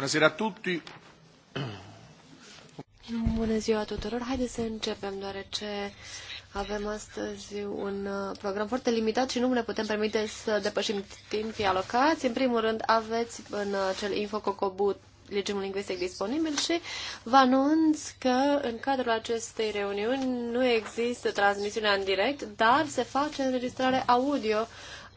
Buonasera a tutti. Bună ziua tuturor. Haideți să începem, deoarece avem astăzi un uh, program foarte limitat și nu ne putem permite să depășim timpii alocați. În primul rând, aveți în acel infococobut cocobut regimul lingvistic disponibil și vă anunț că în cadrul acestei reuniuni nu există transmisiunea în direct, dar se face înregistrare audio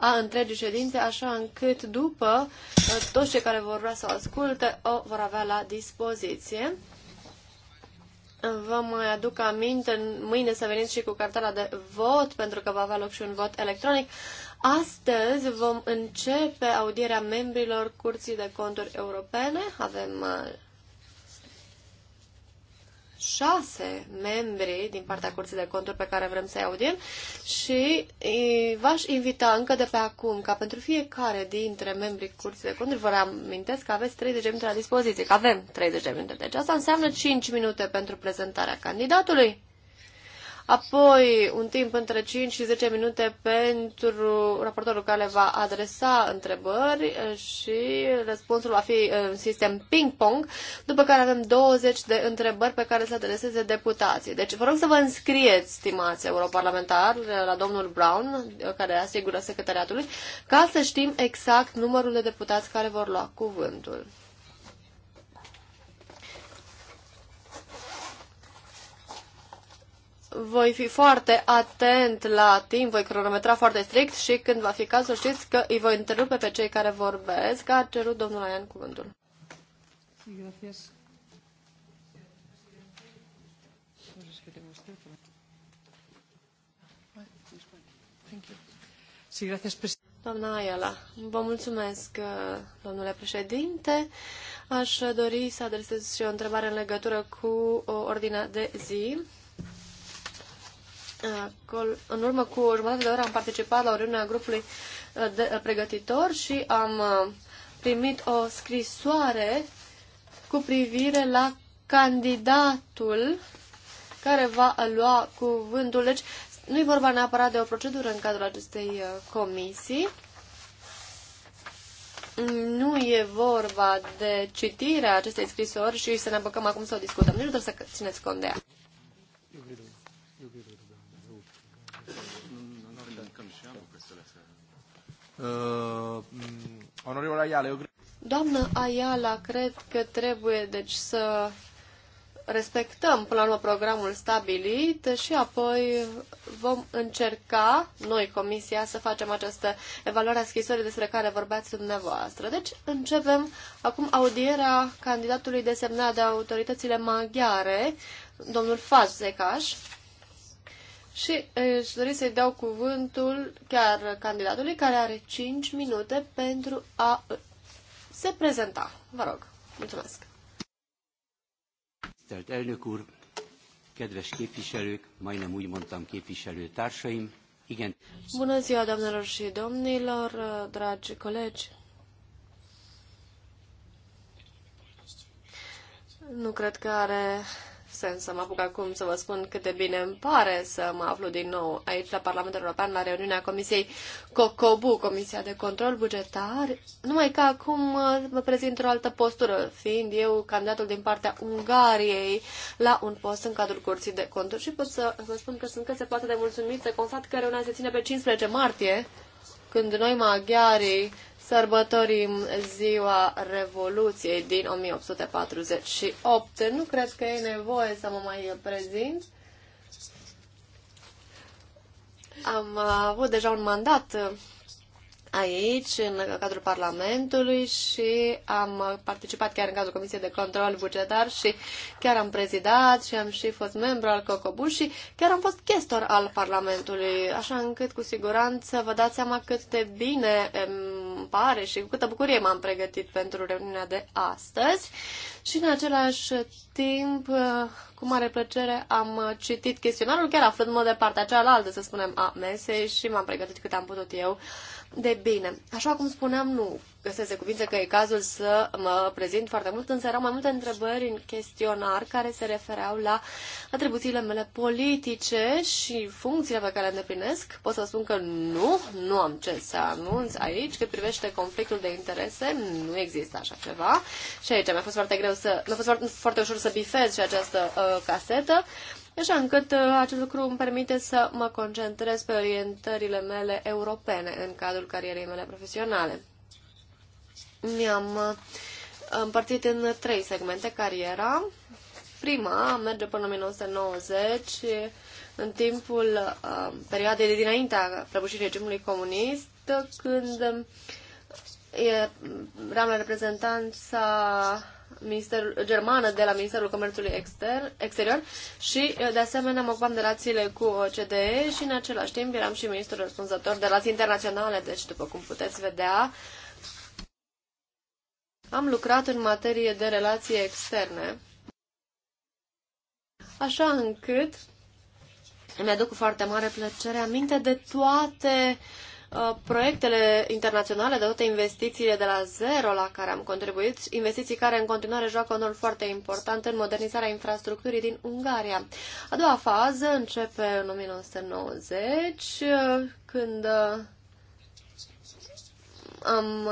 a întregii ședințe, așa încât după uh, toți cei care vor vrea să o asculte o vor avea la dispoziție. Vă mai aduc aminte, mâine să veniți și cu cartela de vot, pentru că va avea loc și un vot electronic. Astăzi vom începe audierea membrilor Curții de Conturi Europene. Avem uh, șase membri din partea Curții de Conturi pe care vrem să-i audiem și v-aș invita încă de pe acum ca pentru fiecare dintre membrii Curții de Conturi, vă reamintesc că aveți 30 de minute la dispoziție, că avem 30 de minute. Deci asta înseamnă 5 minute pentru prezentarea candidatului apoi un timp între 5 și 10 minute pentru raportorul care va adresa întrebări și răspunsul va fi în sistem ping-pong, după care avem 20 de întrebări pe care să adreseze deputații. Deci vă rog să vă înscrieți, stimați europarlamentari, la domnul Brown, care asigură secretariatului, ca să știm exact numărul de deputați care vor lua cuvântul. voi fi foarte atent la timp, voi cronometra foarte strict și când va fi cazul știți că îi voi întrerupe pe cei care vorbesc, a cerut domnul Aian cuvântul. Doamna Ayala, vă mulțumesc, domnule președinte. Aș dori să adresez și o întrebare în legătură cu uh, ordinea de zi în urmă cu o jumătate de oră am participat la o reuniune a grupului uh, de uh, pregătitor și am uh, primit o scrisoare cu privire la candidatul care va lua cuvântul. Deci nu e vorba neapărat de o procedură în cadrul acestei comisii. Nu e vorba de citirea acestei scrisori și să ne băcăm acum să o discutăm. Nici nu trebuie să țineți cont de ea. Uh, mm, Ayala, eu cred... Doamnă Ayala, cred că trebuie deci să respectăm până la urmă programul stabilit și apoi vom încerca, noi, Comisia, să facem această evaluare a scrisorii despre care vorbeați dumneavoastră. Deci începem acum audierea candidatului desemnat de autoritățile maghiare, domnul Fazzecaș. Și își doresc să-i dau cuvântul chiar candidatului care are 5 minute pentru a se prezenta. Vă rog, mulțumesc. Tisztelt elnök úr, kedves képviselők, majdnem úgy mondtam társaim. igen. Bună ziua, doamnelor și domnilor, dragi colegi. Nu cred că are sens să mă apuc acum să vă spun cât de bine îmi pare să mă aflu din nou aici la Parlamentul European la reuniunea Comisiei COCOBU, Comisia de Control Bugetar, numai că acum uh, mă prezint o altă postură, fiind eu candidatul din partea Ungariei la un post în cadrul Curții de Conturi și pot să vă spun că sunt cât se poate de mulțumit să constat că reuniunea se ține pe 15 martie, când noi maghiarii sărbătorim ziua Revoluției din 1848. Nu cred că e nevoie să mă mai prezint. Am avut deja un mandat aici, în cadrul Parlamentului și am participat chiar în cadrul Comisiei de Control Bugetar și chiar am prezidat și am și fost membru al COCOBU și chiar am fost chestor al Parlamentului, așa încât cu siguranță vă dați seama cât de bine îmi pare și cu câtă bucurie m-am pregătit pentru reuniunea de astăzi și în același timp, cu mare plăcere, am citit chestionarul, chiar aflându-mă de partea cealaltă, să spunem, a mesei și m-am pregătit cât am putut eu de bine, așa cum spuneam, nu găsesc de cuvinte că e cazul să mă prezint foarte mult, însă erau mai multe întrebări în chestionar care se refereau la atribuțiile mele politice și funcțiile pe care le îndeplinesc. Pot să spun că nu, nu am ce să anunț aici. Cât privește conflictul de interese, nu există așa ceva. Și aici mi-a fost foarte greu să... mi-a fost foarte, foarte ușor să bifez și această uh, casetă. Uh, așa încât uh, acest lucru îmi permite să mă concentrez pe orientările mele europene în cadrul carierei mele profesionale. Mi-am uh, împărțit în trei segmente cariera. Prima merge până în 1990, în timpul uh, perioadei de dinaintea prăbușirii regimului comunist, când uh, eram reprezentanța Ministerul, germană de la Ministerul Comerțului Exter, Exterior și, eh, de asemenea, mă ocupam de relațiile cu OCDE și, în același timp, eram și ministrul răspunzător de relații internaționale, deci, după cum puteți vedea, am lucrat în materie de relații externe, așa încât mi aduc cu foarte mare plăcere aminte de toate uh, Uh, proiectele internaționale, de toate investițiile de la zero la care am contribuit, investiții care în continuare joacă un rol foarte important în modernizarea infrastructurii din Ungaria. A doua fază începe în 1990, uh, când uh, am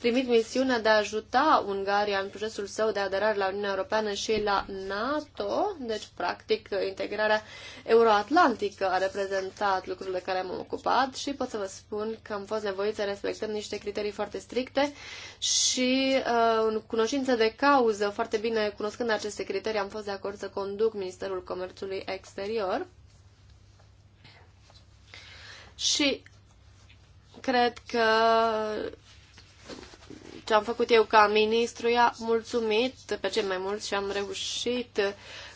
primit misiunea de a ajuta Ungaria în procesul său de aderare la Uniunea Europeană și la NATO, deci practic integrarea euroatlantică a reprezentat lucrurile care m-am ocupat și pot să vă spun că am fost nevoit să respectăm niște criterii foarte stricte și uh, în cunoștință de cauză, foarte bine cunoscând aceste criterii, am fost de acord să conduc Ministerul Comerțului Exterior. Și cred că ce am făcut eu ca ministru i-a mulțumit pe cei mai mulți și am reușit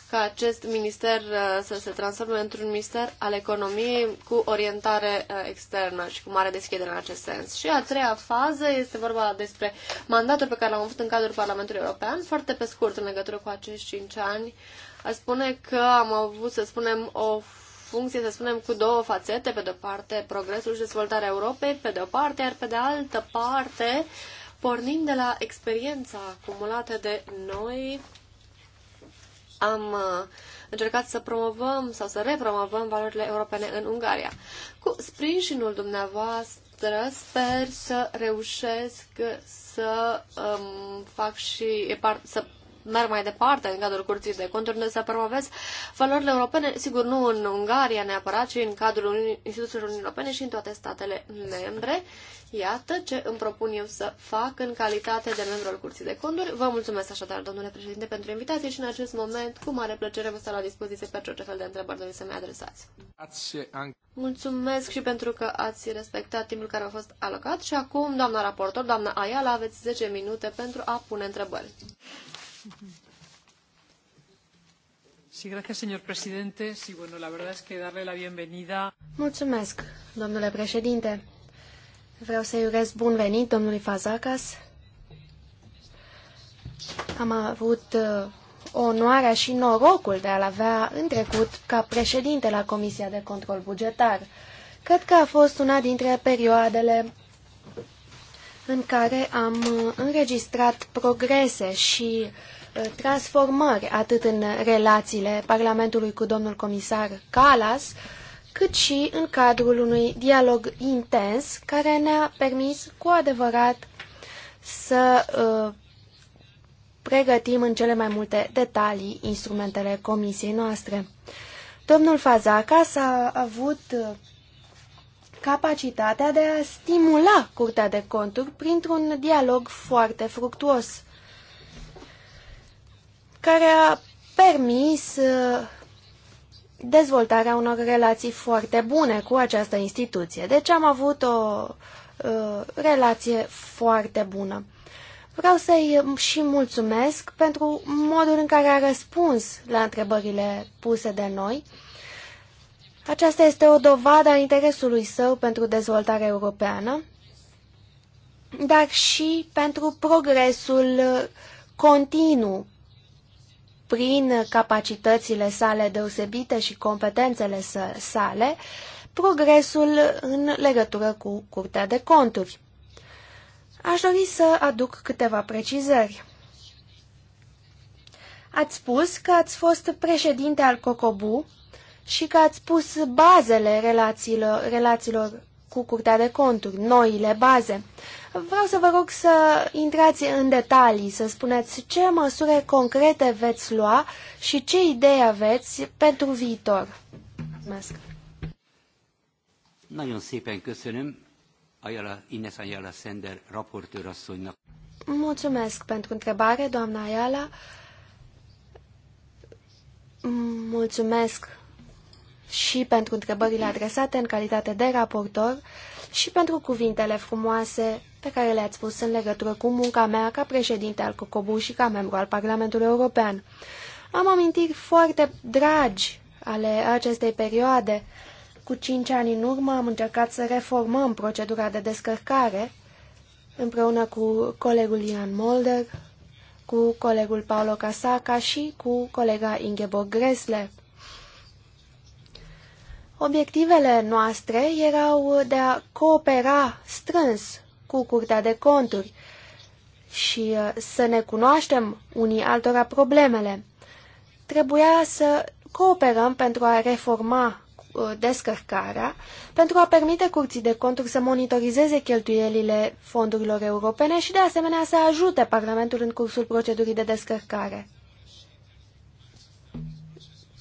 ca acest minister uh, să se transforme într-un minister al economiei cu orientare uh, externă și cu mare deschidere în acest sens. Și a treia fază este vorba despre mandatul pe care l-am avut în cadrul Parlamentului European, foarte pe scurt în legătură cu acești cinci ani. A spune că am avut, să spunem, o funcție, să spunem, cu două fațete, pe de o parte progresul și dezvoltarea Europei, pe de o parte, iar pe de altă parte uh, Pornind de la experiența acumulată de noi, am uh, încercat să promovăm sau să repromovăm valorile europene în Ungaria. Cu sprijinul dumneavoastră sper să reușesc să um, fac și să merg mai departe în cadrul curții de conturi, unde să promovez valorile europene, sigur nu în Ungaria neapărat, ci în cadrul instituțiilor Uniunii Europene și în toate statele membre. Iată ce îmi propun eu să fac în calitate de membru al Curții de Conturi. Vă mulțumesc așadar, domnule președinte, pentru invitație și în acest moment, cu mare plăcere, vă stau la dispoziție pentru orice fel de întrebări doriți să mi adresați. Mulțumesc și pentru că ați respectat timpul care a fost alocat și acum, doamna raportor, doamna Ayala, aveți 10 minute pentru a pune întrebări. Mulțumesc, domnule președinte. Vreau să-i urez bun venit domnului Fazakas. Am avut uh, onoarea și norocul de a-l avea în trecut ca președinte la Comisia de Control Bugetar. Cred că a fost una dintre perioadele în care am uh, înregistrat progrese și uh, transformări atât în relațiile Parlamentului cu domnul comisar Calas, cât și în cadrul unui dialog intens care ne-a permis cu adevărat să uh, pregătim în cele mai multe detalii instrumentele comisiei noastre. Domnul Fazaca s-a avut capacitatea de a stimula Curtea de Conturi printr-un dialog foarte fructuos, care a permis uh, dezvoltarea unor relații foarte bune cu această instituție. Deci am avut o uh, relație foarte bună. Vreau să-i um, și mulțumesc pentru modul în care a răspuns la întrebările puse de noi aceasta este o dovadă a interesului său pentru dezvoltarea europeană, dar și pentru progresul continuu prin capacitățile sale deosebite și competențele sale, progresul în legătură cu Curtea de Conturi. Aș dori să aduc câteva precizări. Ați spus că ați fost președinte al COCOBU și că ați pus bazele relațiilor, relațiilor cu Curtea de Conturi, noile baze. Vreau să vă rog să intrați în detalii, să spuneți ce măsuri concrete veți lua și ce idei aveți pentru viitor. Mulțumesc! Nagyon szépen köszönöm Ayala, Ines Ayala Sender raportőr asszonynak. Mulțumesc pentru întrebare, doamna Ayala. Mulțumesc și pentru întrebările adresate în calitate de raportor și pentru cuvintele frumoase pe care le-ați spus în legătură cu munca mea ca președinte al COCOBU și ca membru al Parlamentului European. Am amintiri foarte dragi ale acestei perioade. Cu cinci ani în urmă am încercat să reformăm procedura de descărcare împreună cu colegul Ian Molder, cu colegul Paolo Casaca și cu colega Ingeborg Gressler. Obiectivele noastre erau de a coopera strâns cu Curtea de Conturi și uh, să ne cunoaștem unii altora problemele. Trebuia să cooperăm pentru a reforma uh, descărcarea, pentru a permite curții de conturi să monitorizeze cheltuielile fondurilor europene și de asemenea să ajute Parlamentul în cursul procedurii de descărcare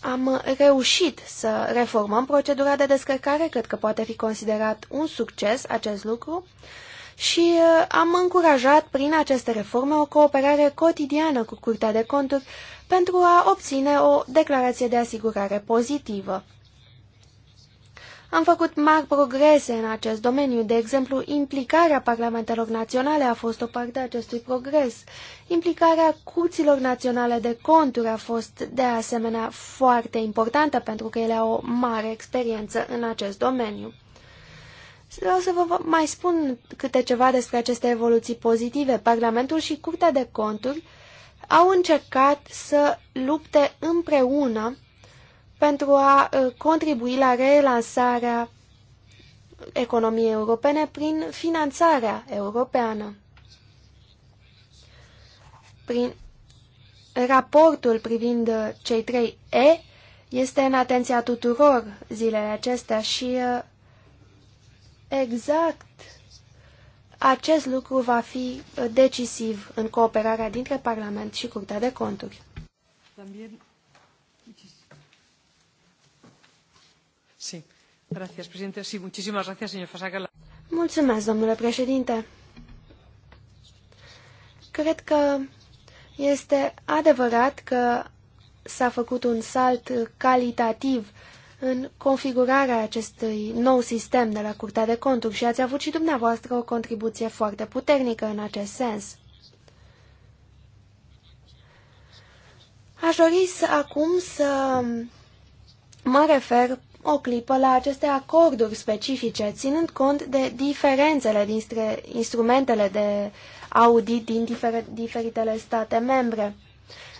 am reușit să reformăm procedura de descărcare, cred că poate fi considerat un succes acest lucru, și uh, am încurajat prin aceste reforme o cooperare cotidiană cu Curtea de Conturi pentru a obține o declarație de asigurare pozitivă. Am făcut mari progrese în acest domeniu, de exemplu, implicarea parlamentelor naționale a fost o parte a acestui progres. Implicarea curților naționale de conturi a fost de asemenea foarte importantă pentru că ele au o mare experiență în acest domeniu. Vreau să vă mai spun câte ceva despre aceste evoluții pozitive. Parlamentul și Curtea de Conturi au încercat să lupte împreună pentru a ă, contribui la relansarea economiei europene prin finanțarea europeană. Prin raportul privind cei trei E este în atenția tuturor zilele acestea și ă, exact acest lucru va fi ă, decisiv în cooperarea dintre Parlament și Curtea de Conturi. También Mulțumesc, domnule președinte. Cred că este adevărat că s-a făcut un salt calitativ în configurarea acestui nou sistem de la Curtea de Conturi și ați avut și dumneavoastră o contribuție foarte puternică în acest sens. Aș dori să, acum să mă refer o clipă la aceste acorduri specifice, ținând cont de diferențele dintre instrumentele de audit din difer diferitele state membre.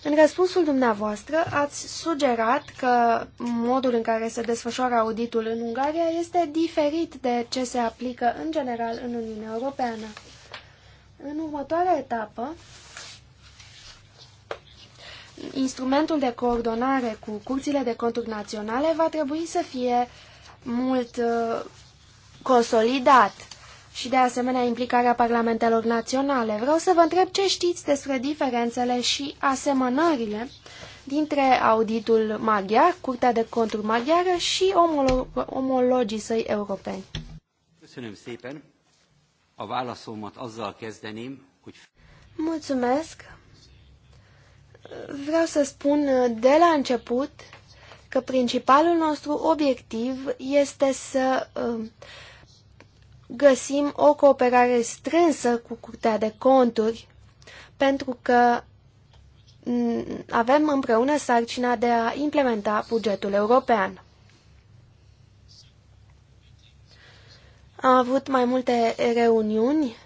În răspunsul dumneavoastră ați sugerat că modul în care se desfășoară auditul în Ungaria este diferit de ce se aplică în general în Uniunea Europeană. În următoarea etapă, Instrumentul de coordonare cu curțile de conturi naționale va trebui să fie mult uh, consolidat și de asemenea implicarea parlamentelor naționale. Vreau să vă întreb ce știți despre diferențele și asemănările dintre auditul maghiar, Curtea de Conturi maghiară și omolo omologii săi europeni. Mulțumesc! vreau să spun uh, de la început că principalul nostru obiectiv este să uh, găsim o cooperare strânsă cu Curtea de Conturi, pentru că mm, avem împreună sarcina de a implementa bugetul european. Am avut mai multe reuniuni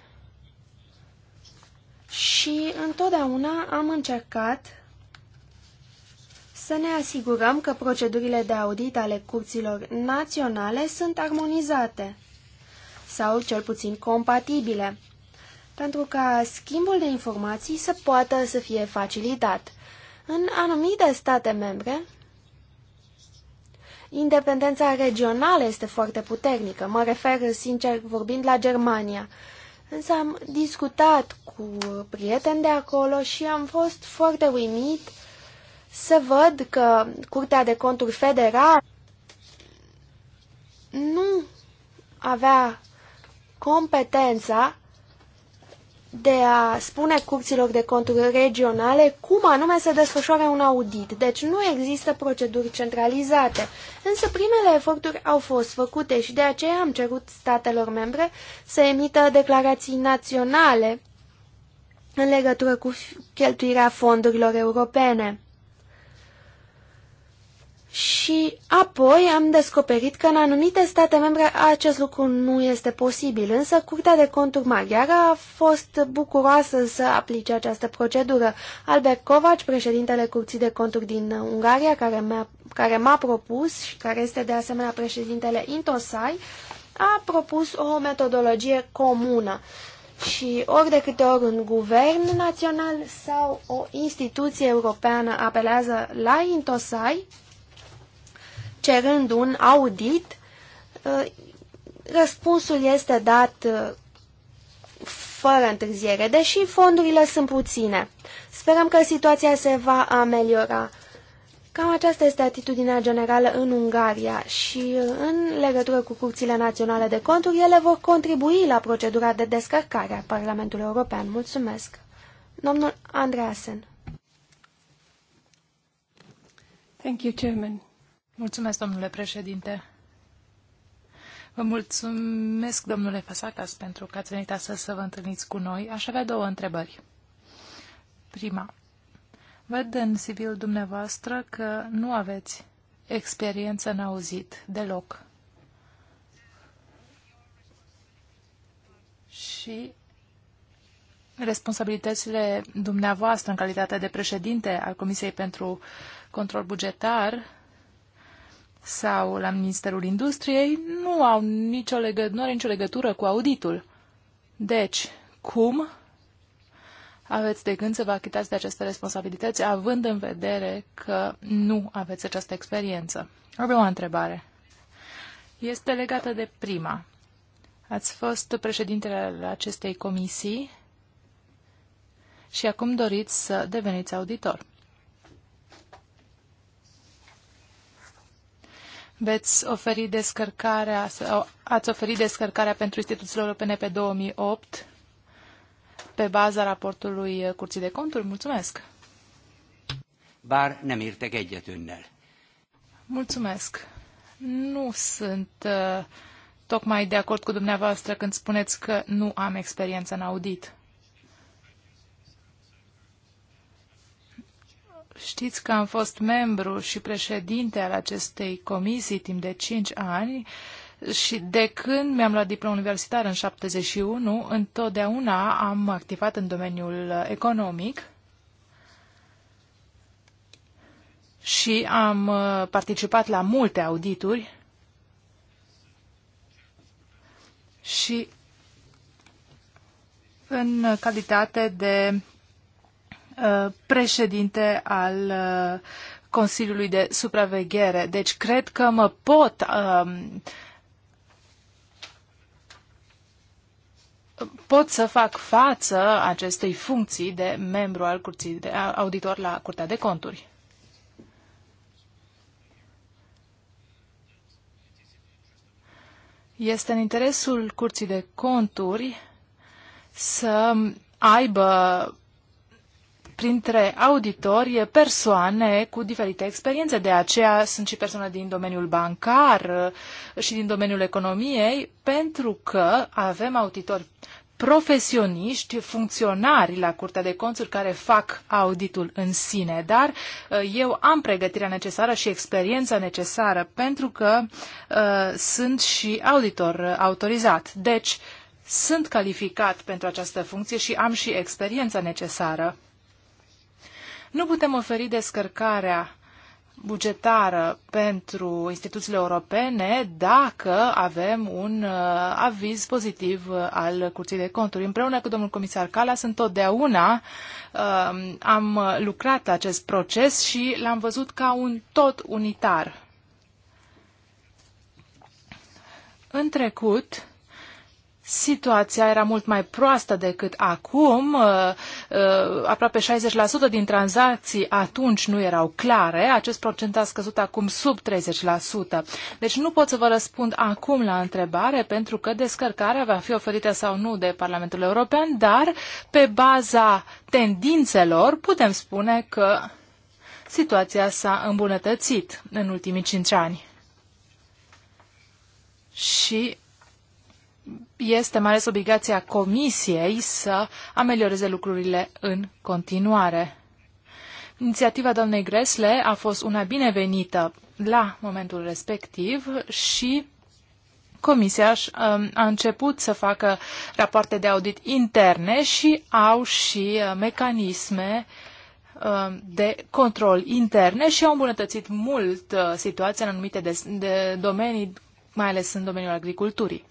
și întotdeauna am încercat să ne asigurăm că procedurile de audit ale curților naționale sunt armonizate sau cel puțin compatibile, pentru ca schimbul de informații să poată să fie facilitat. În anumite state membre, independența regională este foarte puternică. Mă refer, sincer vorbind, la Germania. Însă am discutat cu prieteni de acolo și am fost foarte uimit să văd că Curtea de Conturi Federal nu avea competența de a spune curților de conturi regionale cum anume se desfășoară un audit. Deci nu există proceduri centralizate. Însă primele eforturi au fost făcute și de aceea am cerut statelor membre să emită declarații naționale în legătură cu cheltuirea fondurilor europene. Și apoi am descoperit că în anumite state membre acest lucru nu este posibil, însă Curtea de Conturi Maghiară a fost bucuroasă să aplice această procedură. Albert Kovac, președintele Curții de Conturi din Ungaria, care m-a propus și care este de asemenea președintele Intosai, a propus o metodologie comună. Și ori de câte ori un guvern național sau o instituție europeană apelează la Intosai, cerând un audit, uh, răspunsul este dat uh, fără întârziere, deși fondurile sunt puține. Sperăm că situația se va ameliora. Cam aceasta este atitudinea generală în Ungaria și uh, în legătură cu curțile naționale de conturi, ele vor contribui la procedura de descărcare a Parlamentului European. Mulțumesc. Domnul Andreasen. Thank you, Chairman. Mulțumesc, domnule președinte. Vă mulțumesc, domnule Fasacas, pentru că ați venit astăzi să vă întâlniți cu noi. Aș avea două întrebări. Prima. Văd în civil dumneavoastră că nu aveți experiență în auzit deloc. Și responsabilitățile dumneavoastră în calitate de președinte al Comisiei pentru Control Bugetar sau la Ministerul Industriei nu au nicio legătură, nu are nicio legătură cu auditul. Deci, cum aveți de gând să vă achitați de aceste responsabilități, având în vedere că nu aveți această experiență? Avem o întrebare. Este legată de prima. Ați fost președintele acestei comisii și acum doriți să deveniți auditor. veți oferi descărcarea, sau ați oferit descărcarea pentru instituțiile europene pe 2008 pe baza raportului Curții de Conturi. Mulțumesc! Bar, nem értek egyet önnel. Mulțumesc! Nu sunt uh, tocmai de acord cu dumneavoastră când spuneți că nu am experiență în audit. Știți că am fost membru și președinte al acestei comisii timp de 5 ani și de când mi-am luat diploma universitară în 71, întotdeauna am activat în domeniul economic și am uh, participat la multe audituri și în calitate de Uh, președinte al uh, Consiliului de Supraveghere. Deci cred că mă pot um, pot să fac față acestei funcții de membru al curții de auditor la Curtea de Conturi. Este în interesul Curții de Conturi să aibă printre auditori persoane cu diferite experiențe. De aceea sunt și persoane din domeniul bancar uh, și din domeniul economiei, pentru că avem auditori profesioniști, funcționari la Curtea de Conturi care fac auditul în sine, dar uh, eu am pregătirea necesară și experiența necesară pentru că uh, sunt și auditor autorizat. Deci, sunt calificat pentru această funcție și am și experiența necesară. Nu putem oferi descărcarea bugetară pentru instituțiile europene dacă avem un uh, aviz pozitiv uh, al Curții de Conturi. Împreună cu domnul comisar Calas întotdeauna uh, am lucrat acest proces și l-am văzut ca un tot unitar. În trecut, situația era mult mai proastă decât acum. Uh, uh, aproape 60% din tranzacții atunci nu erau clare. Acest procent a scăzut acum sub 30%. Deci nu pot să vă răspund acum la întrebare pentru că descărcarea va fi oferită sau nu de Parlamentul European, dar pe baza tendințelor putem spune că situația s-a îmbunătățit în ultimii 5 ani. Și este mai ales obligația Comisiei să amelioreze lucrurile în continuare. Inițiativa doamnei Gresle a fost una binevenită la momentul respectiv și Comisia um, a început să facă rapoarte de audit interne și au și uh, mecanisme um, de control interne și au îmbunătățit mult uh, situația în anumite de, de domenii, mai ales în domeniul agriculturii.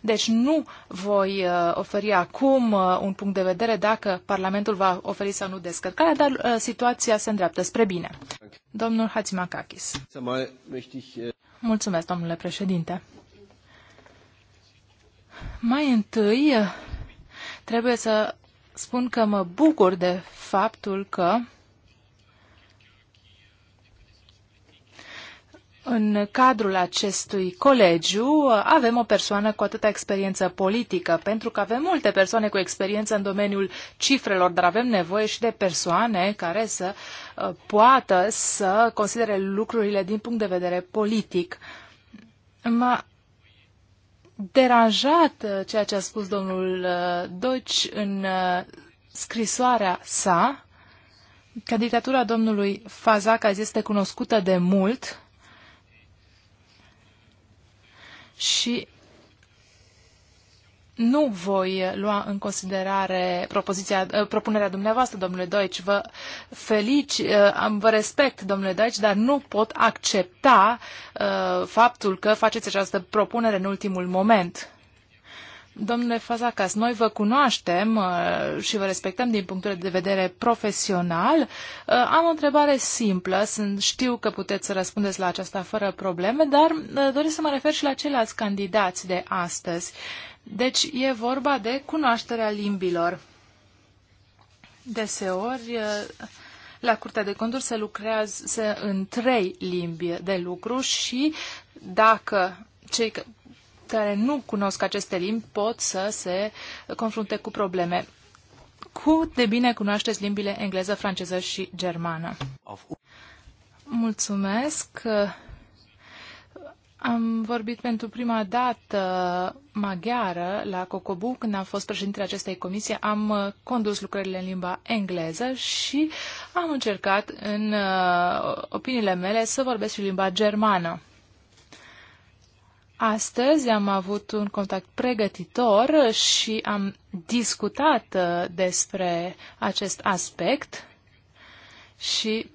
Deci nu voi uh, oferi acum uh, un punct de vedere dacă Parlamentul va oferi sau nu descărcarea, dar uh, situația se îndreaptă spre bine. Domnul Hatzimakakis. Mulțumesc, domnule președinte. Mai întâi trebuie să spun că mă bucur de faptul că În cadrul acestui colegiu avem o persoană cu atâta experiență politică, pentru că avem multe persoane cu experiență în domeniul cifrelor, dar avem nevoie și de persoane care să uh, poată să considere lucrurile din punct de vedere politic. M-a deranjat uh, ceea ce a spus domnul uh, Doci în scrisoarea sa. Candidatura domnului Fazakas este cunoscută de mult și nu voi lua în considerare propoziția, ă, propunerea dumneavoastră, domnule Deutsch. Vă felici, ă, vă respect, domnule Deutsch, dar nu pot accepta ă, faptul că faceți această propunere în ultimul moment. Domnule Fazacas, noi vă cunoaștem uh, și vă respectăm din punctul de vedere profesional. Uh, am o întrebare simplă, știu că puteți să răspundeți la aceasta fără probleme, dar uh, doresc să mă refer și la ceilalți candidați de astăzi. Deci e vorba de cunoașterea limbilor. Deseori, la Curtea de Conduri se lucrează în trei limbi de lucru și dacă cei care nu cunosc aceste limbi pot să se confrunte cu probleme. Cu de bine cunoașteți limbile engleză, franceză și germană. Mulțumesc! Am vorbit pentru prima dată maghiară la Cocobu, când am fost președintele acestei comisii, am condus lucrările în limba engleză și am încercat, în uh, opiniile mele, să vorbesc și limba germană. Astăzi am avut un contact pregătitor și am discutat uh, despre acest aspect și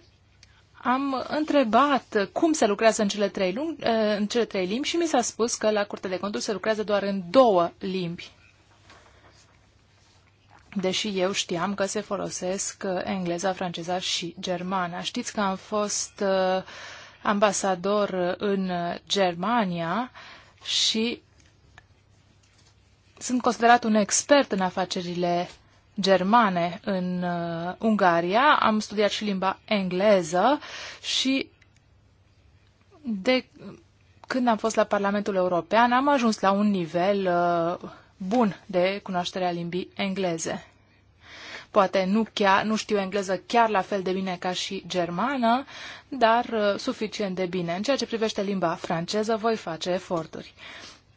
am întrebat cum se lucrează în cele trei, lung, uh, în cele trei limbi și mi s-a spus că la Curtea de Conturi se lucrează doar în două limbi. Deși eu știam că se folosesc uh, engleza, franceza și germana. Știți că am fost ambasador în Germania și sunt considerat un expert în afacerile germane în uh, Ungaria, am studiat și limba engleză și de când am fost la Parlamentul European am ajuns la un nivel uh, bun de cunoaștere a limbii engleze poate nu, chiar, nu știu engleză chiar la fel de bine ca și germană, dar uh, suficient de bine. În ceea ce privește limba franceză, voi face eforturi.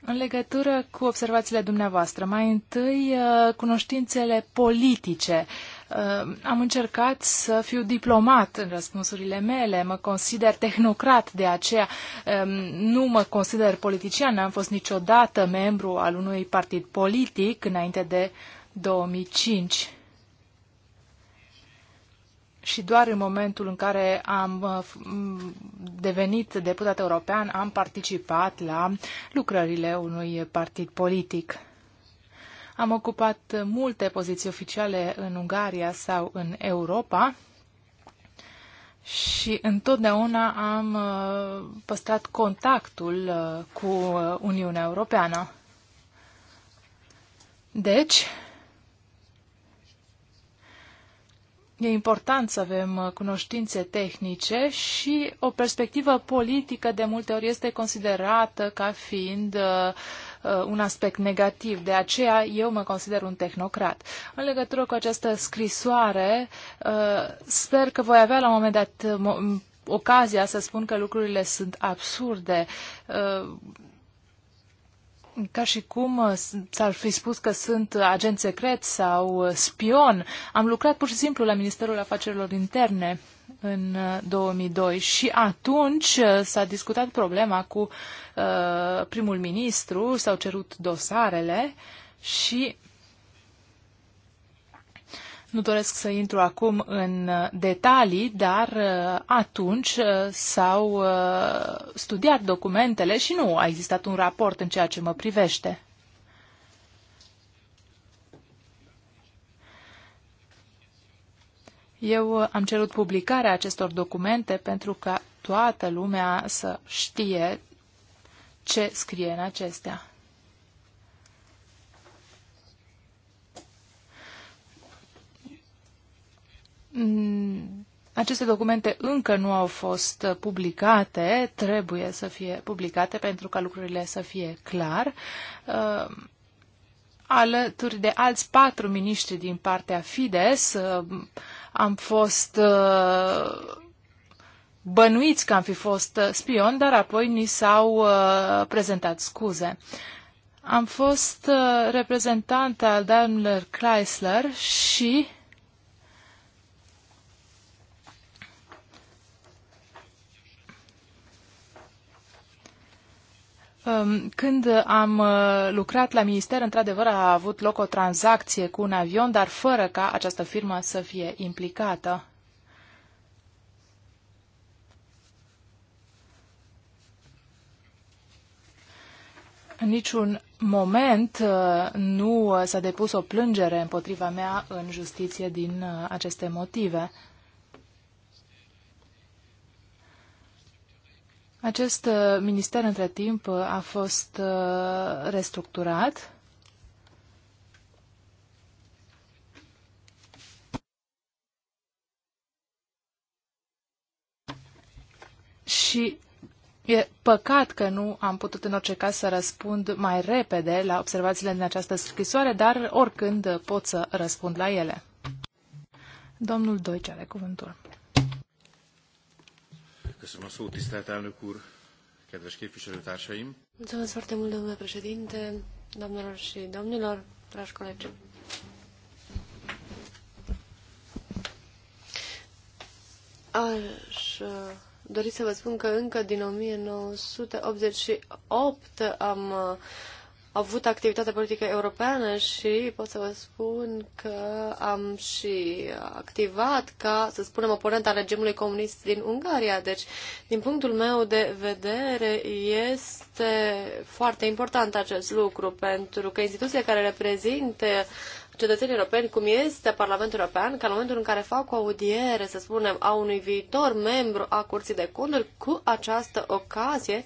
În legătură cu observațiile dumneavoastră, mai întâi uh, cunoștințele politice. Uh, am încercat să fiu diplomat în răspunsurile mele, mă consider tehnocrat, de aceea uh, nu mă consider politician, n-am fost niciodată membru al unui partid politic înainte de 2005 și doar în momentul în care am uh, devenit deputat european am participat la lucrările unui partid politic. Am ocupat multe poziții oficiale în Ungaria sau în Europa și întotdeauna am uh, păstrat contactul uh, cu Uniunea Europeană. Deci, E important să avem uh, cunoștințe tehnice și o perspectivă politică de multe ori este considerată ca fiind uh, uh, un aspect negativ. De aceea eu mă consider un tehnocrat. În legătură cu această scrisoare, sper că voi avea la un moment dat ocazia să spun că lucrurile sunt absurde ca și cum uh, s-ar fi spus că sunt agent secret sau uh, spion. Am lucrat pur și simplu la Ministerul Afacerilor Interne în 2002 uh, și atunci s-a discutat problema cu uh, primul ministru, s-au cerut dosarele și nu doresc să intru acum în uh, detalii, dar uh, atunci uh, s-au studiat documentele și nu a existat un raport în ceea ce mă privește. Eu am cerut publicarea acestor documente pentru ca toată lumea să știe ce scrie în acestea. Mm, aceste documente încă nu au fost publicate, trebuie să fie publicate pentru ca lucrurile să fie clar, uh, alături de alți patru miniștri din partea Fides uh, am fost uh, bănuiți că am fi fost spion, dar apoi ni s-au prezentat scuze. Am fost reprezentant al Daimler Chrysler și Um, când am uh, lucrat la minister, într-adevăr a avut loc o tranzacție cu un avion, dar fără ca această firmă să fie implicată. În niciun moment uh, nu s-a depus o plângere împotriva mea în justiție din uh, aceste motive. Acest uh, minister între timp uh, a fost uh, restructurat. Și e păcat că nu am putut în orice caz să răspund mai repede la observațiile din această scrisoare, dar oricând pot să răspund la ele. Domnul Doice are cuvântul. Köszönöm a szót, tisztelt elnök úr, kedves képviselőtársaim. Mulțumesc foarte mult, domnule președinte, doamnelor și domnilor, dragi colegi. Aș uh, dori să vă spun că încă din 1988 am uh, avut activitate politică europeană și pot să vă spun că am și activat ca, să spunem, oponent al regimului comunist din Ungaria. Deci, din punctul meu de vedere, este foarte important acest lucru, pentru că instituția care reprezintă cetățenii europeni, cum este Parlamentul European, ca în momentul în care fac o audiere, să spunem, a unui viitor membru a Curții de Conturi, cu această ocazie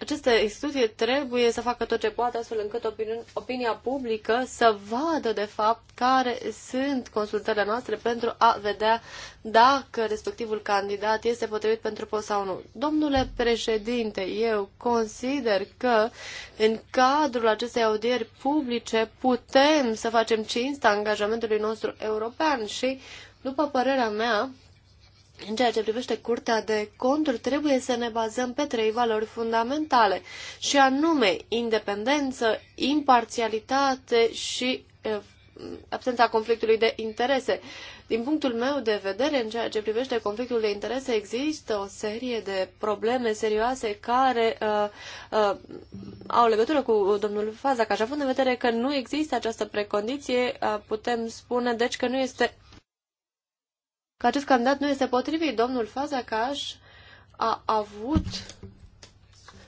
aceste instituții trebuie să facă tot ce poate astfel încât opini opinia publică să vadă de fapt care sunt consultările noastre pentru a vedea dacă respectivul candidat este potrivit pentru post sau nu. Domnule președinte, eu consider că în cadrul acestei audieri publice putem să facem cinsta angajamentului nostru european și, după părerea mea, în ceea ce privește Curtea de Conturi, trebuie să ne bazăm pe trei valori fundamentale, și anume independență, imparțialitate și absența conflictului de interese. Din punctul meu de vedere, în ceea ce privește conflictul de interese, există o serie de probleme serioase care uh, uh, au legătură cu domnul Fazac. Așa, având în vedere că nu există această precondiție, uh, putem spune, deci, că nu este că acest candidat nu este potrivit. Domnul Fazakas a avut...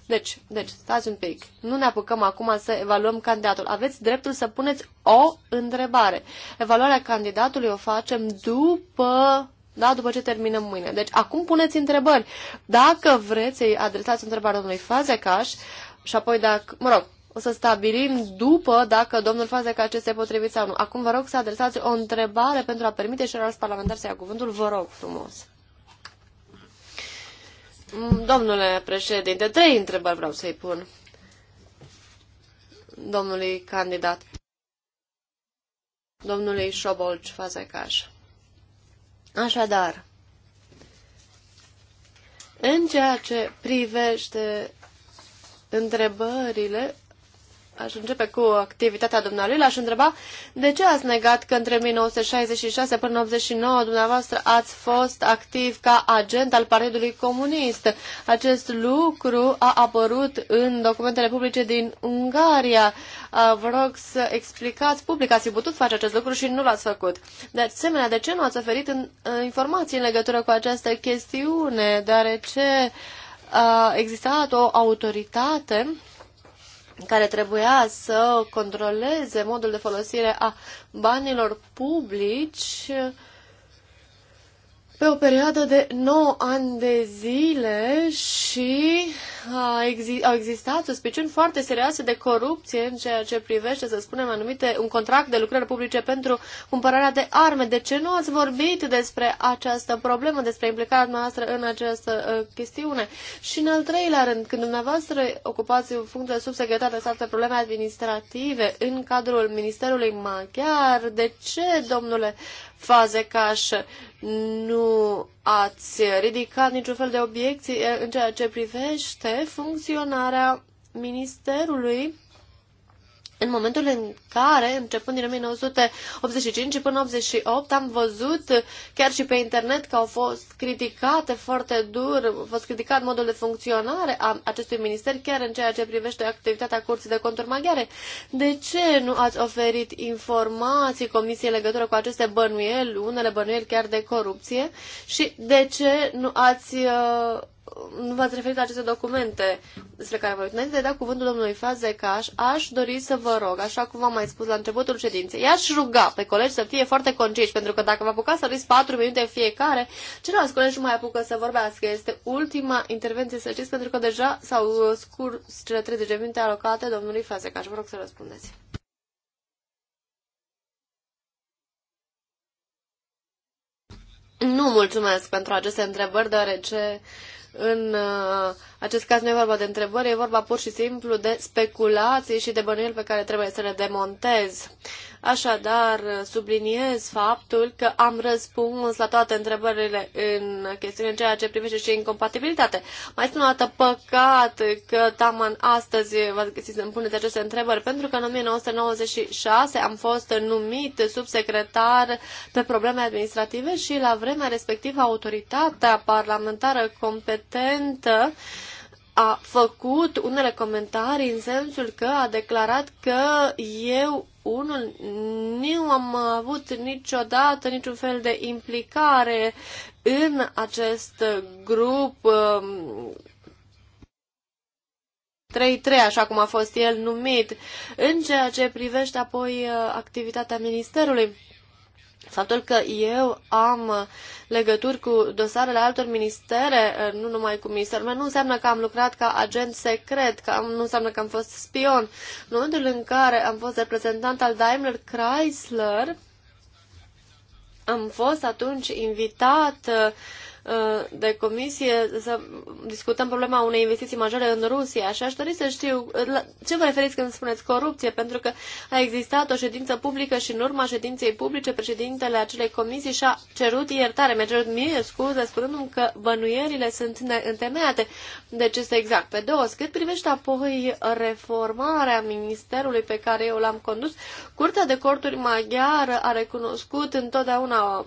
Deci, deci, stați un pic. Nu ne apucăm acum să evaluăm candidatul. Aveți dreptul să puneți o întrebare. Evaluarea candidatului o facem după da? După ce terminăm mâine. Deci, acum puneți întrebări. Dacă vreți să-i adresați întrebarea domnului Fazecaș și apoi dacă, mă rog, o să stabilim după dacă domnul că acestea potrivit sau nu. Acum vă rog să adresați o întrebare pentru a permite și parlamentari să ia cuvântul. Vă rog frumos. Mm, domnule președinte, trei întrebări vreau să-i pun domnului candidat, domnului Șobolci Fazekas. Așadar, în ceea ce privește întrebările aș începe cu activitatea dumnealui, l-aș întreba de ce ați negat că între 1966 până 1989 dumneavoastră ați fost activ ca agent al Partidului Comunist. Acest lucru a apărut în documentele publice din Ungaria. Vă rog să explicați public, ați putut face acest lucru și nu l-ați făcut. De asemenea, de ce nu ați oferit în, informații în legătură cu această chestiune, deoarece a existat o autoritate care trebuia să controleze modul de folosire a banilor publici pe o perioadă de 9 ani de zile și a exi- au existat suspiciuni foarte serioase de corupție în ceea ce privește, să spunem, anumite, un contract de lucrări publice pentru cumpărarea de arme. De ce nu ați vorbit despre această problemă, despre implicarea noastră în această uh, chestiune? Și în al treilea rând, când dumneavoastră ocupați funcția de subsecretar de stat probleme administrative în cadrul Ministerului Maghiar, de ce, domnule faze ca și nu ați ridicat niciun fel de obiecții în ceea ce privește funcționarea Ministerului în momentul în care, începând din 1985 până 88, am văzut chiar și pe internet că au fost criticate foarte dur, a fost criticat modul de funcționare a acestui minister, chiar în ceea ce privește activitatea Curții de Conturi Maghiare. De ce nu ați oferit informații comisiei legătură cu aceste bănuieli, unele bănuieli chiar de corupție? Și de ce nu ați uh, nu v-ați referit la aceste documente despre care am vorbit. Înainte de a da cuvântul domnului Fazecaș, aș dori să vă rog, așa cum v-am mai spus la începutul ședinței, i-aș ruga pe colegi să fie foarte conciși, pentru că dacă vă apucați să râs 4 minute fiecare, celălalt colegi nu mai apucă să vorbească. Este ultima intervenție, să știți, pentru că deja s-au scurs cele 30 de minute alocate domnului Fazecaș. Vă rog să răspundeți. Nu mulțumesc pentru aceste întrebări, deoarece uh, în uh, acest caz nu e vorba de întrebări, e vorba pur și simplu de speculații și de bănuieli pe care trebuie să le demontez. Așadar, subliniez faptul că am răspuns la toate întrebările în chestiune în ceea ce privește și incompatibilitate. Mai spun o dată, păcat că Taman astăzi vă găsiți să-mi puneți aceste întrebări, pentru că în 1996 am fost numit subsecretar pe probleme administrative și la vremea respectivă autoritatea parlamentară competentă a făcut unele comentarii în sensul că a declarat că eu unul nu am avut niciodată niciun fel de implicare în acest grup 3-3, um, așa cum a fost el numit, în ceea ce privește apoi uh, activitatea Ministerului. Faptul că eu am legături cu dosarele altor ministere, nu numai cu ministerul meu, nu înseamnă că am lucrat ca agent secret, că am, nu înseamnă că am fost spion. În momentul în care am fost reprezentant al Daimler Chrysler, am fost atunci invitat uh, Uh, de comisie să discutăm problema unei investiții majore în Rusia și aș dori să știu la ce vă referiți când spuneți corupție, pentru că a existat o ședință publică și în urma ședinței publice președintele acelei comisii și-a cerut iertare, mi-a cerut mie scuze spunându-mi că bănuierile sunt întemeiate. Deci este exact pe dos. Cât privește apoi reformarea ministerului pe care eu l-am condus, Curtea de Corturi Maghiară a recunoscut întotdeauna uh,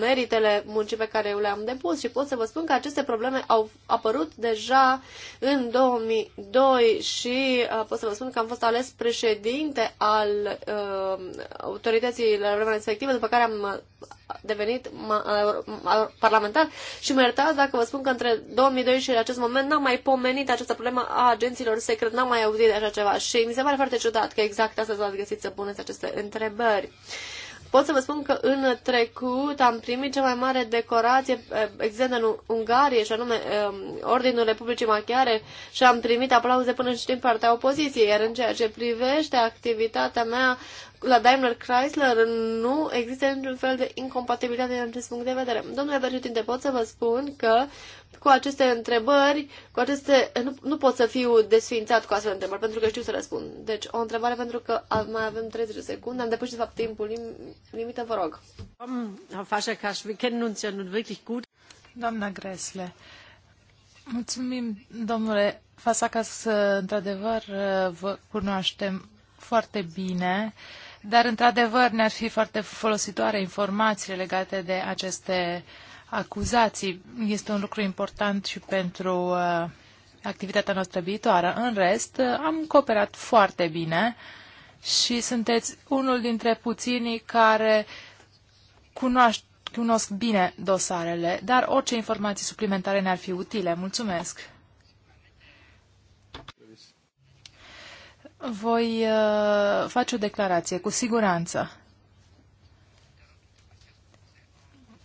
meritele muncii pe care eu le-am depus și pot să vă spun că aceste probleme au apărut deja în 2002 și uh, pot să vă spun că am fost ales președinte al uh, autorității la vremea respectivă, după care am uh, devenit uh, parlamentar și mă iertați dacă vă spun că între 2002 și acest moment n-am mai pomenit această problemă a agenților secret, n-am mai auzit de așa ceva și mi se pare foarte ciudat că exact s ați găsit să puneți aceste întrebări. Uh, Pot să vă spun că în trecut am primit cea mai mare decorație eh, exemplu în Ungarie, și anume eh, Ordinul Republicii Machiare, și am primit aplauze până și din partea opoziției, iar în ceea ce privește activitatea mea la Daimler Chrysler nu există niciun fel de incompatibilitate în acest punct de vedere. Domnule președinte, pot să vă spun că cu aceste întrebări, cu aceste... Nu, nu pot să fiu desfințat cu astfel de întrebări, pentru că știu să răspund. Deci, o întrebare pentru că mai avem 30 de secunde, am depășit, de fapt, timpul lim, limită, vă rog. Doamna Gresle, mulțumim, domnule Fasacas, într-adevăr, vă cunoaștem foarte bine, dar, într-adevăr, ne-ar fi foarte folositoare informații legate de aceste uh, acuzații este un lucru important și pentru uh, activitatea noastră viitoară. În rest, uh, am cooperat foarte bine și sunteți unul dintre puținii care cunoaște cunosc bine dosarele, dar orice informații suplimentare ne-ar fi utile. Mulțumesc! Voi uh, face o declarație, cu siguranță.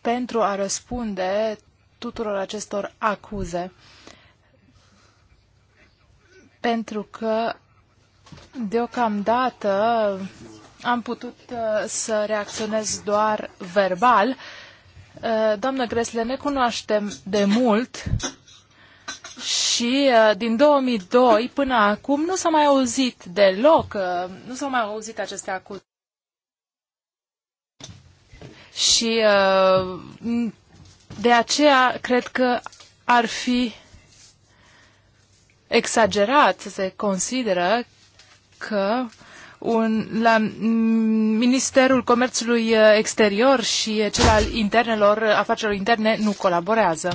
pentru a răspunde tuturor acestor acuze. Pentru că deocamdată am putut uh, să reacționez doar verbal. Uh, doamnă Gresle, ne cunoaștem de mult și uh, din 2002 până acum nu s-a mai auzit deloc, nu s-au mai auzit aceste acuze. Și uh, de aceea cred că ar fi exagerat să se consideră că un, la Ministerul Comerțului uh, Exterior și uh, cel al internelor, afacerilor interne nu colaborează.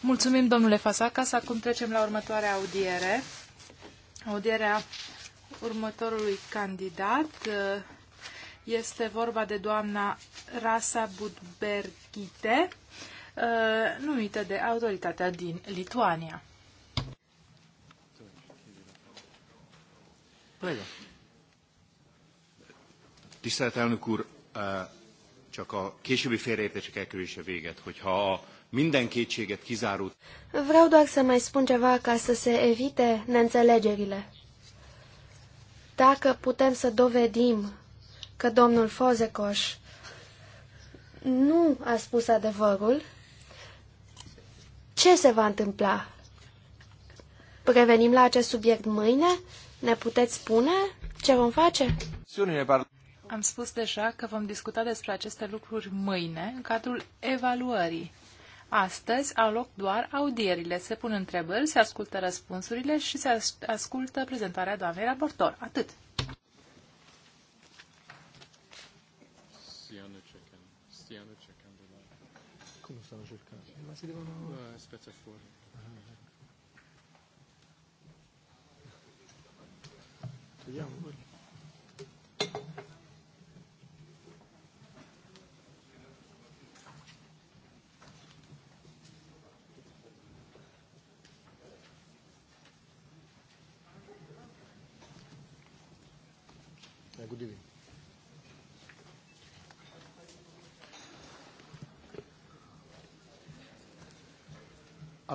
Mulțumim, domnule Fasacas. Acum trecem la următoarea audiere. Audierea următorului candidat este vorba de doamna Rasa Budberghite, uh, numită de autoritatea din Lituania. Prego. Tisztelt elnök úr, uh, csak a későbbi félreértések elkerülése véget, hogyha a minden kétséget kizárult. Vreau doar să mai spun ceva ca să se evite neînțelegerile. Dacă putem să dovedim că domnul Fozecoș nu a spus adevărul, ce se va întâmpla? Prevenim la acest subiect mâine? Ne puteți spune ce vom face? Am spus deja că vom discuta despre aceste lucruri mâine, în cadrul evaluării. Astăzi au loc doar audierile. Se pun întrebări, se ascultă răspunsurile și se ascultă prezentarea doamnei raportor. Atât. si devono... No, aspetta fuori. Vediamo,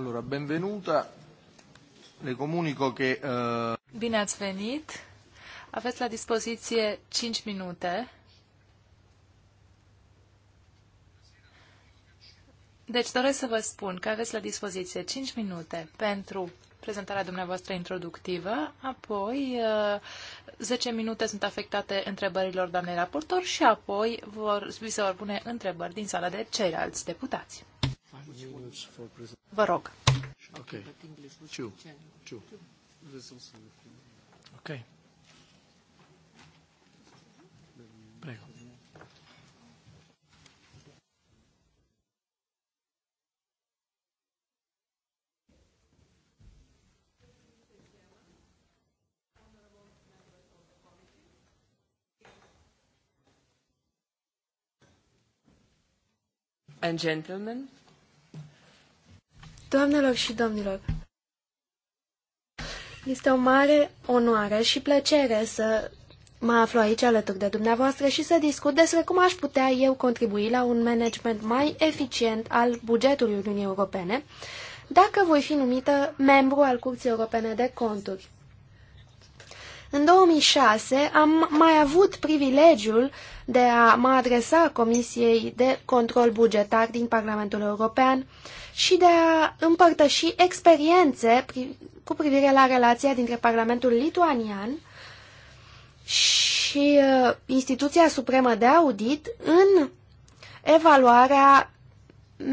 Allora, benvenuta. Le comunico che... Uh... Bine ați venit. Aveți la dispoziție 5 minute. Deci doresc să vă spun că aveți la dispoziție 5 minute pentru prezentarea dumneavoastră introductivă, apoi 10 eh, minute sunt afectate întrebărilor doamnei raportor și apoi vor, vi se vor pune întrebări din sala de ceilalți deputați. Vă rog. Okay. Two. Two. Okay. Prego. And gentlemen, Doamnelor și domnilor, este o mare onoare și plăcere să mă aflu aici alături de dumneavoastră și să discut despre cum aș putea eu contribui la un management mai eficient al bugetului Uniunii Europene, dacă voi fi numită membru al Curții Europene de Conturi. În 2006 am mai avut privilegiul de a mă adresa Comisiei de Control Bugetar din Parlamentul European și de a împărtăși experiențe cu privire la relația dintre Parlamentul lituanian și uh, Instituția Supremă de Audit în evaluarea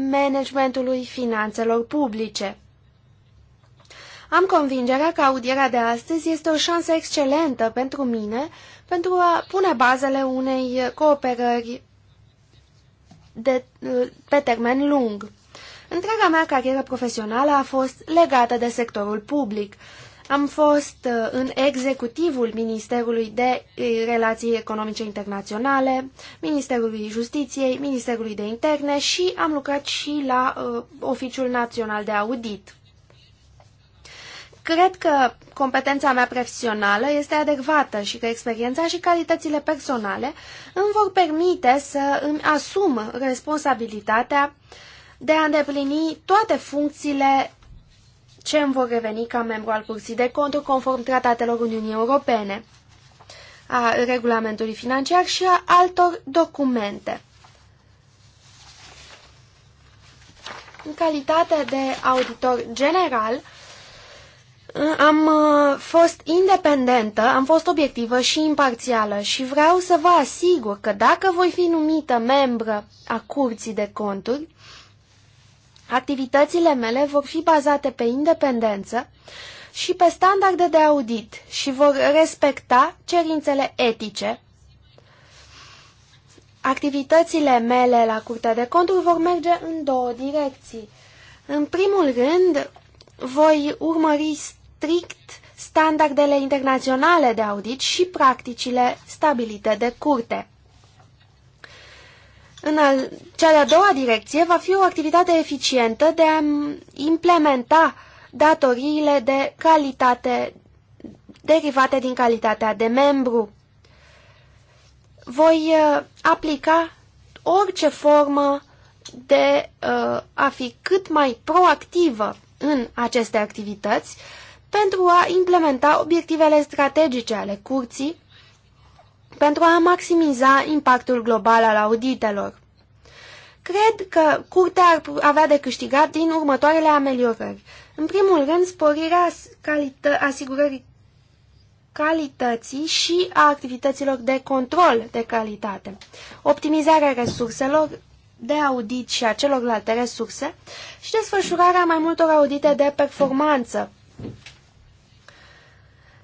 managementului finanțelor publice. Am convingerea că audierea de astăzi este o șansă excelentă pentru mine pentru a pune bazele unei cooperări de, pe termen lung. Întreaga mea carieră profesională a fost legată de sectorul public. Am fost uh, în executivul Ministerului de uh, Relații Economice Internaționale, Ministerului Justiției, Ministerului de Interne și am lucrat și la uh, Oficiul Național de Audit. Cred că competența mea profesională este adecvată și că experiența și calitățile personale îmi vor permite să îmi asum responsabilitatea de a îndeplini toate funcțiile ce îmi vor reveni ca membru al Curții de Conturi conform tratatelor Uniunii Europene, a regulamentului financiar și a altor documente. În calitate de auditor general, am uh, fost independentă, am fost obiectivă și imparțială și vreau să vă asigur că dacă voi fi numită membră a Curții de Conturi, activitățile mele vor fi bazate pe independență și pe standarde de audit și vor respecta cerințele etice. Activitățile mele la Curtea de Conturi vor merge în două direcții. În primul rând, voi urmări strict standardele internaționale de audit și practicile stabilite de curte. În al, cea de-a doua direcție va fi o activitate eficientă de a implementa datoriile de calitate derivate din calitatea de membru. Voi uh, aplica orice formă de uh, a fi cât mai proactivă în aceste activități, uh, pentru a implementa obiectivele strategice ale curții, pentru a maximiza impactul global al auditelor. Cred că curtea ar avea de câștigat din următoarele ameliorări. În primul rând, sporirea calită asigurării calității și a activităților de control de calitate, optimizarea resurselor de audit și a celorlalte resurse și desfășurarea mai multor audite de performanță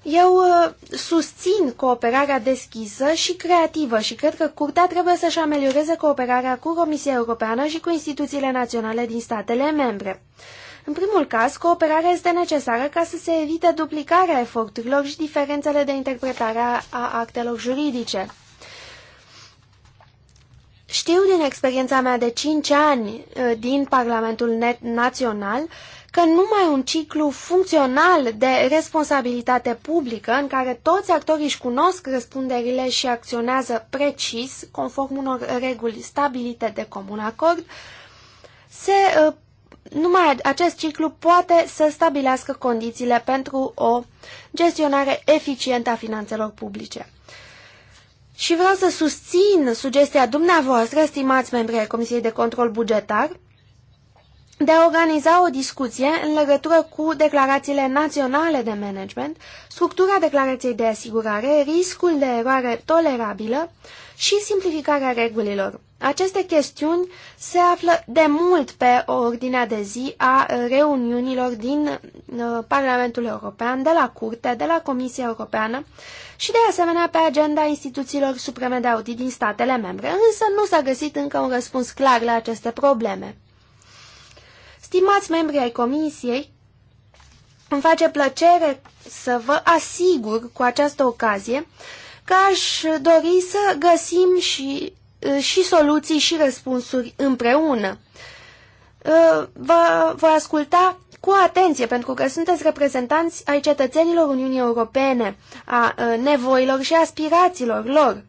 eu uh, susțin cooperarea deschisă și creativă și cred că Curtea trebuie să-și amelioreze cooperarea cu Comisia Europeană și cu instituțiile naționale din statele membre. În primul caz, cooperarea este necesară ca să se evite duplicarea eforturilor și diferențele de interpretare a actelor juridice. Știu din experiența mea de 5 ani uh, din Parlamentul Național că numai un ciclu funcțional de responsabilitate publică, în care toți actorii își cunosc răspunderile și acționează precis, conform unor reguli stabilite de comun acord, se, ă, numai acest ciclu poate să stabilească condițiile pentru o gestionare eficientă a finanțelor publice. Și vreau să susțin sugestia dumneavoastră, stimați membrii Comisiei de Control Bugetar, de a organiza o discuție în legătură cu declarațiile naționale de management, structura declarației de asigurare, riscul de eroare tolerabilă și simplificarea regulilor. Aceste chestiuni se află de mult pe ordinea de zi a reuniunilor din uh, Parlamentul European, de la Curte, de la Comisia Europeană și de asemenea pe agenda instituțiilor supreme de audit din statele membre, însă nu s-a găsit încă un răspuns clar la aceste probleme. Stimați membri ai comisiei, îmi face plăcere să vă asigur cu această ocazie că aș dori să găsim și, și soluții și răspunsuri împreună. Vă voi asculta cu atenție, pentru că sunteți reprezentanți ai cetățenilor Uniunii Europene, a nevoilor și aspirațiilor lor.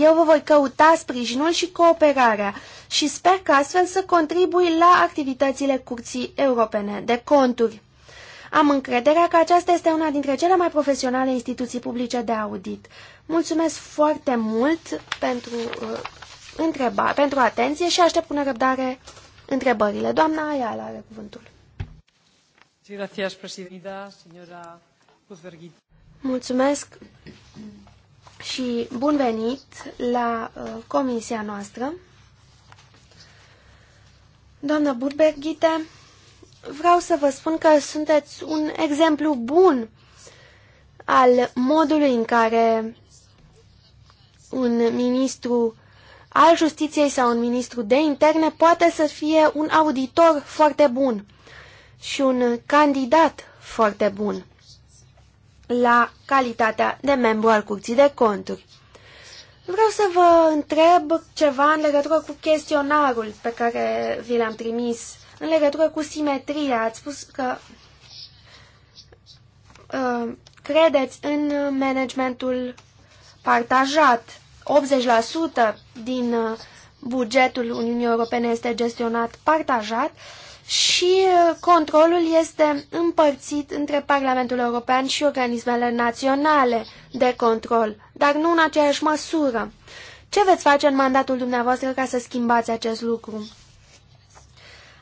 Eu vă voi căuta sprijinul și cooperarea și sper că astfel să contribui la activitățile Curții Europene de Conturi. Am încrederea că aceasta este una dintre cele mai profesionale instituții publice de audit. Mulțumesc foarte mult pentru, uh, întreba, pentru atenție și aștept cu nerăbdare întrebările. Doamna Ayala are cuvântul. Mulțumesc, și bun venit la uh, comisia noastră. Doamnă Burberghite, vreau să vă spun că sunteți un exemplu bun al modului în care un ministru al justiției sau un ministru de interne poate să fie un auditor foarte bun și un candidat foarte bun la calitatea de membru al Curții de Conturi. Vreau să vă întreb ceva în legătură cu chestionarul pe care vi l-am trimis, în legătură cu simetria. Ați spus că uh, credeți în managementul partajat. 80% din uh, bugetul Uniunii Europene este gestionat partajat și uh, controlul este împărțit între Parlamentul European și organismele naționale de control, dar nu în aceeași măsură. Ce veți face în mandatul dumneavoastră ca să schimbați acest lucru?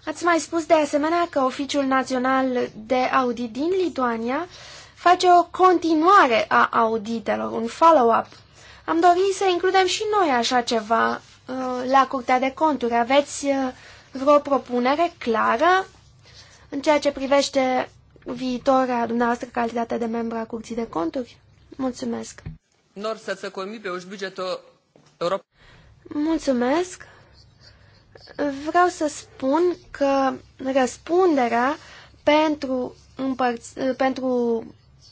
Ați mai spus de asemenea că Oficiul Național de Audit din Lituania face o continuare a auditelor, un follow-up. Am dorit să includem și noi așa ceva uh, la Curtea de Conturi. Aveți uh, vreo propunere clară în ceea ce privește viitoarea dumneavoastră calitate de membru a Curții de Conturi? Mulțumesc! Nor să se comibe uși bugetul Europa. Mulțumesc! Vreau să spun că răspunderea pentru, împărț- pentru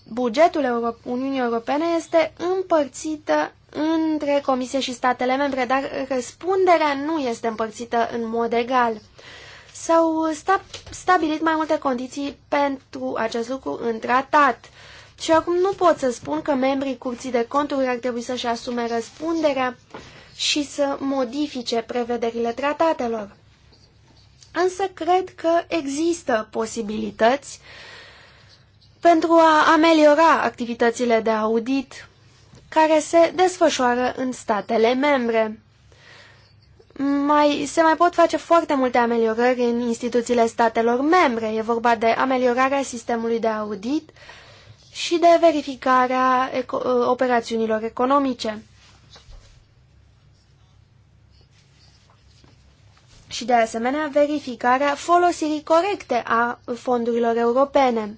bugetul Euro- Uniunii Europene este împărțită între Comisie și statele membre, dar răspunderea nu este împărțită în mod egal. S-au stabilit mai multe condiții pentru acest lucru în tratat. Și acum nu pot să spun că membrii Curții de Conturi ar trebui să-și asume răspunderea și să modifice prevederile tratatelor. Însă cred că există posibilități pentru a ameliora activitățile de audit care se desfășoară în statele membre. Mai, se mai pot face foarte multe ameliorări în instituțiile statelor membre. E vorba de ameliorarea sistemului de audit și de verificarea eco ă, operațiunilor economice. Și de asemenea verificarea folosirii corecte a fondurilor europene.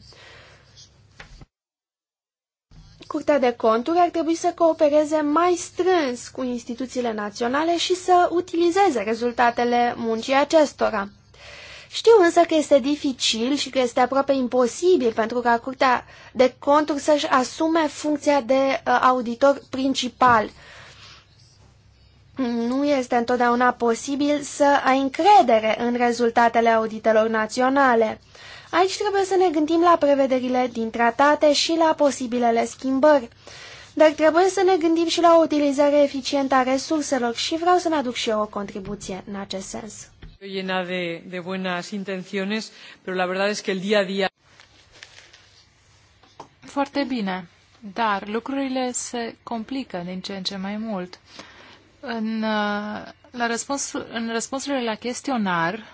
Curtea de conturi ar trebui să coopereze mai strâns cu instituțiile naționale și să utilizeze rezultatele muncii acestora. Știu însă că este dificil și că este aproape imposibil pentru ca Curtea de Conturi să-și asume funcția de uh, auditor principal. Nu este întotdeauna posibil să ai încredere în rezultatele auditelor naționale. Aici trebuie să ne gândim la prevederile din tratate și la posibilele schimbări. Dar trebuie să ne gândim și la o utilizare eficientă a resurselor și vreau să-mi aduc și eu o contribuție în acest sens. Llena de, de buenas intenciones, pero la verdad es que el día a día... Foarte bine, dar lucrurile se complică din ce în ce mai mult. În, uh, la răspuns, în răspunsurile la chestionar,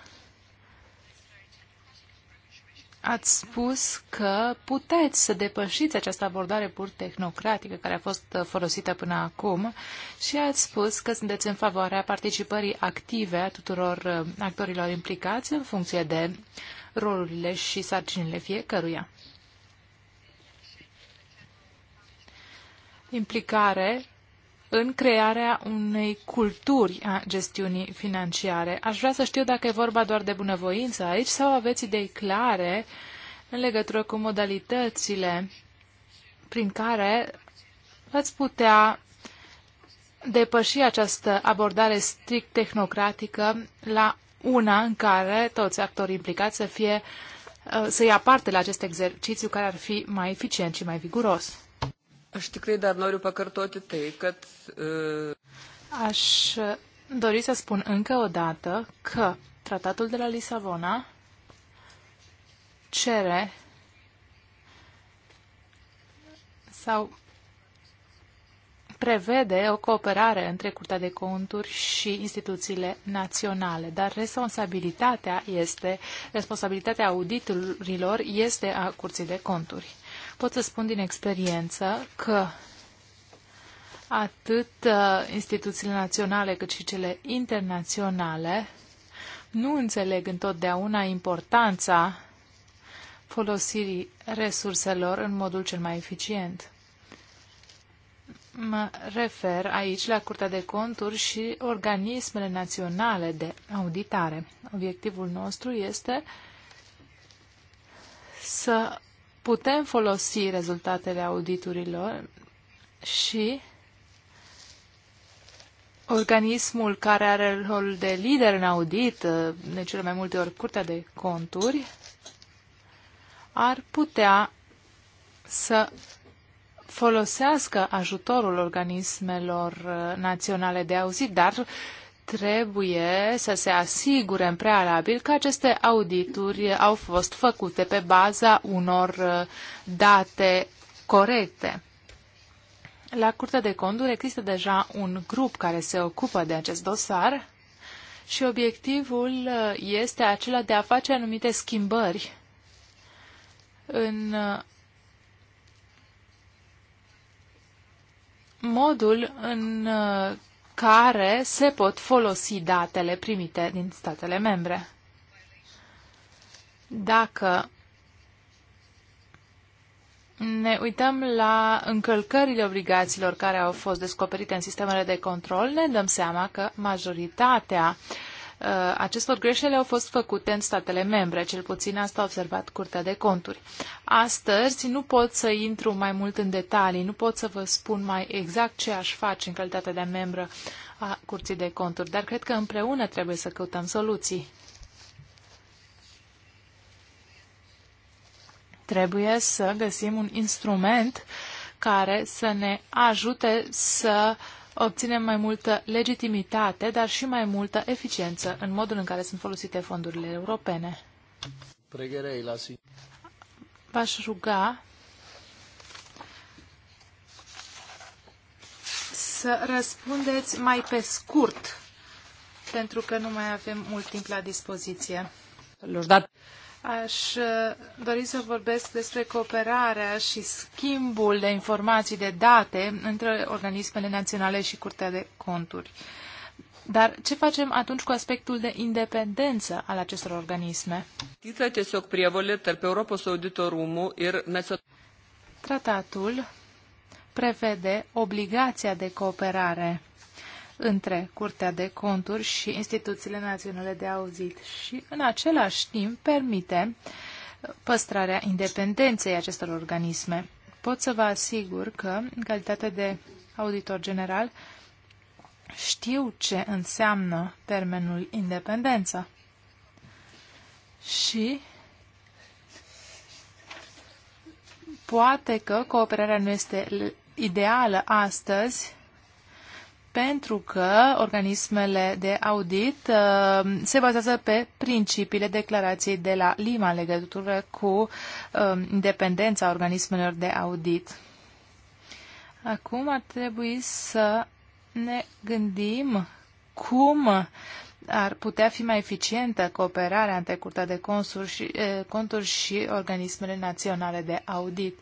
ați spus că puteți să depășiți această abordare pur tehnocratică care a fost uh, folosită până acum și ați spus că sunteți în favoarea participării active a tuturor uh, actorilor implicați în funcție de rolurile și sarcinile fiecăruia. Implicare în crearea unei culturi a gestiunii financiare. Aș vrea să știu dacă e vorba doar de bunăvoință aici sau aveți idei clare în legătură cu modalitățile prin care ați putea depăși această abordare strict tehnocratică la una în care toți actorii implicați să fie să ia parte la acest exercițiu care ar fi mai eficient și mai viguros. Aš tikrai dar noriu pakartoti tai, kad... Uh... Aș dori să spun încă o dată că tratatul de la Lisabona cere sau prevede o cooperare între Curtea de Conturi și instituțiile naționale, dar responsabilitatea este, responsabilitatea auditurilor este a Curții de Conturi. Pot să spun din experiență că atât uh, instituțiile naționale cât și cele internaționale nu înțeleg întotdeauna importanța folosirii resurselor în modul cel mai eficient. Mă refer aici la Curtea de Conturi și organismele naționale de auditare. Obiectivul nostru este să putem folosi rezultatele auditurilor și organismul care are rolul de lider în audit, de cele mai multe ori Curtea de Conturi, ar putea să folosească ajutorul organismelor naționale de auzit, dar trebuie să se asigure în prealabil că aceste audituri au fost făcute pe baza unor uh, date corecte. La Curtea de Conturi există deja un grup care se ocupă de acest dosar și obiectivul uh, este acela de a face anumite schimbări în uh, modul în care se pot folosi datele primite din statele membre. Dacă ne uităm la încălcările obligațiilor care au fost descoperite în sistemele de control, ne dăm seama că majoritatea uh, Uh, acestor greșeli au fost făcute în statele membre, cel puțin asta a observat Curtea de Conturi. Astăzi nu pot să intru mai mult în detalii, nu pot să vă spun mai exact ce aș face în calitate de membră a Curții de Conturi, dar cred că împreună trebuie să căutăm soluții. Trebuie să găsim un instrument care să ne ajute să uh, obținem mai multă legitimitate, dar și mai multă eficiență în modul în care sunt folosite fondurile europene. V-aș ruga să răspundeți mai pe scurt, pentru că nu mai avem mult timp la dispoziție. Aș uh, dori să vorbesc despre cooperarea și schimbul de informații, de date între organismele naționale și Curtea de Conturi. Dar ce facem atunci cu aspectul de independență al acestor organisme? Tratatul prevede obligația de cooperare între Curtea de Conturi și instituțiile naționale de auzit și în același timp permite păstrarea independenței acestor organisme. Pot să vă asigur că, în calitate de auditor general, știu ce înseamnă termenul independență. Și poate că cooperarea nu este ideală astăzi, pentru că organismele de audit uh, se bazează pe principiile declarației de la Lima în legătură cu uh, independența organismelor de audit. Acum ar trebui să ne gândim cum ar putea fi mai eficientă cooperarea între Curtea de Consuri și, e, uh, Conturi și organismele naționale de audit.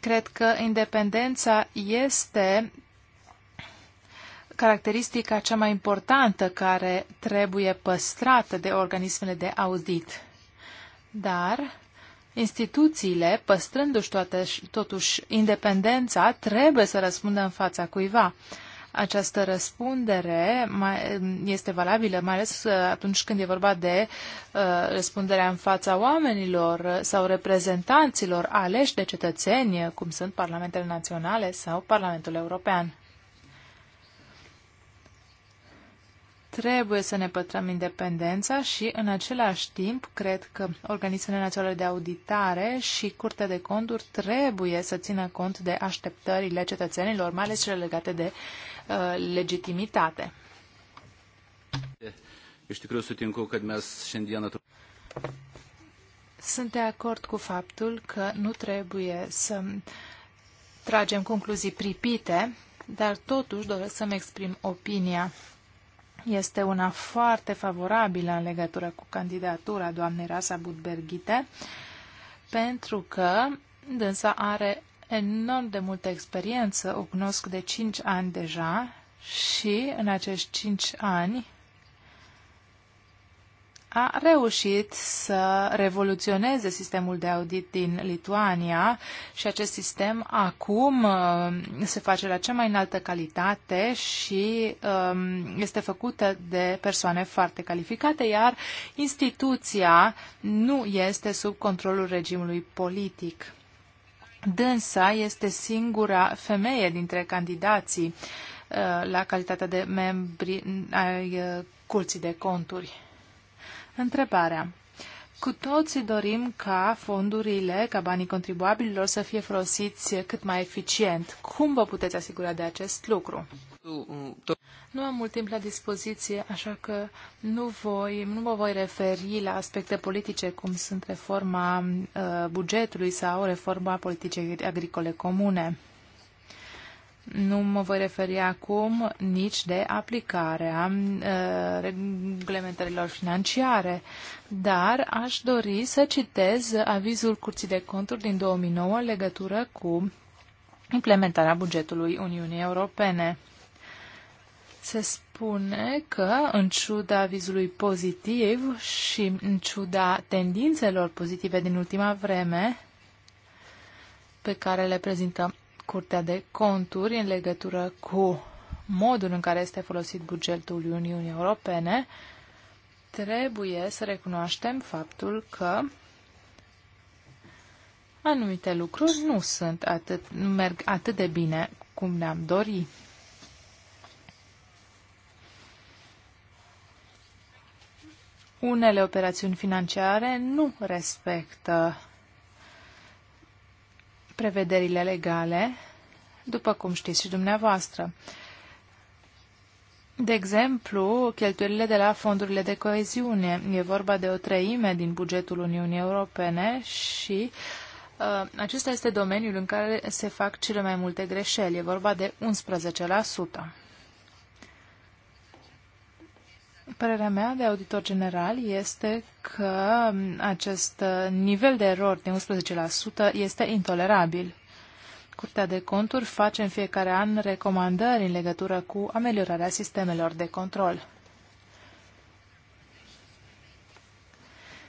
Cred că independența este caracteristica cea mai importantă care trebuie păstrată de organismele de audit. Dar instituțiile, păstrându-și totuși independența, trebuie să răspundă în fața cuiva. Această răspundere mai, este valabilă, mai ales uh, atunci când e vorba de uh, răspunderea în fața oamenilor sau reprezentanților aleși de cetățeni, cum sunt parlamentele naționale sau Parlamentul European. Trebuie să ne pătrăm independența și, în același timp, cred că organizațiile Naționale de Auditare și Curtea de Conturi trebuie să țină cont de așteptările cetățenilor, mai ales cele legate de uh, legitimitate. Sunt de acord cu faptul că nu trebuie să tragem concluzii pripite, dar totuși doresc să-mi exprim opinia este una foarte favorabilă în legătură cu candidatura doamnei Rasa Budberghite, pentru că dânsa are enorm de multă experiență, o cunosc de 5 ani deja și în acești 5 ani a reușit să revoluționeze sistemul de audit din Lituania și acest sistem acum uh, se face la cea mai înaltă calitate și um, este făcută de persoane foarte calificate, iar instituția nu este sub controlul regimului politic. Dânsa este singura femeie dintre candidații uh, la calitatea de membri ai uh, Curții de Conturi. Întrebarea. Cu toții dorim ca fondurile, ca banii contribuabililor să fie folosiți cât mai eficient. Cum vă puteți asigura de acest lucru? Nu am mult timp la dispoziție, așa că nu, voi, nu mă voi referi la aspecte politice, cum sunt reforma uh, bugetului sau reforma politicii agricole comune. Nu mă voi referi acum nici de aplicarea uh, reglementărilor financiare, dar aș dori să citez avizul Curții de Conturi din 2009 în legătură cu implementarea bugetului Uniunii Europene. Se spune că, în ciuda avizului pozitiv și în ciuda tendințelor pozitive din ultima vreme, pe care le prezintă Curtea de Conturi în legătură cu modul în care este folosit bugetul Uniunii Europene, trebuie să recunoaștem faptul că anumite lucruri nu sunt atât, nu merg atât de bine cum ne-am dori. Unele operațiuni financiare nu respectă prevederile legale, după cum știți și dumneavoastră. De exemplu, cheltuielile de la fondurile de coeziune. E vorba de o treime din bugetul Uniunii Europene și uh, acesta este domeniul în care se fac cele mai multe greșeli. E vorba de Părerea mea de auditor general este că acest nivel de erori de 11% este intolerabil. Curtea de conturi face în fiecare an recomandări în legătură cu ameliorarea sistemelor de control.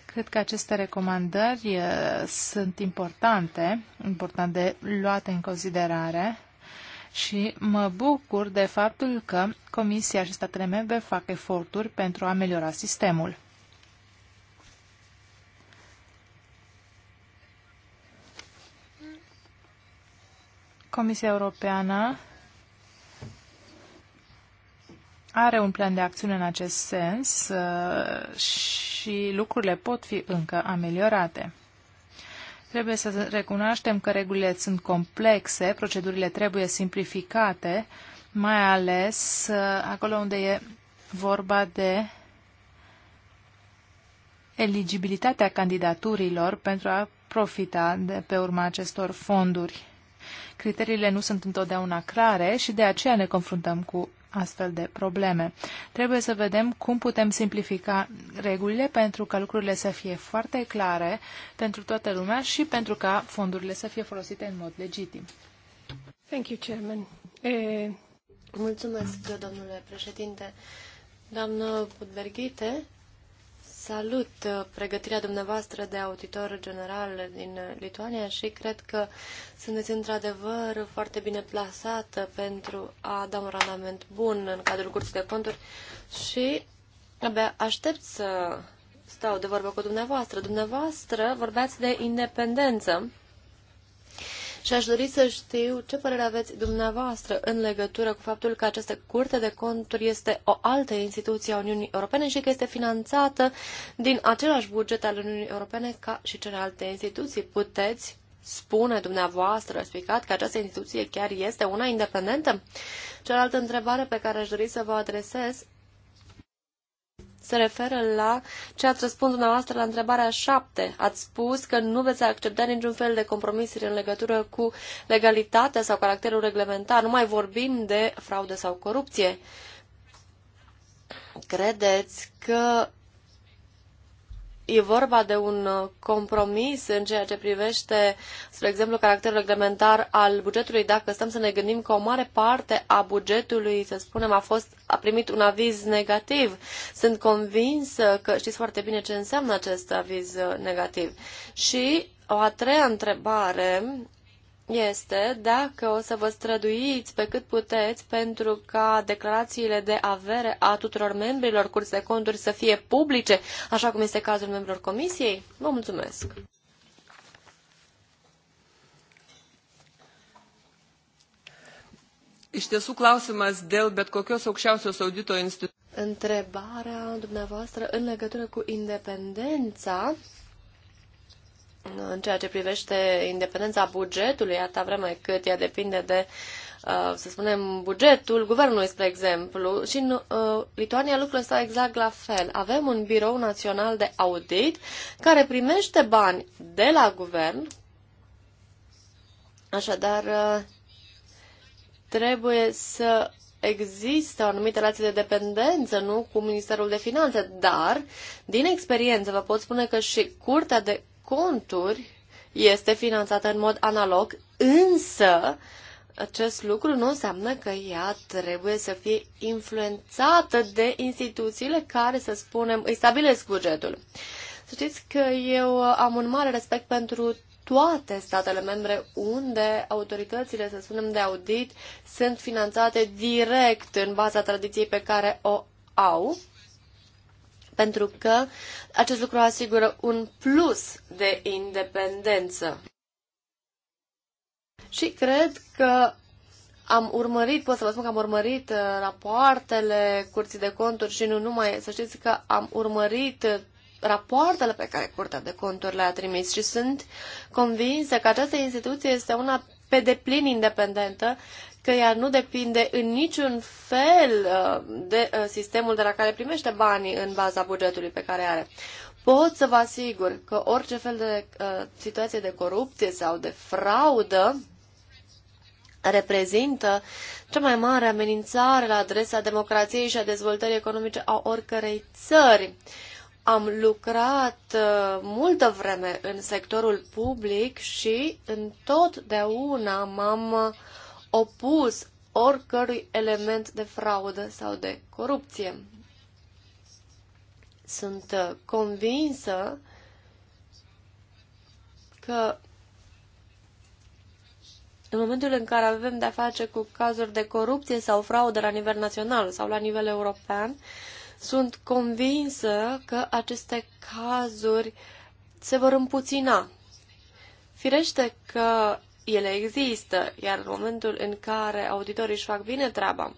Cred că aceste recomandări eh, sunt importante, important de luate în considerare și mă bucur de faptul că Comisia și statele membre fac eforturi pentru a ameliora sistemul. Comisia Europeană are un plan de acțiune în acest sens uh, și lucrurile pot fi încă ameliorate. Trebuie să recunoaștem că regulile sunt complexe, procedurile trebuie simplificate, mai ales uh, acolo unde e vorba de eligibilitatea candidaturilor pentru a profita de pe urma acestor fonduri. Criteriile nu sunt întotdeauna clare și de aceea ne confruntăm cu astfel de probleme. Trebuie să vedem cum putem simplifica regulile pentru ca lucrurile să fie foarte clare pentru toată lumea și pentru ca fondurile să fie folosite în mod legitim. Thank you, Chairman. E... Mulțumesc, domnule președinte. Doamnă Budberghite, Salut uh, pregătirea dumneavoastră de auditor general din uh, Lituania și cred că sunteți într-adevăr foarte bine plasată pentru a da un randament bun în cadrul cursului de conturi și abia aștept să stau de vorbă cu dumneavoastră. Dumneavoastră vorbeați de independență și aș dori să știu ce părere aveți dumneavoastră în legătură cu faptul că această curte de conturi este o altă instituție a Uniunii Europene și că este finanțată din același buget al Uniunii Europene ca și celelalte instituții. Puteți spune dumneavoastră, explicat că această instituție chiar este una independentă? Cealaltă întrebare pe care aș dori să vă adresez se referă la ce ați răspuns dumneavoastră la întrebarea 7. Ați spus că nu veți accepta niciun fel de compromisuri în legătură cu legalitatea sau caracterul reglementar. Nu mai vorbim de fraude sau corupție. Credeți că E vorba de un uh, compromis în ceea ce privește, spre exemplu, caracterul reglementar al bugetului. Dacă stăm să ne gândim că o mare parte a bugetului, să spunem, a, fost, a primit un aviz negativ, sunt convinsă uh, că știți foarte bine ce înseamnă acest aviz uh, negativ. Și o a treia întrebare este dacă o să vă străduiți pe cât puteți pentru ca declarațiile de avere a tuturor membrilor Curții de Conturi să fie publice, așa cum este cazul membrilor Comisiei. Vă mulțumesc! Iš tiesų klausimas dėl bet kokios aukščiausios audito institucijos. Întrebarea dumneavoastră în legătură cu independența în ceea ce privește independența bugetului, atâta vreme cât ea depinde de, uh, să spunem, bugetul guvernului, spre exemplu. Și în uh, Lituania lucrurile stau exact la fel. Avem un birou național de audit care primește bani de la guvern, așadar uh, trebuie să există o anumită relație de dependență, nu cu Ministerul de Finanțe, dar din experiență vă pot spune că și Curtea de conturi este finanțată în mod analog, însă acest lucru nu înseamnă că ea trebuie să fie influențată de instituțiile care, să spunem, îi stabilesc bugetul. Să știți că eu am un mare respect pentru toate statele membre unde autoritățile, să spunem, de audit sunt finanțate direct în baza tradiției pe care o au pentru că acest lucru asigură un plus de independență. Și cred că am urmărit, pot să vă spun că am urmărit uh, rapoartele Curții de Conturi și nu numai, să știți că am urmărit uh, rapoartele pe care Curtea de Conturi le-a trimis și sunt convinsă că această instituție este una pe deplin independentă că ea nu depinde în niciun fel uh, de uh, sistemul de la care primește banii în baza bugetului pe care are. Pot să vă asigur că orice fel de uh, situație de corupție sau de fraudă reprezintă cea mai mare amenințare la adresa democrației și a dezvoltării economice a oricărei țări. Am lucrat multă vreme în sectorul public și întotdeauna m-am opus oricărui element de fraudă sau de corupție. Sunt uh, convinsă că în momentul în care avem de-a face cu cazuri de corupție sau fraudă la nivel național sau la nivel european, sunt convinsă că aceste cazuri se vor împuțina. Firește că ele există, iar în momentul în care auditorii își fac bine treaba,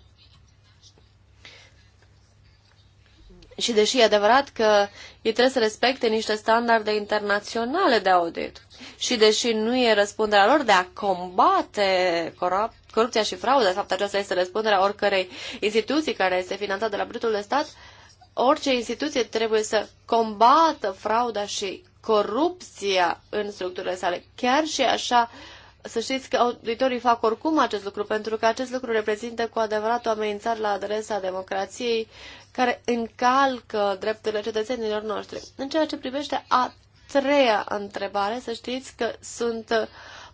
și deși e adevărat că ei trebuie să respecte niște standarde internaționale de audit, și deși nu e răspunderea lor de a combate corup corupția și frauda, de fapt aceasta este răspunderea oricărei instituții care este finanțată de la brutul de stat, orice instituție trebuie să combată frauda și corupția în structurile sale, chiar și așa uh, să știți că auditorii fac oricum acest lucru, pentru că acest lucru reprezintă cu adevărat o amenințare la adresa democrației care încalcă drepturile cetățenilor noștri. În ceea ce privește a treia întrebare, să știți că sunt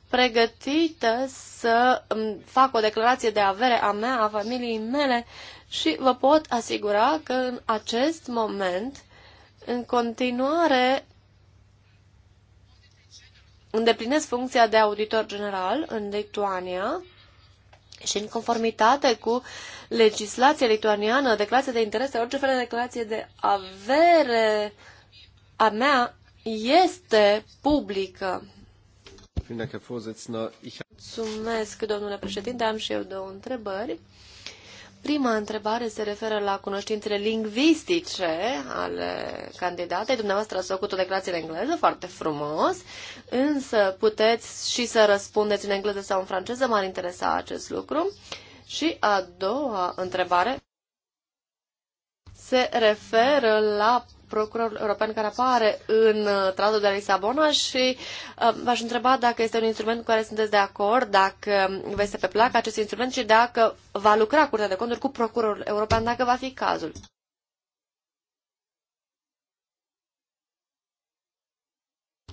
pregătită să fac o declarație de avere a mea, a familiei mele și vă pot asigura că în acest moment, în continuare, îndeplinesc funcția de auditor general în Lituania și în conformitate cu legislația lituaniană, declarația de interese, orice fel de declarație de avere a mea este publică. Mulțumesc, domnule președinte. Am și eu două întrebări. Prima întrebare se referă la cunoștințele lingvistice ale candidatei. Dumneavoastră ați făcut o declarație în engleză, foarte frumos, însă puteți și să răspundeți în engleză sau în franceză, m-ar interesa acest lucru. Și a doua întrebare se referă la procurorul european care apare în uh, tratatul de la Lisabona și uh, v-aș întreba dacă este un instrument cu care sunteți de acord, dacă um, vă este pe plac acest instrument și dacă va lucra Curtea de Conturi cu procurorul european, dacă va fi cazul.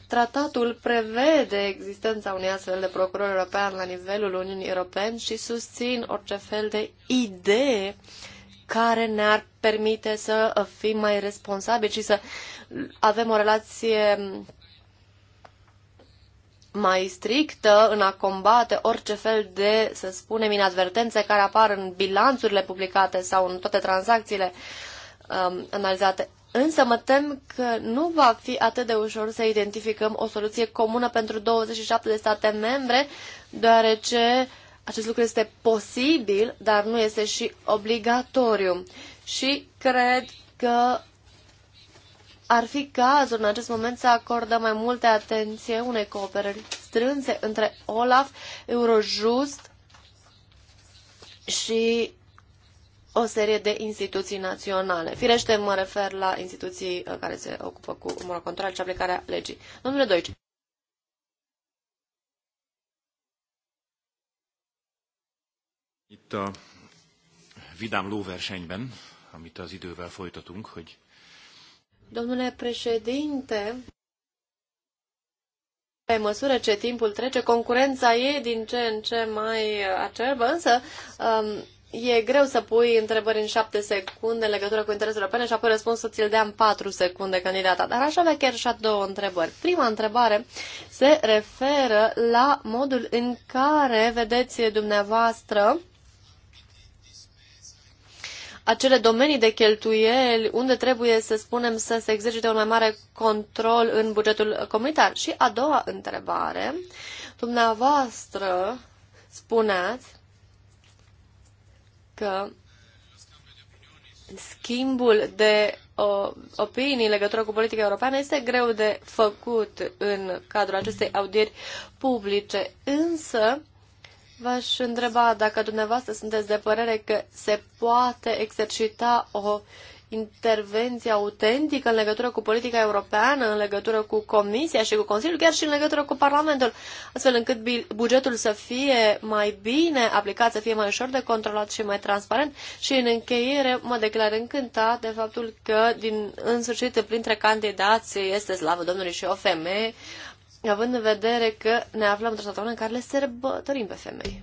Tratatul prevede existența unui astfel de procuror european la nivelul Uniunii Europene și susțin orice fel de idee uh, care ne-ar permite să uh, fim mai responsabili și să avem o relație mai strictă în a combate orice fel de, să spunem, inadvertențe care apar în bilanțurile publicate sau în toate tranzacțiile um, analizate. Însă mă tem că nu va fi atât de ușor să identificăm o soluție comună pentru 27 de state membre, deoarece uh, acest lucru este posibil, dar nu este și obligatoriu. Și cred că ar fi cazul în acest moment să acordăm mai multă atenție unei cooperări strânse între Olaf, Eurojust și o serie de instituții naționale. Firește, mă refer la instituții uh, care se ocupă cu mă rog, control și aplicarea legii. Domnule Doici. itt a vidám lóversenyben, amit az idővel folytatunk, hogy... Domnule președinte, pe măsură ce timpul trece, concurența e din ce în ce mai acerbă, însă um, e greu să pui întrebări în șapte secunde în legătură cu interesul european și apoi răspunsul ți-l dea în patru secunde candidata. Dar aș avea chiar și două întrebări. Prima întrebare se referă la modul în care vedeți dumneavoastră acele domenii de cheltuieli unde trebuie, să spunem, să se exercite un mai mare control în bugetul comunitar. Și a doua întrebare, dumneavoastră spuneați că schimbul de opinii în legătură cu politica europeană este greu de făcut în cadrul acestei audieri publice, însă V-aș întreba dacă dumneavoastră sunteți de părere că se poate exercita o intervenție autentică în legătură cu politica europeană, în legătură cu Comisia și cu Consiliul, chiar și în legătură cu Parlamentul, astfel încât bugetul să fie mai bine aplicat, să fie mai ușor de controlat și mai transparent. Și în încheiere mă declar încântat de faptul că, din, în sfârșit, printre candidați este slavă Domnului și o femeie, având în vedere că ne aflăm într-o săptămână în care le sărbătorim pe femei.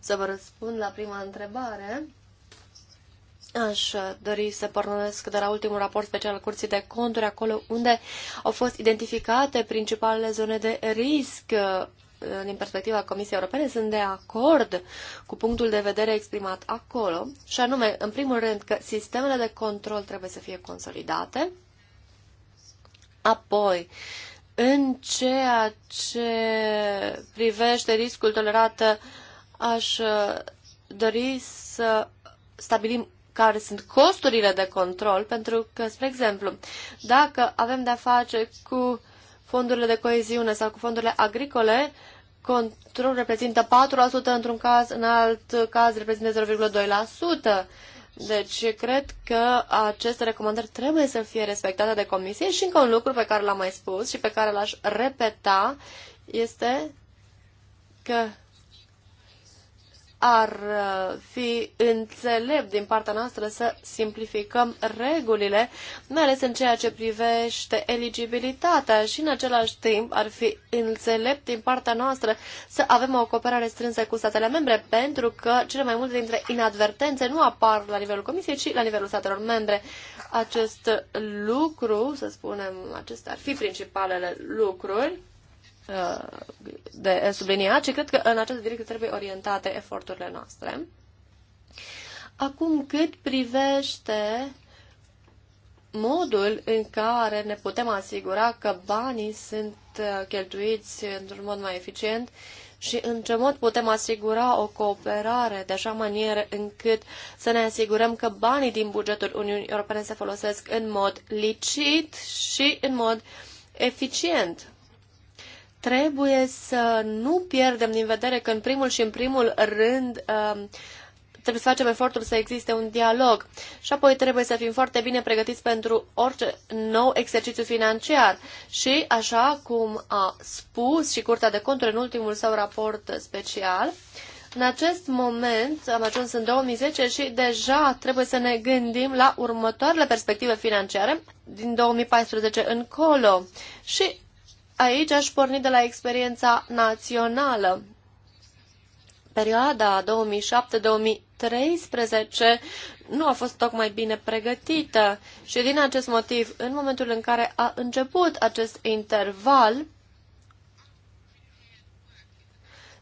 Să vă răspund la prima întrebare. Aș dori să pornesc de la ultimul raport special al Curții de Conturi, acolo unde au fost identificate principalele zone de risc Uh, din perspectiva Comisiei Europene, sunt de acord cu punctul de vedere exprimat acolo, și anume, în primul rând, că sistemele de control trebuie să fie consolidate, apoi, în ceea ce privește riscul tolerat, aș uh, dori să stabilim care sunt costurile de control, pentru că, spre exemplu, dacă avem de-a face cu fondurile de coeziune sau cu fondurile agricole, controlul reprezintă 4%, într-un caz, în alt caz reprezintă 0,2%. Deci, cred că aceste recomandări trebuie să fie respectate de comisie și încă un lucru pe care l-am mai spus și pe care l-aș repeta este că ar uh, fi înțelept din partea noastră să simplificăm regulile, mai ales în ceea ce privește eligibilitatea și în același timp ar fi înțelept din partea noastră să avem o cooperare strânsă cu statele membre, pentru că cele mai multe dintre inadvertențe nu apar la nivelul Comisiei, ci la nivelul statelor membre. Acest lucru, să spunem, acestea ar fi principalele lucruri Uh, de subliniat și cred că în această direcție trebuie orientate eforturile noastre. Acum, cât privește modul în care ne putem asigura că banii sunt uh, cheltuiți într-un mod mai eficient și în ce mod putem asigura o cooperare de așa manieră încât să ne asigurăm că banii din bugetul Uniunii Europene se folosesc în mod licit și în mod eficient trebuie să nu pierdem din vedere că în primul și în primul rând um, trebuie să facem efortul să existe un dialog și apoi trebuie să fim foarte bine pregătiți pentru orice nou exercițiu financiar. Și așa cum a spus și Curtea de Conturi în ultimul său raport special, în acest moment am ajuns în 2010 și deja trebuie să ne gândim la următoarele perspective financiare din 2014 încolo. Și Aici aș porni de la experiența națională. Perioada 2007-2013 nu a fost tocmai bine pregătită și din acest motiv, în momentul în care a început acest interval,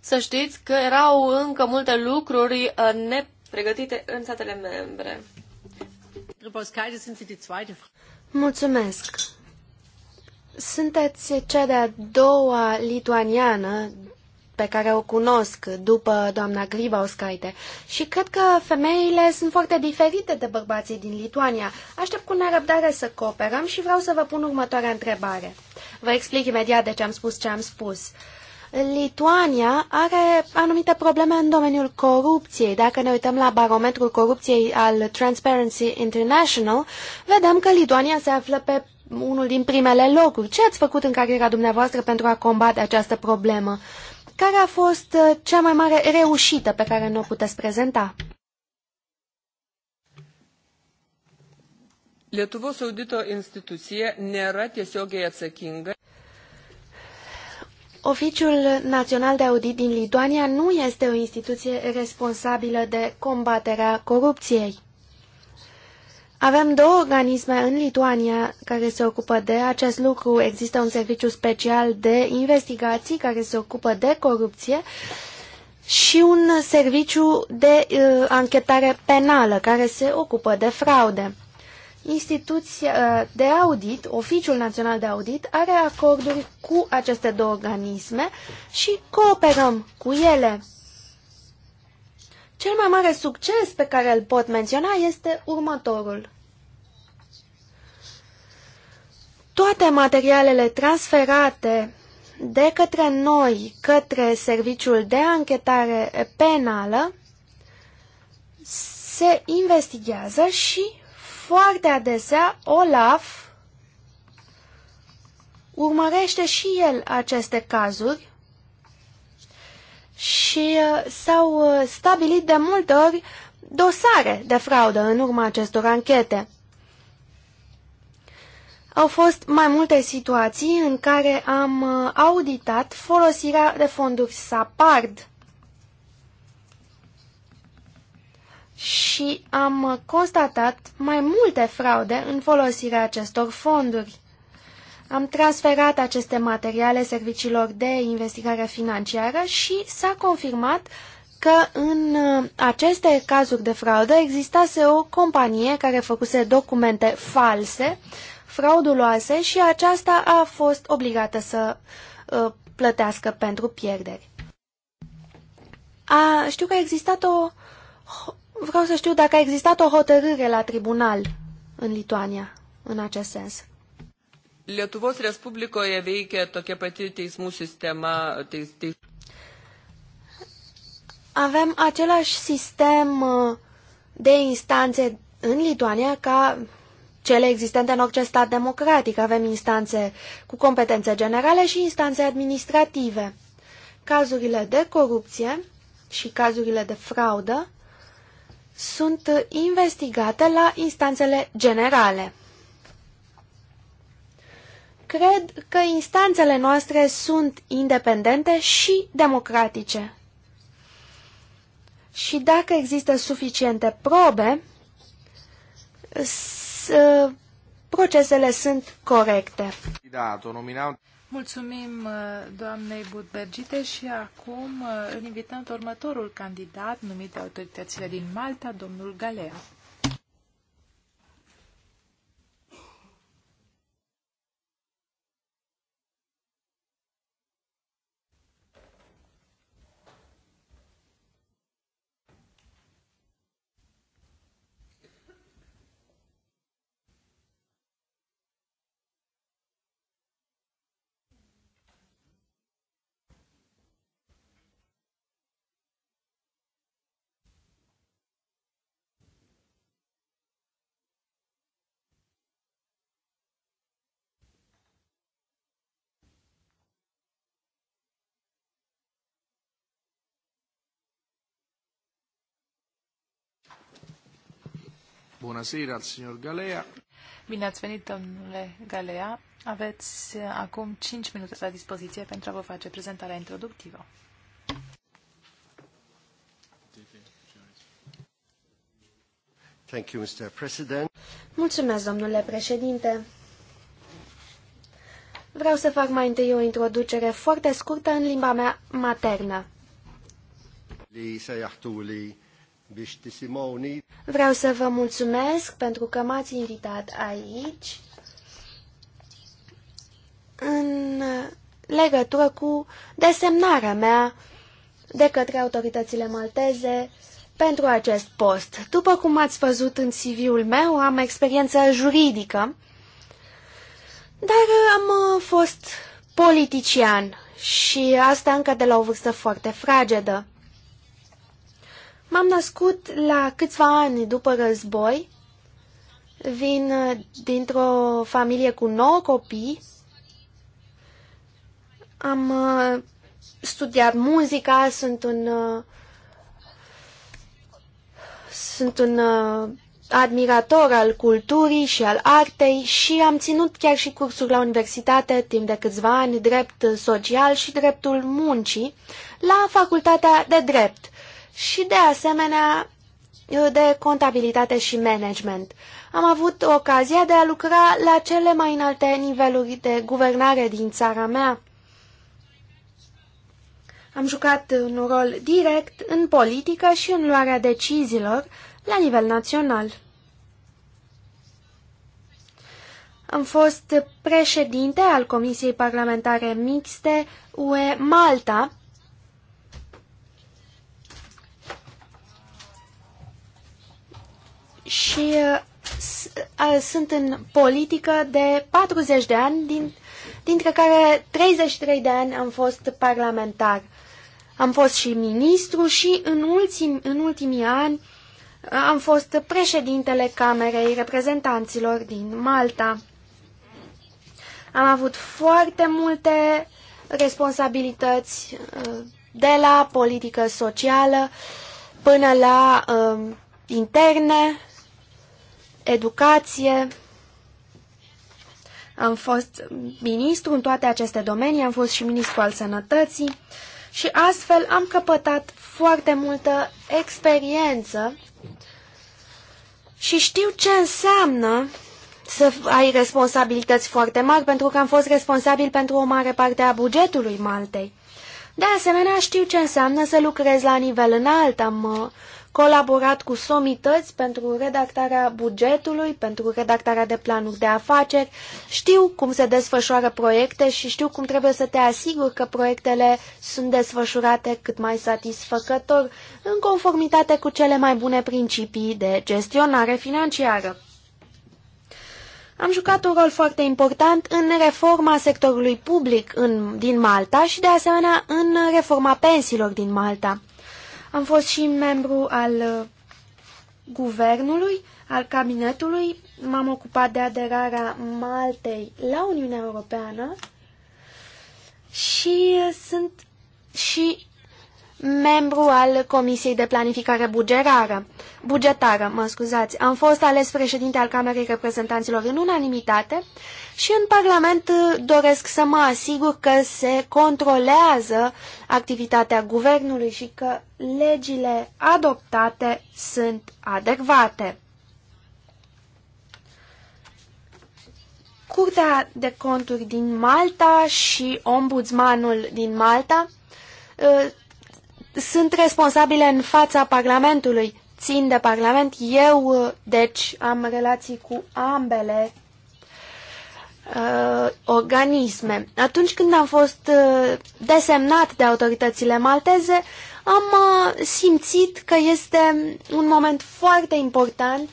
să știți că erau încă multe lucruri uh, nepregătite în statele membre. Mulțumesc! Sunteți cea de-a doua lituaniană pe care o cunosc după doamna Gribauskaite și cred că femeile sunt foarte diferite de bărbații din Lituania. Aștept cu nerăbdare să cooperăm și vreau să vă pun următoarea întrebare. Vă explic imediat de ce am spus ce am spus. Lituania are anumite probleme în domeniul corupției. Dacă ne uităm la barometrul corupției al Transparency International, vedem că Lituania se află pe unul din primele locuri. Ce ați făcut în cariera dumneavoastră pentru a combate această problemă? Care a fost uh, cea mai mare reușită pe care nu o puteți prezenta? Lietuvos audito instituție nėra și atsakinga. Oficiul Național de Audit din Lituania nu este o instituție responsabilă de combaterea corupției. Avem două organisme în Lituania care se ocupă de acest lucru. Există un serviciu special de investigații care se ocupă de corupție și un serviciu de uh, anchetare penală care se ocupă de fraude. Instituția uh, de audit, Oficiul Național de Audit, are acorduri cu aceste două organisme și cooperăm cu ele. Cel mai mare succes pe care îl pot menționa este următorul. Toate materialele transferate de către noi, către Serviciul de Anchetare Penală, se investigează și foarte adesea OLAF urmărește și el aceste cazuri și uh, s-au uh, stabilit de multe ori dosare de fraudă în urma acestor anchete. Au fost mai multe situații în care am uh, auditat folosirea de fonduri SAPARD și am constatat mai multe fraude în folosirea acestor fonduri. Am transferat aceste materiale serviciilor de investigare financiară și s-a confirmat că în uh, aceste cazuri de fraudă existase o companie care făcuse documente false, frauduloase și aceasta a fost obligată să uh, plătească pentru pierderi. A, știu că a existat o... Vreau să știu dacă a existat o hotărâre la tribunal în Lituania, în acest sens. Lietuvos Respublikoje veikia tokia pati teismų sistema. Teis, teis... Avem același sistem uh, de instanțe în Lituania ca cele existente în orice stat democratic. Avem instanțe cu competențe generale și instanțe administrative. Cazurile de corupție și cazurile de fraudă sunt investigate la instanțele generale. Cred că instanțele noastre sunt independente și democratice. Și dacă există suficiente probe, procesele sunt corecte. Mulțumim uh, doamnei Budbergite și acum uh, îl invităm următorul candidat numit de autoritățile din Malta, domnul Galea. Bună seara, signor Galea. Bine ați venit, domnule Galea. Aveți uh, acum 5 minute la dispoziție pentru a vă face prezentarea introductivă. Thank you, Mr. President. Mulțumesc, domnule președinte. Vreau să fac mai întâi o introducere foarte scurtă în limba mea maternă. Vreau să vă mulțumesc pentru că m-ați invitat aici în legătură cu desemnarea mea de către autoritățile malteze pentru acest post. După cum ați văzut în CV-ul meu, am experiență juridică, dar am fost politician și asta încă de la o vârstă foarte fragedă. M-am născut la câțiva ani după război, vin uh, dintr-o familie cu nouă copii, am uh, studiat muzica, sunt un uh, sunt un admirator al culturii și al artei și am ținut chiar și cursuri la universitate timp de câțiva ani, drept social și dreptul muncii, la facultatea de drept, și de asemenea de contabilitate și management. Am avut ocazia de a lucra la cele mai înalte niveluri de guvernare din țara mea. Am jucat un rol direct în politică și în luarea deciziilor la nivel național. Am fost președinte al Comisiei Parlamentare Mixte UE Malta și uh, uh, sunt în politică de 40 de ani, din, dintre care 33 de ani am fost parlamentar. Am fost și ministru și în, ultim, în ultimii ani uh, am fost președintele Camerei Reprezentanților din Malta. Am avut foarte multe responsabilități de la politică socială până la interne, educație. Am fost ministru în toate aceste domenii, am fost și ministru al sănătății și astfel am căpătat foarte multă experiență și știu ce înseamnă să ai responsabilități foarte mari, pentru că am fost responsabil pentru o mare parte a bugetului Maltei. De asemenea, știu ce înseamnă să lucrez la nivel înalt. Am uh, colaborat cu somități pentru redactarea bugetului, pentru redactarea de planuri de afaceri, știu cum se desfășoară proiecte și știu cum trebuie să te asiguri că proiectele sunt desfășurate cât mai satisfăcător, în conformitate cu cele mai bune principii de gestionare financiară am jucat un rol foarte important în reforma sectorului public în, din Malta și, de asemenea, în reforma pensiilor din Malta. Am fost și membru al uh, guvernului, al cabinetului, m-am ocupat de aderarea Maltei la Uniunea Europeană și uh, sunt și membru al Comisiei de Planificare Bugerară. Bugetară, mă scuzați. Am fost ales președinte al Camerei Reprezentanților în unanimitate și în Parlament uh, doresc să mă asigur că se controlează activitatea guvernului și că legile adoptate sunt adecvate. Curtea de conturi din Malta și ombudsmanul din Malta uh, sunt responsabile în fața Parlamentului. Țin de Parlament. Eu, uh, deci, am relații cu ambele uh, organisme. Atunci când am fost uh, desemnat de autoritățile malteze, am uh, simțit că este un moment foarte important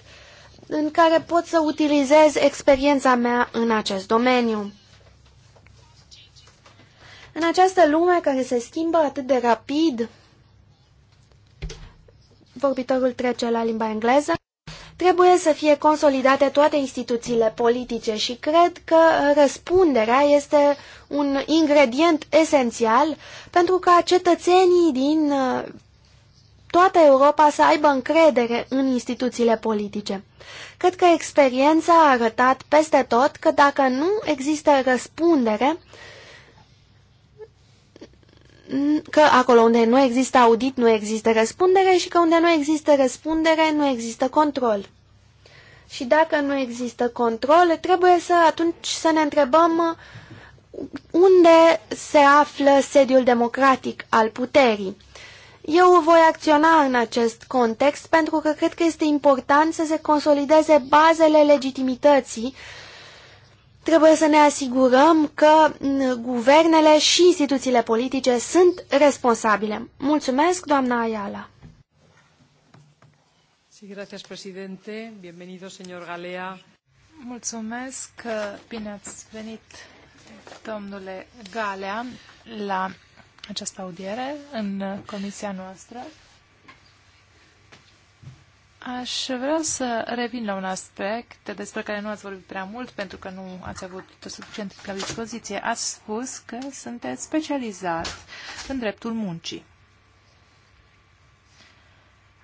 în care pot să utilizez experiența mea în acest domeniu. În această lume care se schimbă atât de rapid, vorbitorul trece la limba engleză, Trebuie să fie consolidate toate instituțiile politice și cred că răspunderea este un ingredient esențial pentru ca cetățenii din uh, toată Europa să aibă încredere în instituțiile politice. Cred că experiența a arătat peste tot că dacă nu există răspundere, că acolo unde nu există audit nu există răspundere și că unde nu există răspundere nu există control. Și dacă nu există control, trebuie să atunci să ne întrebăm uh, unde se află sediul democratic al puterii. Eu voi acționa în acest context pentru că cred că este important să se consolideze bazele legitimității Trebuie să ne asigurăm că mm, guvernele și instituțiile politice sunt responsabile. Mulțumesc, doamna Ayala. Mulțumesc bine ați venit, domnule Galea, la această audiere în comisia noastră. Aș vrea să revin la un aspect despre care nu ați vorbit prea mult, pentru că nu ați avut suficient la dispoziție. Ați spus că sunteți specializat în dreptul muncii.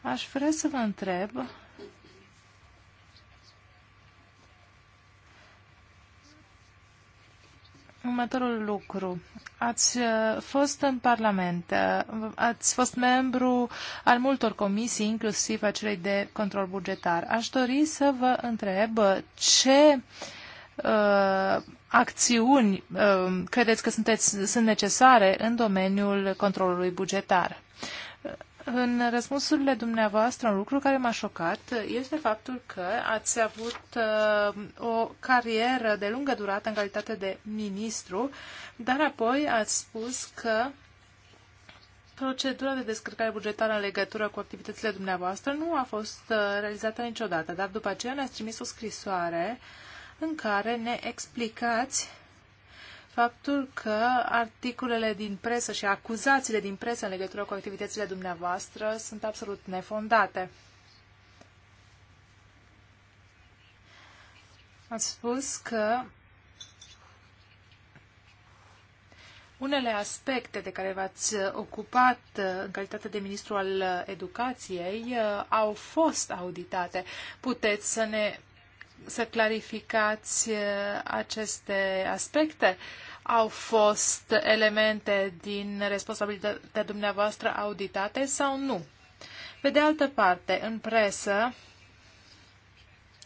Aș vrea să vă întreb Următorul lucru. Ați uh, fost în Parlament, uh, ați fost membru al multor comisii, inclusiv a celei de control bugetar. Aș dori să vă întreb uh, ce uh, acțiuni uh, credeți că sunteți, sunt necesare în domeniul controlului bugetar. În răspunsurile dumneavoastră, un lucru care m-a șocat este faptul că ați avut uh, o carieră de lungă durată în calitate de ministru, dar apoi ați spus că procedura de descărcare bugetară în legătură cu activitățile dumneavoastră nu a fost uh, realizată niciodată, dar după aceea ne-ați trimis o scrisoare în care ne explicați faptul că articolele din presă și acuzațiile din presă în legătură cu activitățile dumneavoastră sunt absolut nefondate. Ați spus că unele aspecte de care v-ați ocupat în calitate de ministru al educației uh, au fost auditate. Puteți să ne să clarificați uh, aceste aspecte? Au fost elemente din responsabilitatea dumneavoastră auditate sau nu? Pe de altă parte, în presă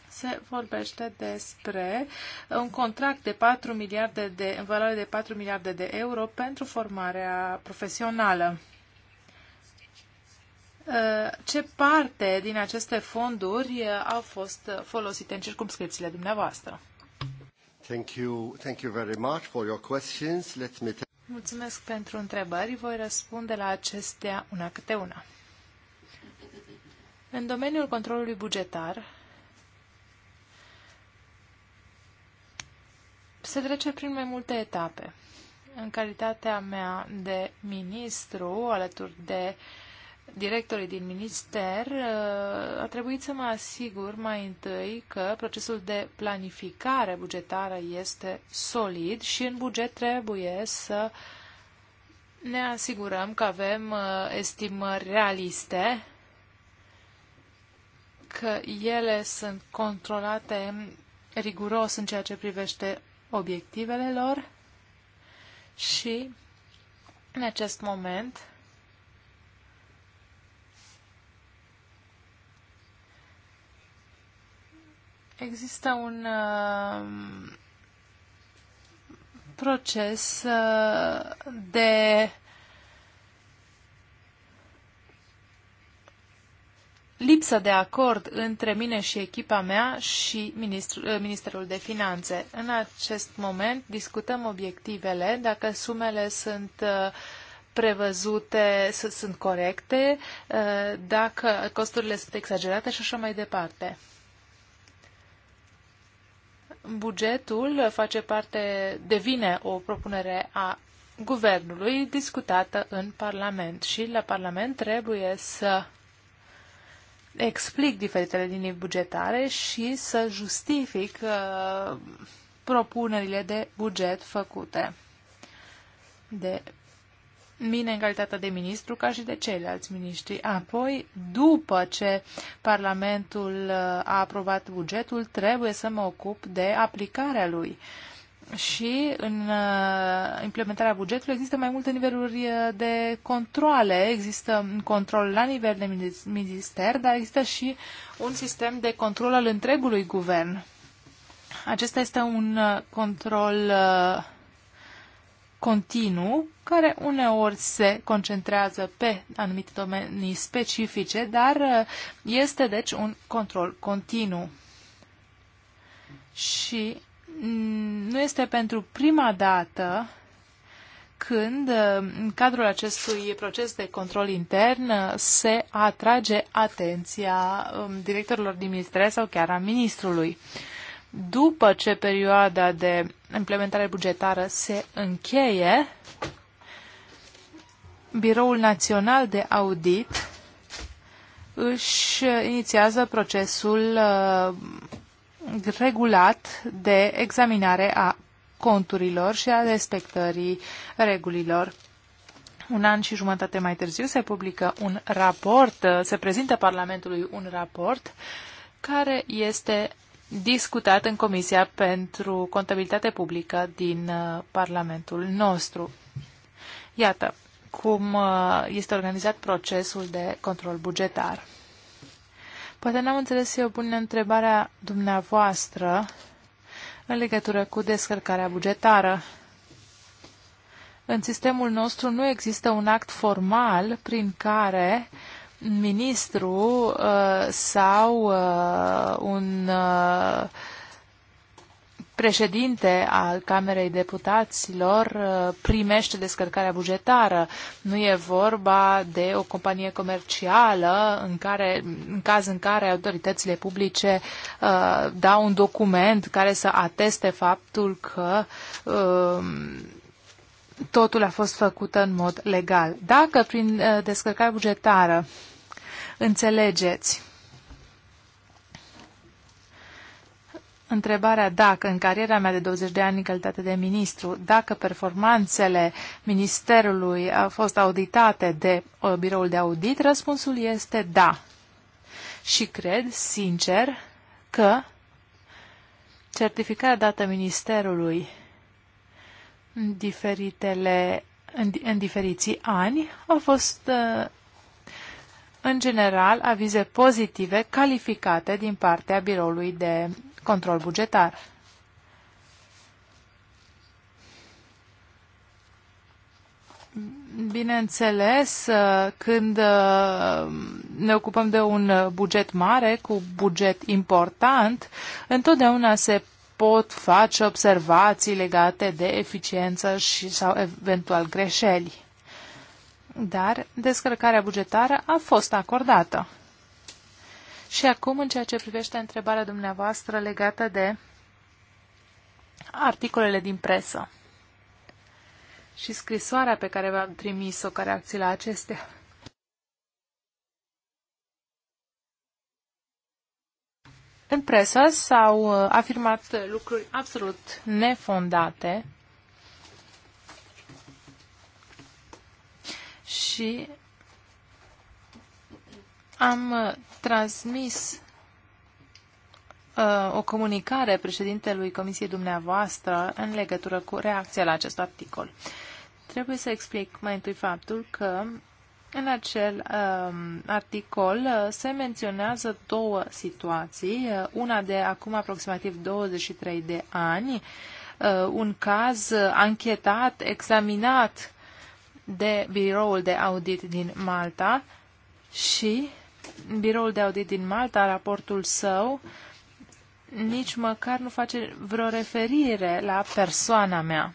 se vorbește despre un contract de 4 miliarde de, în valoare de 4 miliarde de euro pentru formarea profesională. Uh, ce parte din aceste fonduri uh, au fost folosite în circumscripțiile dumneavoastră? Thank you, thank you very much for your questions. Let me Mulțumesc pentru întrebări. Voi răspunde la acestea una câte una. În domeniul controlului bugetar, se trece prin mai multe etape. În calitatea mea de ministru, alături de uh, directorii din minister, uh, a trebuit să mă asigur mai întâi că procesul de planificare bugetară este solid și în buget trebuie să ne asigurăm că avem uh, estimări realiste, că ele sunt controlate riguros în ceea ce privește obiectivele lor și în acest moment Există un uh, proces uh, de lipsă de acord între mine și echipa mea și uh, Ministerul de Finanțe. În acest moment discutăm obiectivele, dacă sumele sunt uh, prevăzute sunt corecte, uh, dacă costurile sunt exagerate și așa mai departe. Bugetul face parte, devine o propunere a guvernului discutată în Parlament și la Parlament trebuie să explic diferitele linii bugetare și să justific uh, propunerile de buget făcute de mine în calitate de ministru ca și de ceilalți miniștri. Apoi, după ce Parlamentul uh, a aprobat bugetul, trebuie să mă ocup de aplicarea lui. Și în uh, implementarea bugetului există mai multe niveluri uh, de controle. Există un control la nivel de minister, dar există și un sistem de control al întregului guvern. Acesta este un control uh, continuu, care uneori se concentrează pe anumite domenii specifice, dar uh, este deci un control continuu. Și nu este pentru prima dată când, uh, în cadrul acestui proces de control intern, uh, se atrage atenția um, directorilor din ministere sau chiar a ministrului după ce perioada de implementare bugetară se încheie, Biroul Național de Audit își inițiază procesul uh, regulat de examinare a conturilor și a respectării regulilor. Un an și jumătate mai târziu se publică un raport, uh, se prezintă Parlamentului un raport care este discutat în Comisia pentru Contabilitate Publică din uh, Parlamentul nostru. Iată cum uh, este organizat procesul de control bugetar. Poate n-am înțeles eu bine întrebarea dumneavoastră în legătură cu descărcarea bugetară. În sistemul nostru nu există un act formal prin care uh, ministru uh, sau uh, un uh, președinte al Camerei Deputaților uh, primește descărcarea bugetară. Nu e vorba de o companie comercială în, care, în caz în care autoritățile publice uh, dau un document care să ateste faptul că uh, totul a fost făcut în mod legal. Dacă prin uh, descărcare bugetară înțelegeți Întrebarea dacă în cariera mea de 20 de ani în calitate de ministru, dacă performanțele ministerului au fost auditate de uh, biroul de audit, răspunsul este da. Și cred, sincer, că certificarea dată ministerului în diferitele în, în diferiții ani au fost uh, în general avize pozitive calificate din partea biroului de control bugetar. Bineînțeles, uh, când uh, ne ocupăm de un buget mare cu buget important, întotdeauna se pot face observații legate de eficiență și sau eventual greșeli. Dar descărcarea bugetară a fost acordată. Și acum, în ceea ce privește întrebarea dumneavoastră legată de articolele din presă și scrisoarea pe care v-am trimis-o ca reacție la acestea. În presă s-au uh, afirmat lucruri absolut nefondate și am uh, transmis uh, o comunicare președintelui Comisiei dumneavoastră în legătură cu reacția la acest articol. Trebuie să explic mai întâi faptul că în acel um, articol uh, se menționează două situații, uh, una de acum aproximativ 23 de ani, uh, un caz anchetat, examinat de biroul de audit din Malta și biroul de audit din Malta, raportul său, nici măcar nu face vreo referire la persoana mea.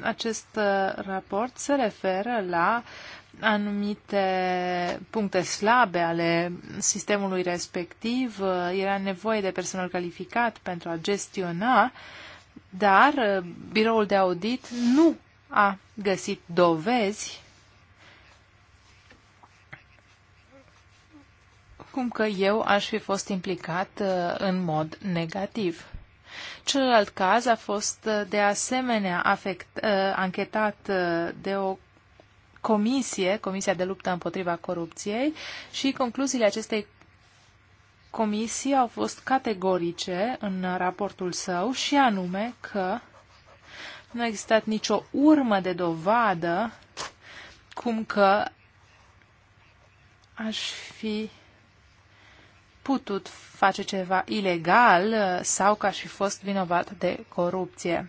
Acest uh, raport se referă la anumite puncte slabe ale sistemului respectiv. Uh, era nevoie de personal calificat pentru a gestiona, dar uh, biroul de audit nu a găsit dovezi cum că eu aș fi fost implicat în mod negativ. Celălalt caz a fost uh, de asemenea afect, uh, anchetat uh, de o comisie, Comisia de luptă împotriva corupției, și concluziile acestei comisii au fost categorice în raportul său și anume că nu a existat nicio urmă de dovadă cum că aș fi putut face ceva ilegal uh, sau că aș fi fost vinovat de corupție.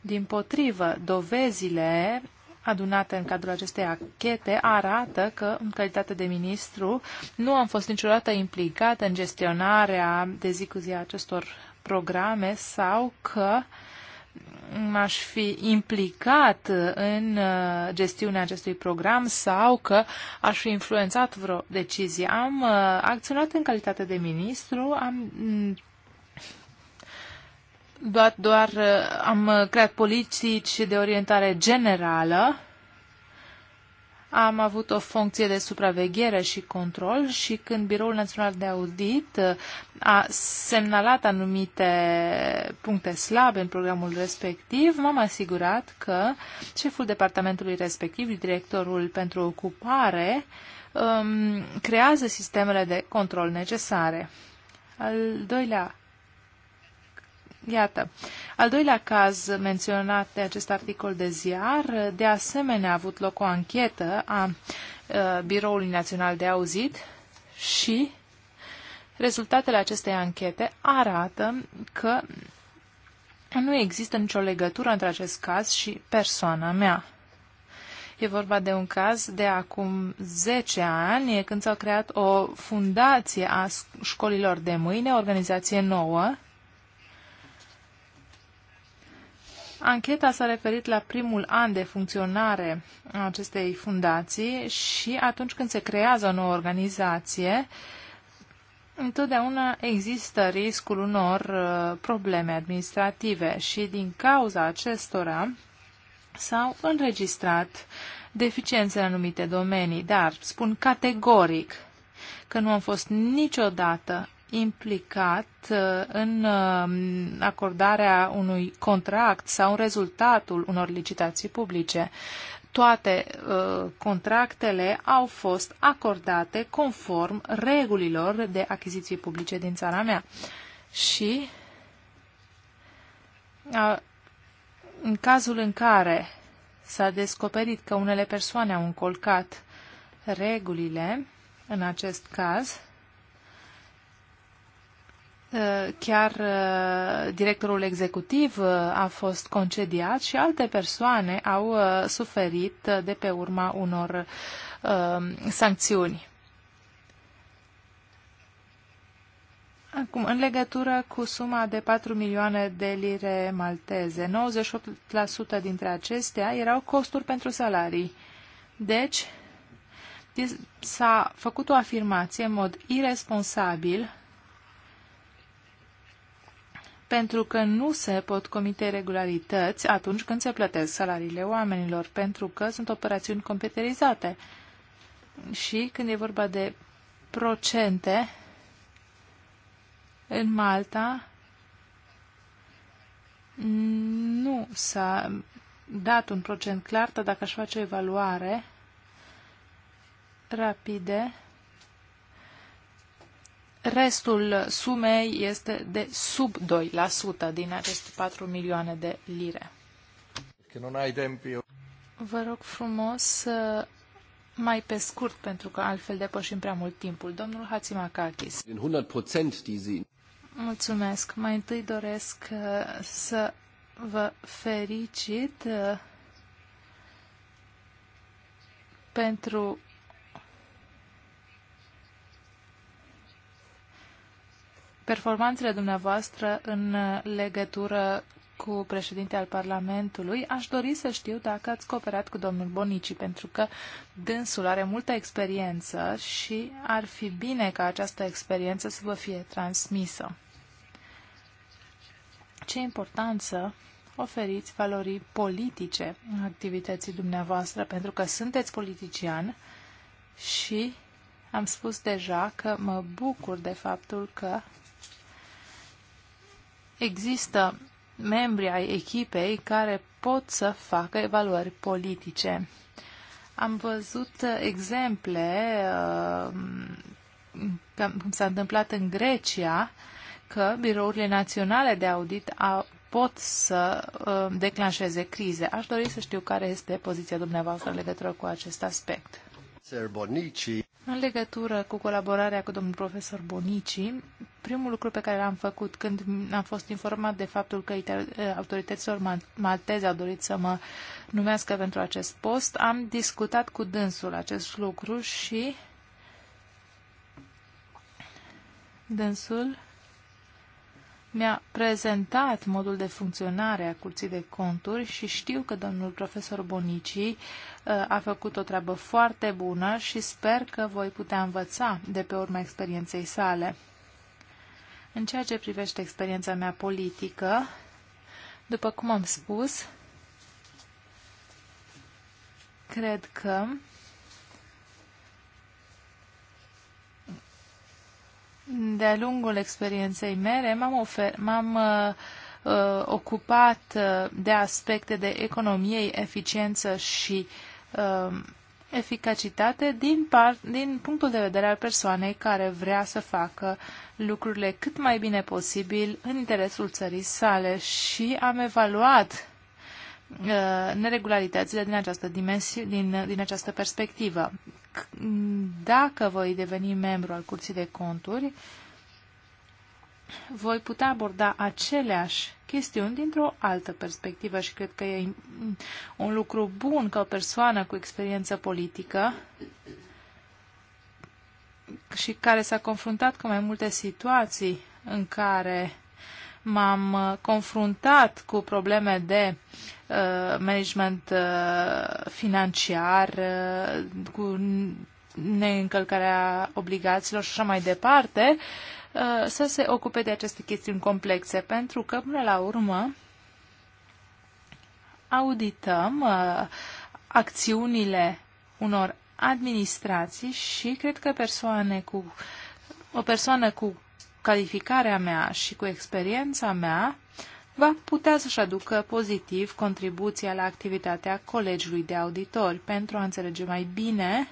Din potrivă, dovezile adunate în cadrul acestei achete arată că, în calitate de ministru, nu am fost niciodată implicat în gestionarea de zi cu zi a acestor programe sau că uh, m-aș fi implicat în uh, gestiunea acestui program sau că aș fi influențat vreo decizie. Am uh, acționat în calitate de ministru, am mm, doar, doar uh, am creat politici de orientare generală am avut o funcție de supraveghere și control și când Biroul Național de Audit uh, a semnalat anumite puncte slabe în programul respectiv, m-am asigurat că șeful departamentului respectiv, directorul pentru ocupare, um, creează sistemele de control necesare. Al doilea Iată, al doilea caz menționat de acest articol de ziar, de asemenea a avut loc o anchetă a uh, Biroului Național de Auzit și rezultatele acestei anchete arată că nu există nicio legătură între acest caz și persoana mea. E vorba de un caz de acum 10 ani, când s-a creat o fundație a școlilor de mâine, o organizație nouă, Ancheta s-a referit la primul an de funcționare a acestei fundații și atunci când se creează o nouă organizație, întotdeauna există riscul unor uh, probleme administrative și din cauza acestora s-au înregistrat deficiențe în anumite domenii, dar spun categoric că nu am fost niciodată implicat uh, în um, acordarea unui contract sau în rezultatul unor licitații publice. Toate uh, contractele au fost acordate conform regulilor de achiziții publice din țara mea. Și în cazul în care s-a descoperit că unele persoane au încolcat regulile, în acest caz, Eh, chiar eh, directorul executiv eh, a fost concediat și alte persoane au suferit de pe urma unor sancțiuni. Acum, în legătură cu suma de 4 milioane de lire malteze, 98% dintre acestea erau costuri pentru salarii. Deci, s-a făcut o afirmație în mod irresponsabil pentru că nu se pot comite regularități atunci când se plătesc salariile oamenilor, pentru că sunt operațiuni computerizate. Și când e vorba de procente, în Malta nu s-a dat un procent clar, dar dacă aș face o evaluare rapide, restul sumei este de sub 2% din aceste 4 milioane de lire. Vă rog frumos mai pe scurt, pentru că altfel depășim prea mult timpul. Domnul Hatzimakakis. Mulțumesc. Mai întâi doresc uh, să vă fericit uh, pentru performanțele dumneavoastră în legătură cu președinte al Parlamentului, aș dori să știu dacă ați cooperat cu domnul Bonici, pentru că dânsul are multă experiență și ar fi bine ca această experiență să vă fie transmisă. Ce importanță oferiți valorii politice în activității dumneavoastră, pentru că sunteți politician și am spus deja că mă bucur de faptul că există membri ai echipei care pot să facă evaluări politice. Am văzut exemple uh, cum s-a întâmplat în Grecia, că birourile naționale de audit pot să uh, declanșeze crize. Aș dori să știu care este poziția dumneavoastră în legătură cu acest aspect. Bonici. În legătură cu colaborarea cu domnul profesor Bonici, primul lucru pe care l-am făcut când am fost informat de faptul că autorităților malteze au dorit să mă numească pentru acest post, am discutat cu dânsul acest lucru și dânsul mi-a prezentat modul de funcționare a Curții de Conturi și știu că domnul profesor Bonici uh, a făcut o treabă foarte bună și sper că voi putea învăța de pe urma experienței sale. În ceea ce privește experiența mea politică, după cum am spus, cred că De-a lungul experienței mele m-am, ofer- m-am uh, uh ocupat uh, de aspecte de economie, eficiență și uh, eficacitate din, par- din punctul de vedere al persoanei care vrea să facă lucrurile cât mai bine posibil în interesul țării sale și am evaluat uh, neregularitățile din această, dimensi- din, din această perspectivă dacă voi deveni membru al Curții de Conturi, voi putea aborda aceleași chestiuni dintr-o altă perspectivă și cred că e un lucru bun ca o persoană cu experiență politică și care s-a confruntat cu mai multe situații în care m-am uh, confruntat cu probleme de uh, Uh, management uh, financiar, uh, cu neîncălcarea obligațiilor și așa mai departe, să se ocupe de aceste chestiuni complexe, pentru că, până la urmă, audităm acțiunile unor administrații și cred că persoane cu, o persoană cu calificarea mea și cu experiența mea va putea să-și aducă pozitiv contribuția la activitatea colegiului de auditori pentru a înțelege mai bine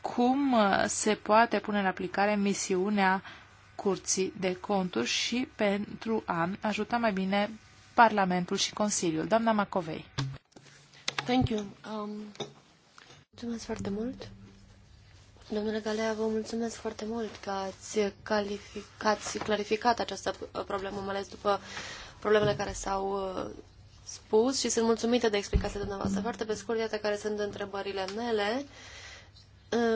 cum uh, se poate pune în aplicare misiunea curții de conturi și pentru a ajuta mai bine Parlamentul și Consiliul. Doamna Macovei. Thank you. Um, mulțumesc foarte mult. Domnule Galea, vă mulțumesc foarte mult că ați, calificat, ați clarificat această uh, problemă, mai ales după problemele care s-au uh, spus și sunt mulțumită de explicația dumneavoastră. Foarte pe scurt, iată care sunt întrebările mele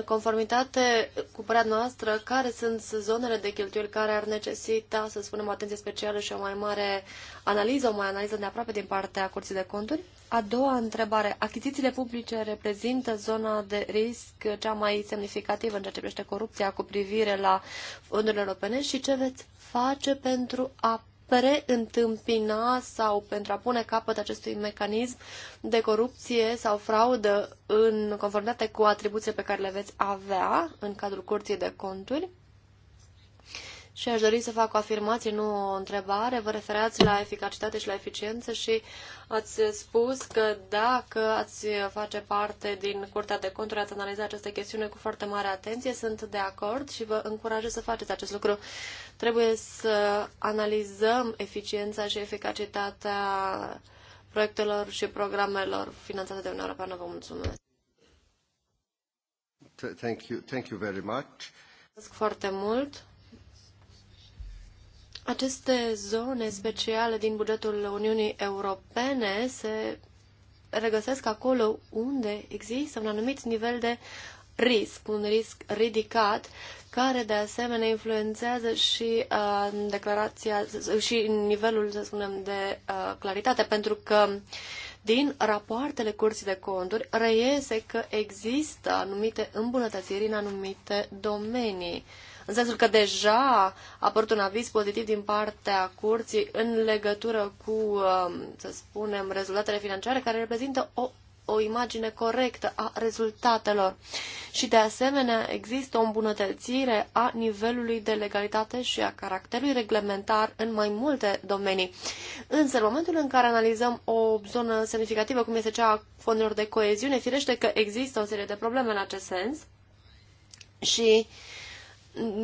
conformitate cu părerea noastră, care sunt zonele de cheltuieli care ar necesita, să spunem, atenție specială și o mai mare analiză, o mai analiză de aproape din partea Curții de Conturi? A doua întrebare. Achizițiile publice reprezintă zona de risc cea mai semnificativă în ceea ce privește corupția cu privire la fondurile europene și ce veți face pentru a preîntâmpina sau pentru a pune capăt acestui mecanism de corupție sau fraudă în conformitate cu atribuțiile pe care le veți avea în cadrul curții de conturi? Și aș dori să fac o afirmație, nu o întrebare. Vă referați la eficacitate și la eficiență și ați spus că dacă ați face parte din Curtea de Conturi, ați analiza această chestiune cu foarte mare atenție. Sunt de acord și vă încurajez să faceți acest lucru. Trebuie să analizăm eficiența și eficacitatea proiectelor și programelor finanțate de Uniunea Europeană. Vă mulțumesc. Thank you, thank you very much. Mulțumesc foarte mult. Aceste zone speciale din bugetul Uniunii Europene se regăsesc acolo unde există un anumit nivel de risc, un risc ridicat, care de asemenea influențează și uh, declarația și nivelul, să spunem, de uh, claritate, pentru că din rapoartele curții de conturi reiese că există anumite îmbunătățiri în anumite domenii. Uh, în sensul că deja a apărut un aviz pozitiv din partea curții în legătură cu, um, să spunem, rezultatele financiare, care reprezintă o o imagine corectă a rezultatelor. Și de asemenea există o îmbunătățire a nivelului de legalitate și a caracterului reglementar în mai multe domenii. Însă, în momentul în care analizăm o zonă semnificativă, cum este cea a fondurilor de coeziune, firește că există o serie de probleme în acest sens și uh,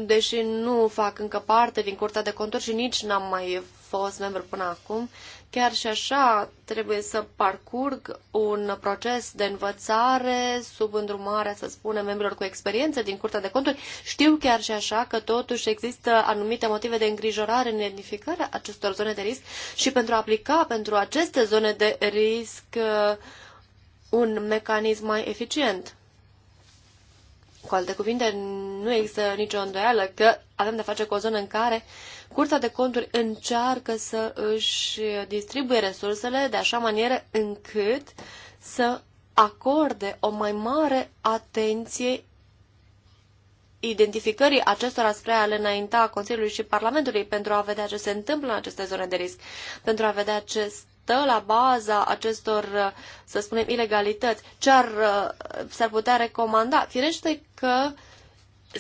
deși nu fac încă parte din Curtea de Conturi și nici n-am mai fost membru până acum, chiar și așa trebuie să parcurg un proces de învățare sub îndrumarea, să spunem, membrilor cu experiență din Curtea de Conturi. Știu chiar și așa că totuși există anumite motive de îngrijorare în identificarea acestor zone de risc și pentru a aplica pentru aceste zone de risc uh, un mecanism mai eficient. Cu alte cuvinte, nu există nicio îndoială că avem de face cu o zonă în care Curtea de Conturi încearcă să își distribuie resursele de așa manieră încât să acorde o mai mare atenție identificării acestora spre a le înainta Consiliului și Parlamentului pentru a vedea ce se întâmplă în aceste zone de risc, pentru a vedea ce stă la baza acestor, să spunem, ilegalități? Ce ar, s-ar putea recomanda? Firește că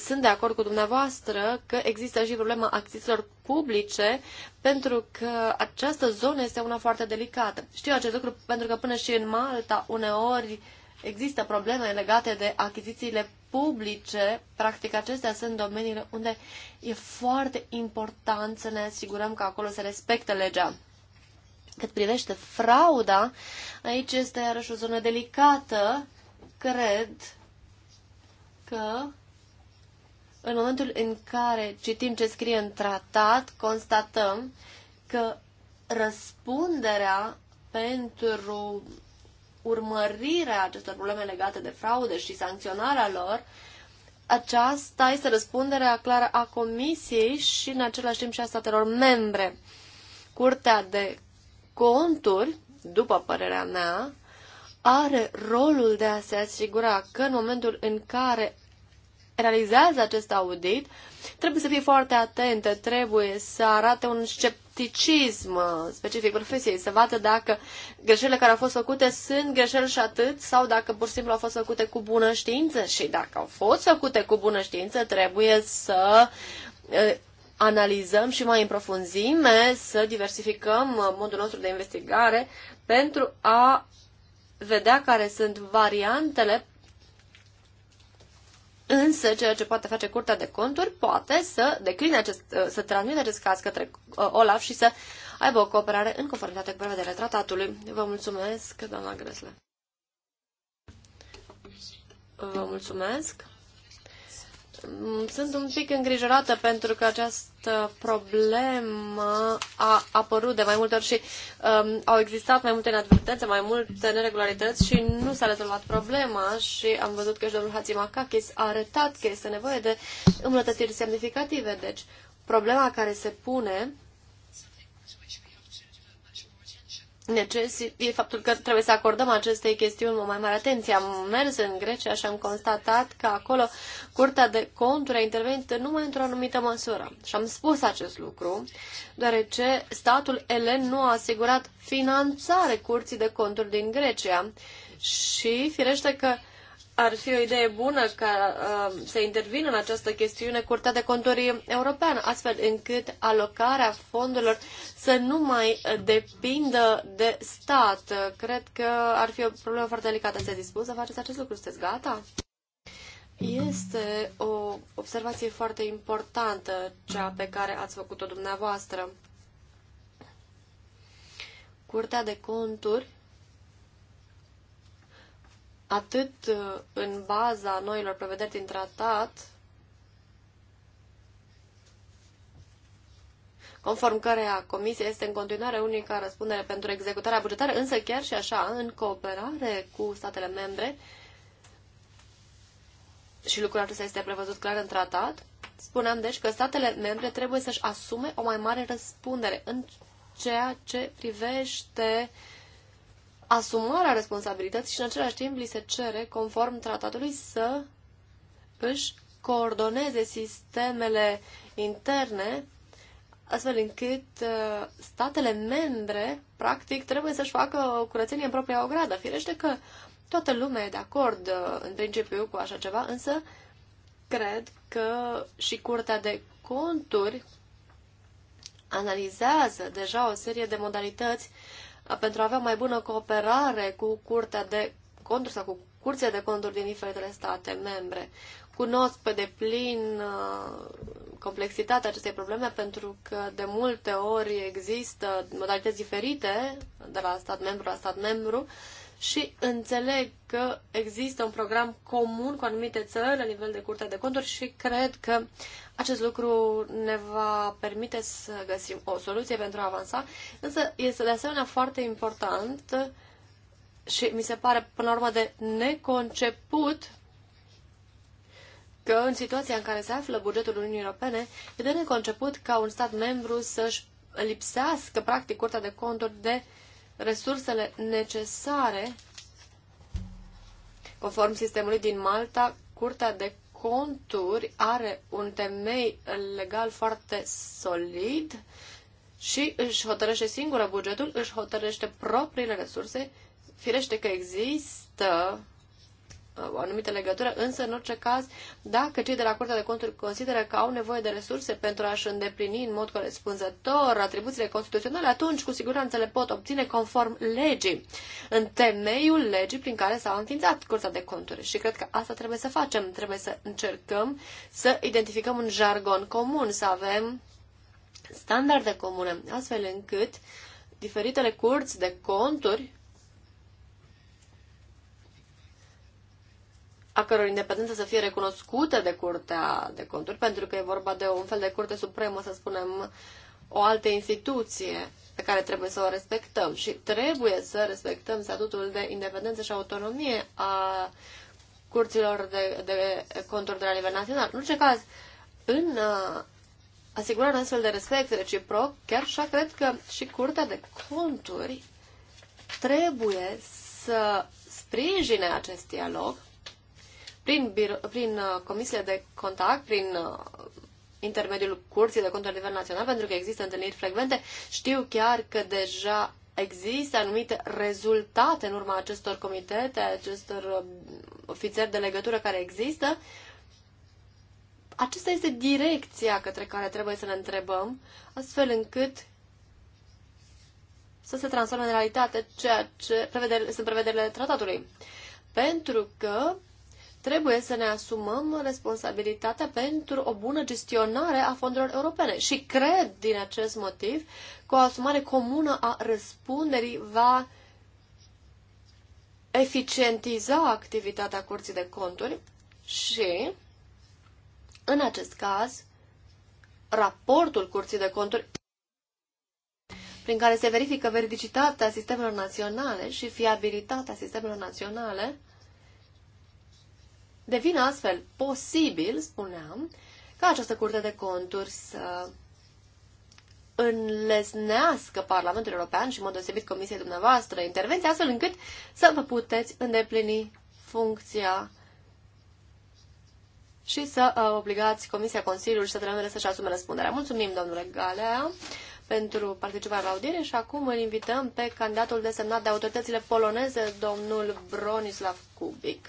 sunt de acord cu dumneavoastră că există și problema acțiților publice, pentru că această zonă este una foarte delicată. Știu acest lucru pentru că până și în Malta uneori există probleme legate de achizițiile publice. Practic acestea sunt domeniile unde e foarte important să ne asigurăm că acolo se respectă legea. Cât privește frauda, aici este iarăși o zonă delicată. Cred că în momentul în care citim ce scrie în tratat, constatăm că răspunderea pentru urmărirea acestor probleme legate de fraude și sancționarea lor, aceasta este răspunderea clară a Comisiei și în același timp și a statelor membre. Curtea de contul, după părerea mea, are rolul de a se asigura că în momentul în care realizează acest audit, trebuie să fie foarte atentă. trebuie să arate un scepticism uh, specific profesiei, să vadă dacă greșelile care au fost făcute sunt greșeli și atât, sau dacă pur și simplu au fost făcute cu bună știință. Și dacă au fost făcute cu bună știință, trebuie să uh, analizăm și mai în profunzime, să diversificăm uh, modul nostru de investigare pentru a vedea care sunt variantele Însă, ceea ce poate face Curtea de Conturi poate să decline acest, uh, să transmite acest caz către uh, Olaf și să aibă o cooperare în conformitate cu prevederea tratatului. Vă mulțumesc, doamna Gresle. Vă mulțumesc. Sunt un pic îngrijorată pentru că această problemă a apărut de mai multe ori și um, au existat mai multe inadvertențe, mai multe neregularități și nu s-a rezolvat problema și am văzut că și domnul Hatzimakakis a arătat că este nevoie de îmbunătățiri semnificative. Deci, problema care se pune necesită e faptul că trebuie să acordăm acestei chestiuni o mai mare atenție. Am mers în Grecia și am constatat că acolo Curtea de Conturi a intervenit numai într-o anumită măsură. Și am spus acest lucru, deoarece statul elen nu a asigurat finanțare Curții de Conturi din Grecia și firește că ar fi o idee bună ca uh, să intervină în această chestiune Curtea de Conturi Europeană, astfel încât alocarea fondurilor să nu mai depindă de stat. Cred că ar fi o problemă foarte delicată. Sunteți dispus să faceți acest lucru? Sunteți gata? Este o observație foarte importantă cea pe care ați făcut-o dumneavoastră. Curtea de Conturi atât uh, în baza noilor prevederi din tratat, conform căreia Comisia este în continuare unica răspundere pentru executarea bugetară, însă chiar și așa, în cooperare cu statele membre, și lucrul acesta este prevăzut clar în tratat, spuneam deci că statele membre trebuie să-și asume o mai mare răspundere în ceea ce privește uh, asumarea responsabilității și în același timp li se cere, conform tratatului, să își coordoneze sistemele interne astfel încât uh, statele membre, practic, trebuie să-și facă o curățenie în propria ogradă. Firește că toată lumea e de acord uh, în principiu cu așa ceva, însă cred că și Curtea de Conturi analizează deja o serie de modalități pentru a avea mai bună cooperare cu Curtea de Conturi sau cu Curțile de Conturi din diferitele state membre. Cunosc pe deplin uh, complexitatea acestei probleme pentru că de multe ori există modalități diferite de la stat membru la stat membru și înțeleg că există un program comun cu anumite țări la nivel de curte de conturi și cred că acest lucru ne va permite să găsim o soluție pentru a avansa, însă este de asemenea foarte important și mi se pare până la urmă de neconceput că în situația în care se află bugetul Uniunii Europene, e de neconceput ca un stat membru să-și lipsească practic curtea de conturi de uh, resursele necesare, conform sistemului din Malta, Curtea de Conturi are un temei legal foarte solid și își hotărăște singură bugetul, își hotărăște propriile resurse, firește că există o anumită legătură, însă, în orice caz, dacă cei de la Curtea de Conturi consideră că au nevoie de resurse pentru a-și îndeplini în mod corespunzător atribuțiile constituționale, atunci, cu siguranță, le pot obține conform legii, în temeiul legii prin care s-a înființat Curtea de Conturi. Și cred că asta trebuie să facem, trebuie să încercăm să identificăm un jargon comun, să avem standarde comune, astfel încât diferitele curți de conturi a căror independență să fie recunoscută de Curtea de Conturi, pentru că e vorba de un fel de Curte Supremă, să spunem, o altă instituție pe care trebuie să o respectăm și trebuie să respectăm statutul de independență și autonomie a curților de, de conturi de la nivel național. În orice caz, în uh, asigurarea astfel de respect reciproc, chiar așa cred că și Curtea de Conturi trebuie să sprijine acest dialog prin, prin uh, comisiile de contact, prin uh, intermediul curții de conturi la nivel național, pentru că există întâlniri frecvente. Știu chiar că deja există anumite rezultate în urma acestor comitete, acestor uh, ofițeri de legătură care există. Acesta este direcția către care trebuie să ne întrebăm, astfel încât să se transforme în realitate ceea ce prevederi, sunt prevederile tratatului. Pentru că Trebuie să ne asumăm responsabilitatea pentru o bună gestionare a fondurilor europene și cred din acest motiv că o asumare comună a răspunderii va eficientiza activitatea Curții de Conturi și, în acest caz, raportul Curții de Conturi prin care se verifică veridicitatea sistemelor naționale și fiabilitatea sistemelor naționale, devine astfel posibil, spuneam, ca această curte de conturi să înlesnească Parlamentul European și, în mod deosebit, Comisiei dumneavoastră intervenția, astfel încât să vă puteți îndeplini funcția și să uh, obligați Comisia Consiliului și statele membre să-și asume răspunderea. Mulțumim, domnule Galea, pentru participarea la audiere și acum îl invităm pe candidatul desemnat de autoritățile poloneze, domnul Bronislav Kubik.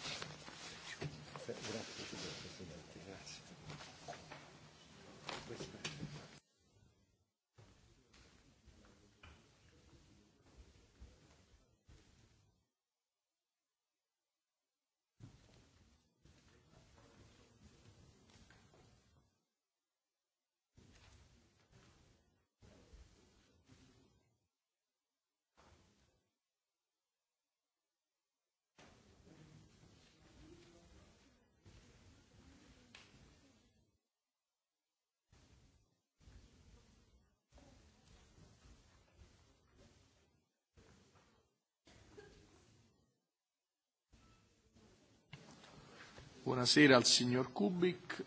Buonasera al signor Kubik.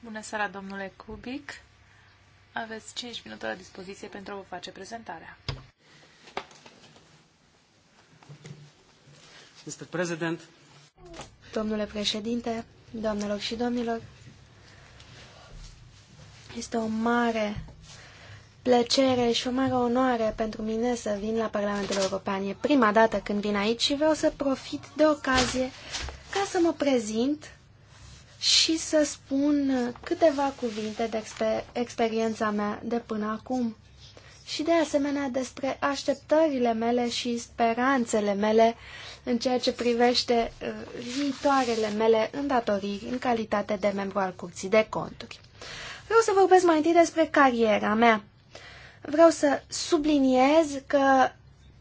Bună seara, domnule Kubik. Aveți 5 minute la dispoziție pentru a vă face prezentarea. Mr. President. Domnule președinte, doamnelor și domnilor, este o mare plăcere și o mare onoare pentru mine să vin la Parlamentul European. E prima dată când vin aici și vreau să profit de ocazie să mă prezint și să spun câteva cuvinte de exper experiența mea de până acum și de asemenea despre așteptările mele și speranțele mele în ceea ce privește uh, viitoarele mele îndatoriri în calitate de membru al Curții de Conturi. Vreau să vorbesc mai întâi despre cariera mea. Vreau să subliniez că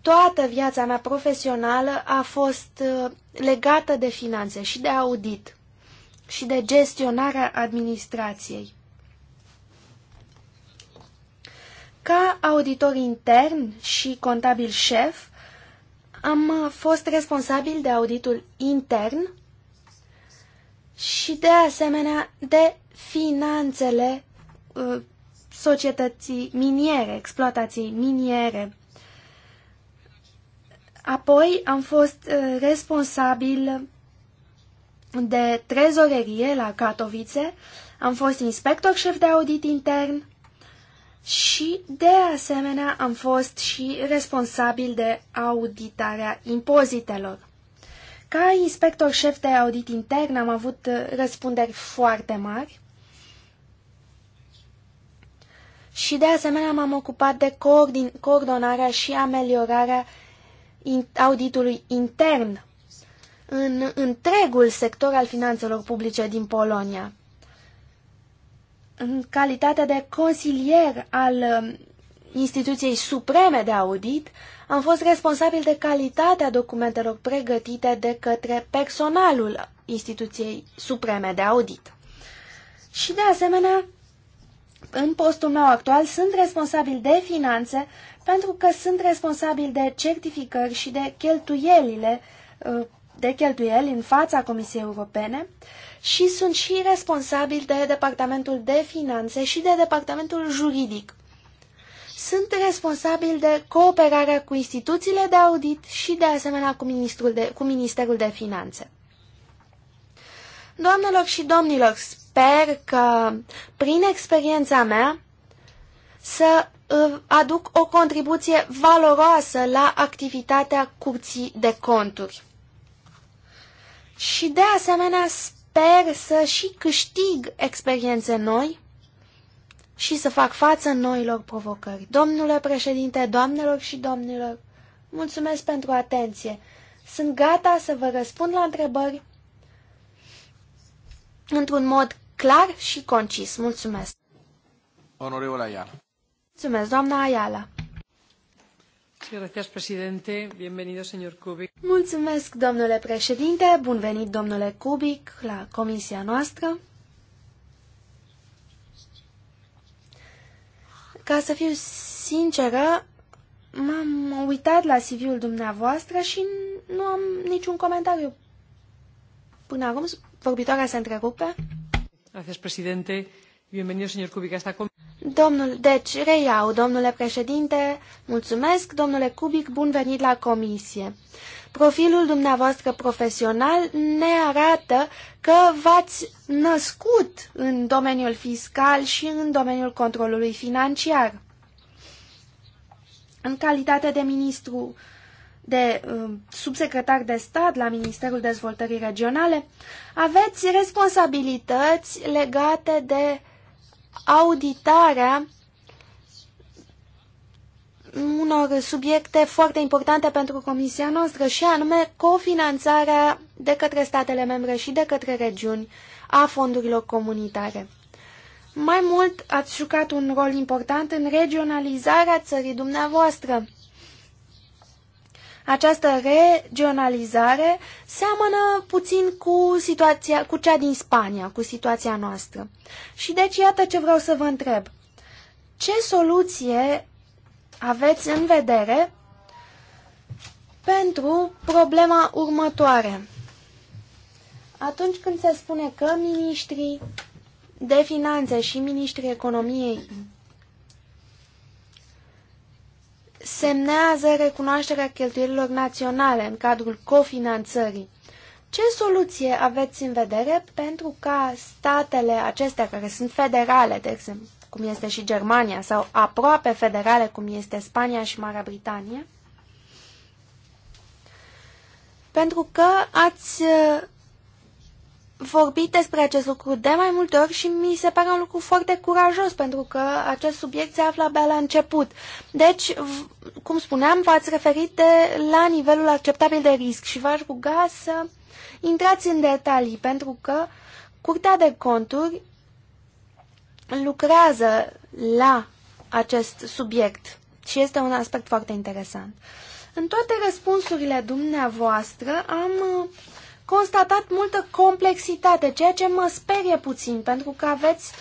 toată viața mea profesională a fost uh, legată de finanțe și de audit și de gestionarea administrației. Ca auditor intern și contabil șef, am fost responsabil de auditul intern și de asemenea de finanțele uh, societății miniere, exploatației miniere. Apoi am fost uh, responsabil de trezorerie la Katowice, am fost inspector șef de audit intern și, de asemenea, am fost și responsabil de auditarea impozitelor. Ca inspector șef de audit intern am avut uh, răspunderi foarte mari și, de asemenea, m-am ocupat de coordonarea și ameliorarea auditului intern în întregul sector al finanțelor publice din Polonia. În calitate de consilier al um, instituției supreme de audit, am fost responsabil de calitatea documentelor pregătite de către personalul instituției supreme de audit. Și de asemenea, în postul meu actual sunt responsabil de finanțe pentru că sunt responsabil de certificări și de cheltuielile uh, de cheltuieli în fața Comisiei Europene și sunt și responsabil de Departamentul de Finanțe și de Departamentul Juridic. Sunt responsabil de cooperarea cu instituțiile de audit și de asemenea cu, ministrul de, cu Ministerul de Finanțe. Doamnelor și domnilor, sper că prin experiența mea să uh, aduc o contribuție valoroasă la activitatea curții de conturi. Și de asemenea sper să și câștig experiențe noi și să fac față noilor provocări. Domnule președinte, doamnelor și domnilor, mulțumesc pentru atenție. Sunt gata să vă răspund la întrebări într-un mod clar și concis. Mulțumesc. Onorevole Ayala. Mulțumesc, doamna Ayala. Mulțumesc, domnule președinte. Bun venit, domnule Kubik, la comisia noastră. Ca să fiu sinceră, m-am uitat la CV-ul dumneavoastră și nu am niciun comentariu. Până acum, vorbitoarea se întrerupe. Domnul, deci, reiau, domnule președinte, mulțumesc, domnule Cubic, bun venit la comisie. Profilul dumneavoastră profesional ne arată că v-ați născut în domeniul fiscal și în domeniul controlului financiar. În calitate de ministru de um, subsecretar de stat la Ministerul Dezvoltării Regionale, aveți responsabilități legate de auditarea unor subiecte foarte importante pentru Comisia noastră și anume cofinanțarea de către statele membre și de către regiuni a fondurilor comunitare. Mai mult, ați jucat un rol important în regionalizarea țării dumneavoastră această regionalizare seamănă puțin cu, situația, cu cea din Spania, cu situația noastră. Și deci iată ce vreau să vă întreb. Ce soluție aveți în vedere pentru problema următoare? Atunci când se spune că ministrii de finanțe și ministrii economiei semnează recunoașterea cheltuielilor naționale în cadrul cofinanțării. Ce soluție aveți în vedere pentru ca statele acestea, care sunt federale, de exemplu, cum este și Germania, sau aproape federale, cum este Spania și Marea Britanie, pentru că ați vorbit despre acest lucru de mai multe ori și mi se pare un lucru foarte curajos pentru că acest subiect se află abia la început. Deci, cum spuneam, v-ați referit de la nivelul acceptabil de risc și v-aș ruga să intrați în detalii pentru că Curtea de Conturi lucrează la acest subiect și este un aspect foarte interesant. În toate răspunsurile dumneavoastră am constatat multă complexitate, ceea ce mă sperie puțin, pentru că aveți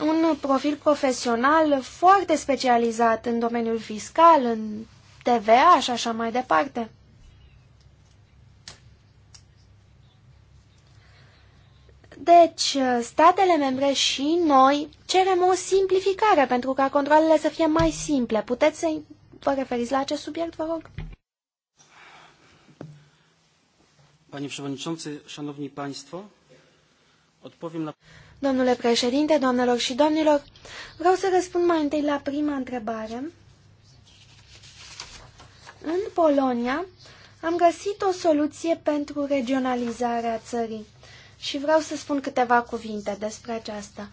un profil profesional foarte specializat în domeniul fiscal, în TVA și așa mai departe. Deci, statele membre și noi cerem o simplificare pentru ca controlele să fie mai simple. Puteți să vă referiți la acest subiect, vă rog? Panie Przewodniczący, Szanowni Państwo, odpowiem Domnule președinte, doamnelor și domnilor, vreau să răspund mai întâi la prima întrebare. În Polonia am găsit o soluție pentru regionalizarea țării și vreau să spun câteva cuvinte despre aceasta.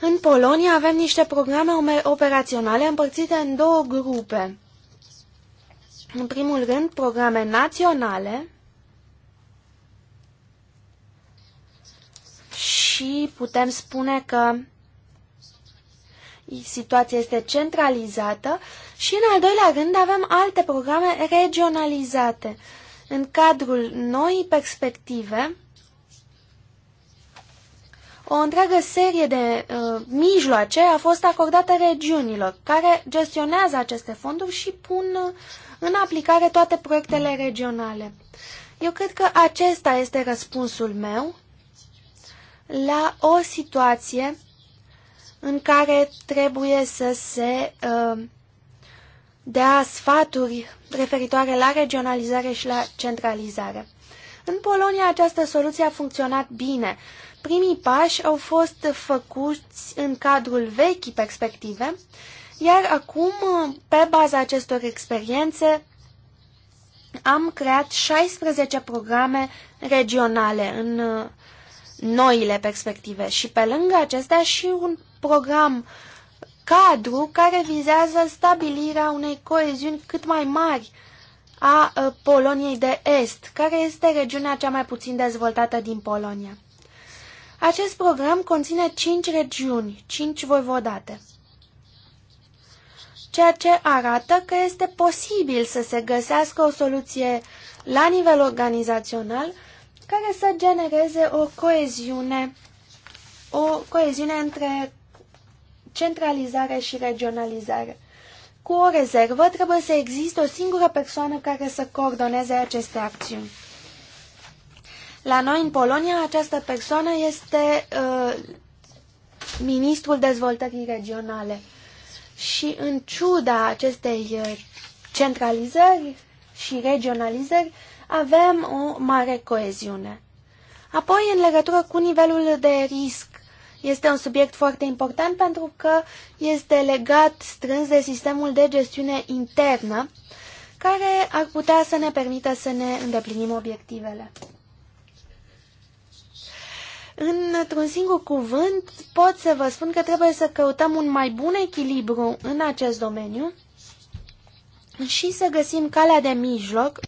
În Polonia avem niște programe operaționale împărțite în două grupe. În primul rând, programe naționale, și putem spune că situația este centralizată și, în al doilea rând, avem alte programe regionalizate. În cadrul noii perspective, o întreagă serie de uh, mijloace a fost acordată regiunilor care gestionează aceste fonduri și pun uh, în aplicare toate proiectele regionale. Eu cred că acesta este răspunsul meu la o situație în care trebuie să se uh, dea sfaturi referitoare la regionalizare și la centralizare. În Polonia această soluție a funcționat bine. Primii pași au fost făcuți în cadrul vechii perspective, iar acum, pe baza acestor experiențe, am creat 16 programe regionale în uh, noile perspective și pe lângă acestea și un program cadru care vizează stabilirea unei coeziuni cât mai mari a ă, Poloniei de Est, care este regiunea cea mai puțin dezvoltată din Polonia. Acest program conține cinci regiuni, cinci voivodate, ceea ce arată că este posibil să se găsească o soluție la nivel organizațional care să genereze o coeziune, o coeziune între centralizare și regionalizare. Cu o rezervă trebuie să existe o singură persoană care să coordoneze aceste acțiuni. La noi, în Polonia, această persoană este uh, ministrul dezvoltării regionale. Și în ciuda acestei uh, centralizări și regionalizări, avem o mare coeziune. Apoi, în legătură cu nivelul de risc, este un subiect foarte important pentru că este legat strâns de sistemul de gestiune internă, care ar putea să ne permită să ne îndeplinim obiectivele. Într-un singur cuvânt, pot să vă spun că trebuie să căutăm un mai bun echilibru în acest domeniu și să găsim calea de mijloc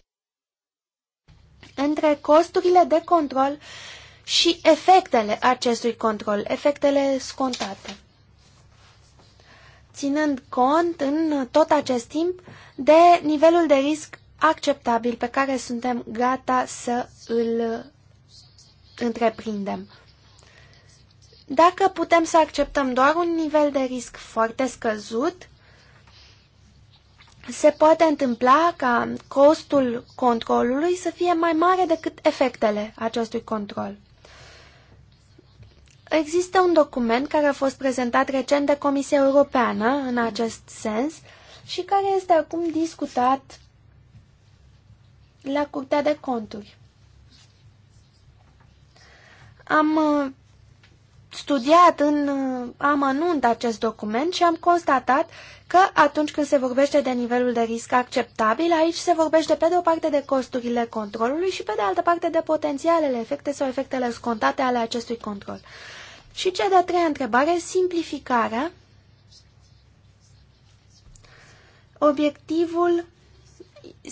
între costurile de control și efectele acestui control, efectele scontate. Ținând cont în tot acest timp de nivelul de risc acceptabil pe care suntem gata să îl întreprindem. Dacă putem să acceptăm doar un nivel de risc foarte scăzut, se poate întâmpla ca costul controlului să fie mai mare decât efectele acestui control. Există un document care a fost prezentat recent de Comisia Europeană în acest sens și care este acum discutat la Curtea de Conturi. Am uh, studiat în uh, amănunt acest document și am constatat că atunci când se vorbește de nivelul de risc acceptabil, aici se vorbește pe de o parte de costurile controlului și pe de altă parte de potențialele efecte sau efectele scontate ale acestui control. Și cea de-a treia întrebare, simplificarea. Obiectivul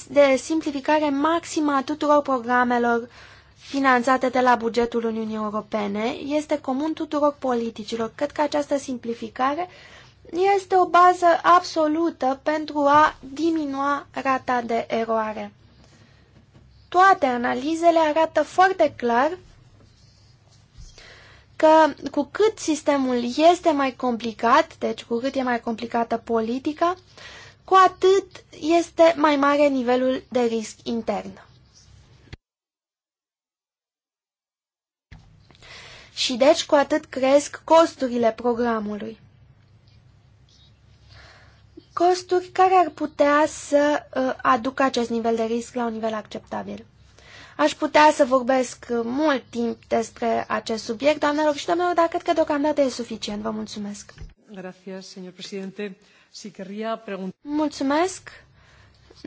de simplificare maximă a tuturor programelor finanțate de la bugetul Uniunii Europene este comun tuturor politicilor. Cred că această simplificare uh, este o bază absolută pentru a diminua rata de eroare. Toate analizele arată foarte clar că cu cât sistemul este mai complicat, deci cu cât e mai complicată politica, cu atât este mai mare nivelul de risc intern. Și deci cu atât cresc costurile programului costuri care ar putea să uh, aducă acest nivel de risc la un nivel acceptabil. Aș putea să vorbesc mult timp despre acest subiect, doamnelor și domnilor, dar cred că deocamdată e suficient. Vă mulțumesc. Gracias, señor presidente. Si querría Mulțumesc.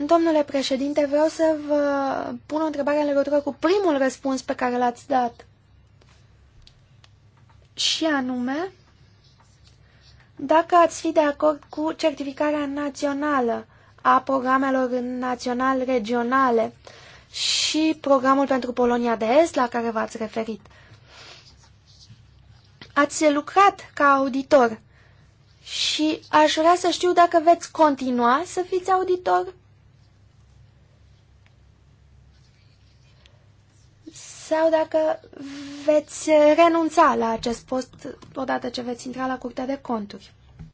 Domnule președinte, vreau să vă pun o întrebare în legătură cu primul răspuns pe care l-ați dat. Și anume, dacă ați fi de acord cu certificarea națională a programelor național-regionale și programul pentru Polonia de Est la care v-ați referit, ați lucrat ca auditor și aș vrea să știu dacă veți continua să fiți auditor sau dacă veți renunța la acest post odată ce veți intra la Curtea de Conturi.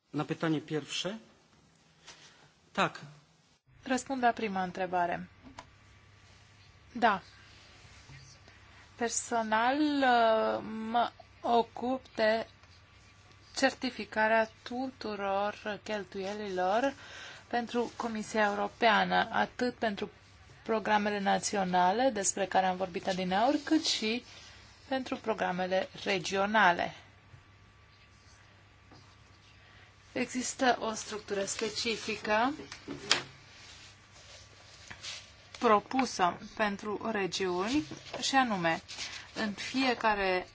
La pytanie pierwsze. Tak. Răspund la prima întrebare. Da. Personal uh, mă ocup de certificarea tuturor cheltuielilor pentru Comisia Europeană, atât pentru programele naționale despre care am vorbit adineauri, cât și pentru programele regionale. Există o structură specifică propusă pentru regiuni și anume, în fiecare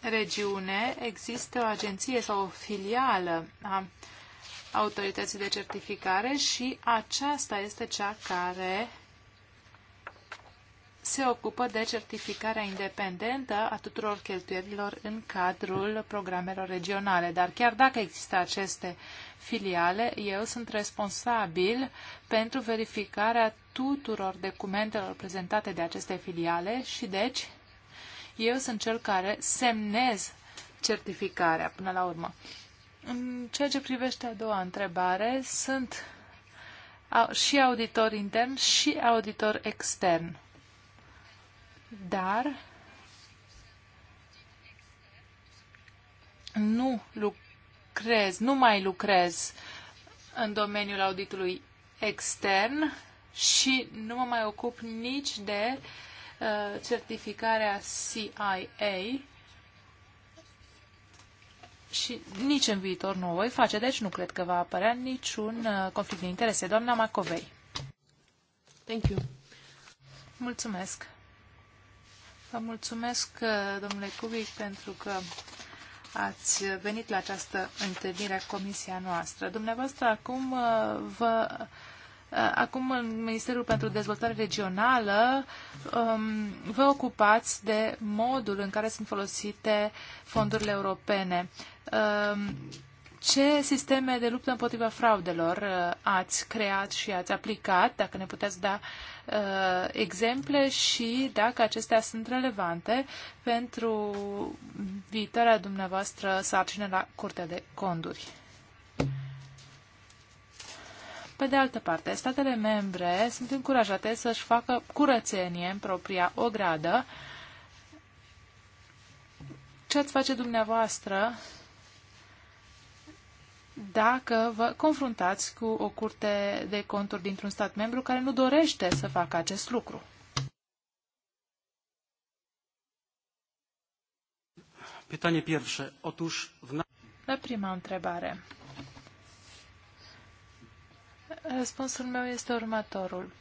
regiune există o agenție sau o filială a autorității de certificare și aceasta este cea care se ocupă de certificarea independentă a tuturor cheltuielilor în cadrul programelor regionale. Dar chiar dacă există aceste filiale, eu sunt responsabil pentru verificarea tuturor documentelor prezentate de aceste filiale și deci eu sunt cel care semnez certificarea până la urmă. În ceea ce privește a doua întrebare, sunt și auditor intern și auditor extern dar nu lucrez, nu mai lucrez în domeniul auditului extern și nu mă mai ocup nici de uh, certificarea CIA și nici în viitor nu o voi face, deci nu cred că va apărea niciun uh, conflict de interese. Doamna Macovei. Thank you. Mulțumesc. Vă mulțumesc, uh, domnule Cubic, pentru că ați venit la această întâlnire a comisia noastră. Dumneavoastră, acum uh, vă... Uh, acum, în Ministerul pentru Dezvoltare Regională, um, vă ocupați de modul în care sunt folosite fondurile europene. Um, ce sisteme de luptă împotriva fraudelor uh, ați creat și ați aplicat, dacă ne puteți da uh, exemple și dacă acestea sunt relevante pentru viitoarea dumneavoastră sarcină la Curtea de Conduri. Pe de altă parte, statele membre sunt încurajate să-și facă curățenie în propria ogradă. Ce ați face dumneavoastră dacă vă confruntați cu o curte de conturi dintr-un stat membru care nu dorește să facă acest lucru. Pytanie pierwsze. Otóż w... La prima întrebare. Răspunsul meu este următorul.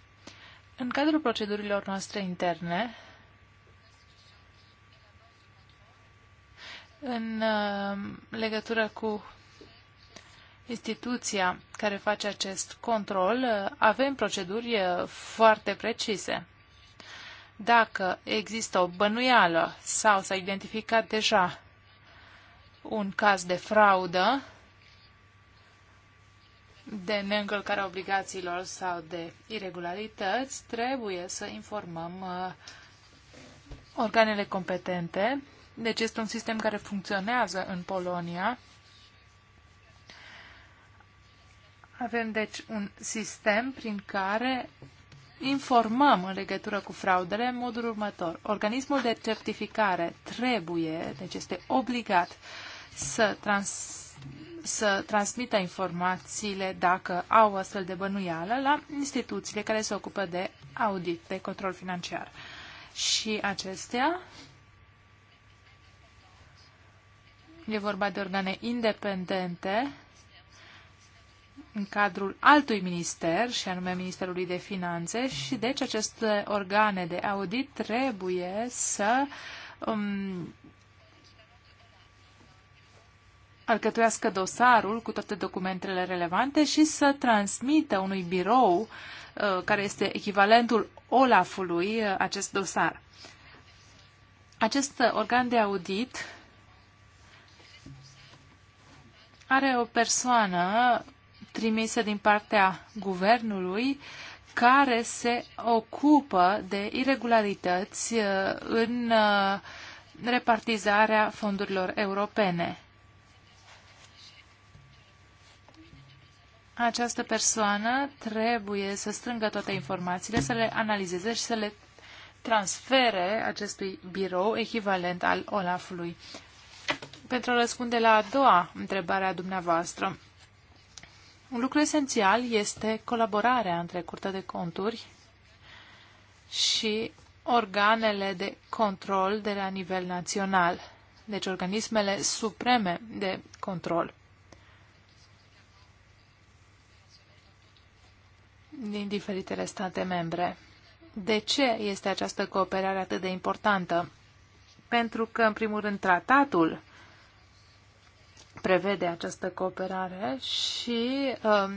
În cadrul procedurilor noastre interne, în uh, legătură cu instituția care face acest control, avem proceduri eh, foarte precise. Dacă există o bănuială sau s-a identificat deja un caz de fraudă, de neîncălcarea obligațiilor sau de irregularități, trebuie să informăm eh, organele competente. Deci este un sistem care funcționează în Polonia Avem, deci, un sistem prin care informăm în legătură cu fraudele în modul următor. Organismul de certificare trebuie, deci este obligat să, trans, să transmită informațiile, dacă au astfel de bănuială, la instituțiile care se ocupă de audit, de control financiar. Și acestea, e vorba de organe independente, în cadrul altui minister, și anume Ministerului de Finanțe, și deci aceste organe de audit trebuie să um, alcătuiască dosarul cu toate documentele relevante și să transmită unui birou uh, care este echivalentul Olafului uh, acest dosar. Acest organ de audit are o persoană trimise din partea guvernului care se ocupă de irregularități uh, în uh, repartizarea fondurilor europene. Această persoană trebuie să strângă toate informațiile, să le analizeze și să le transfere acestui birou echivalent al Olafului. Pentru a răspunde la a doua întrebare a dumneavoastră, un lucru esențial este colaborarea între Curtea de Conturi și organele de control de la nivel național, deci organismele supreme de control. din diferitele state membre. De ce este această cooperare atât de importantă? Pentru că, în primul rând, tratatul prevede această cooperare și um,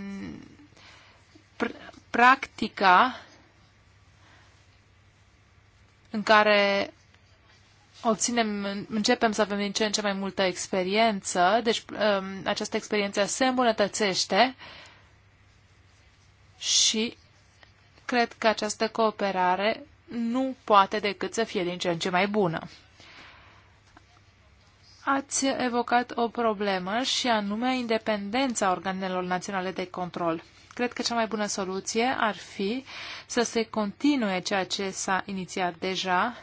pr- practica în care obținem, începem să avem din ce în ce mai multă experiență, deci um, această experiență se îmbunătățește și cred că această cooperare nu poate decât să fie din ce în ce mai bună ați evocat o problemă și anume independența organelor naționale de control. Cred că cea mai bună soluție ar fi să se continue ceea ce s-a inițiat deja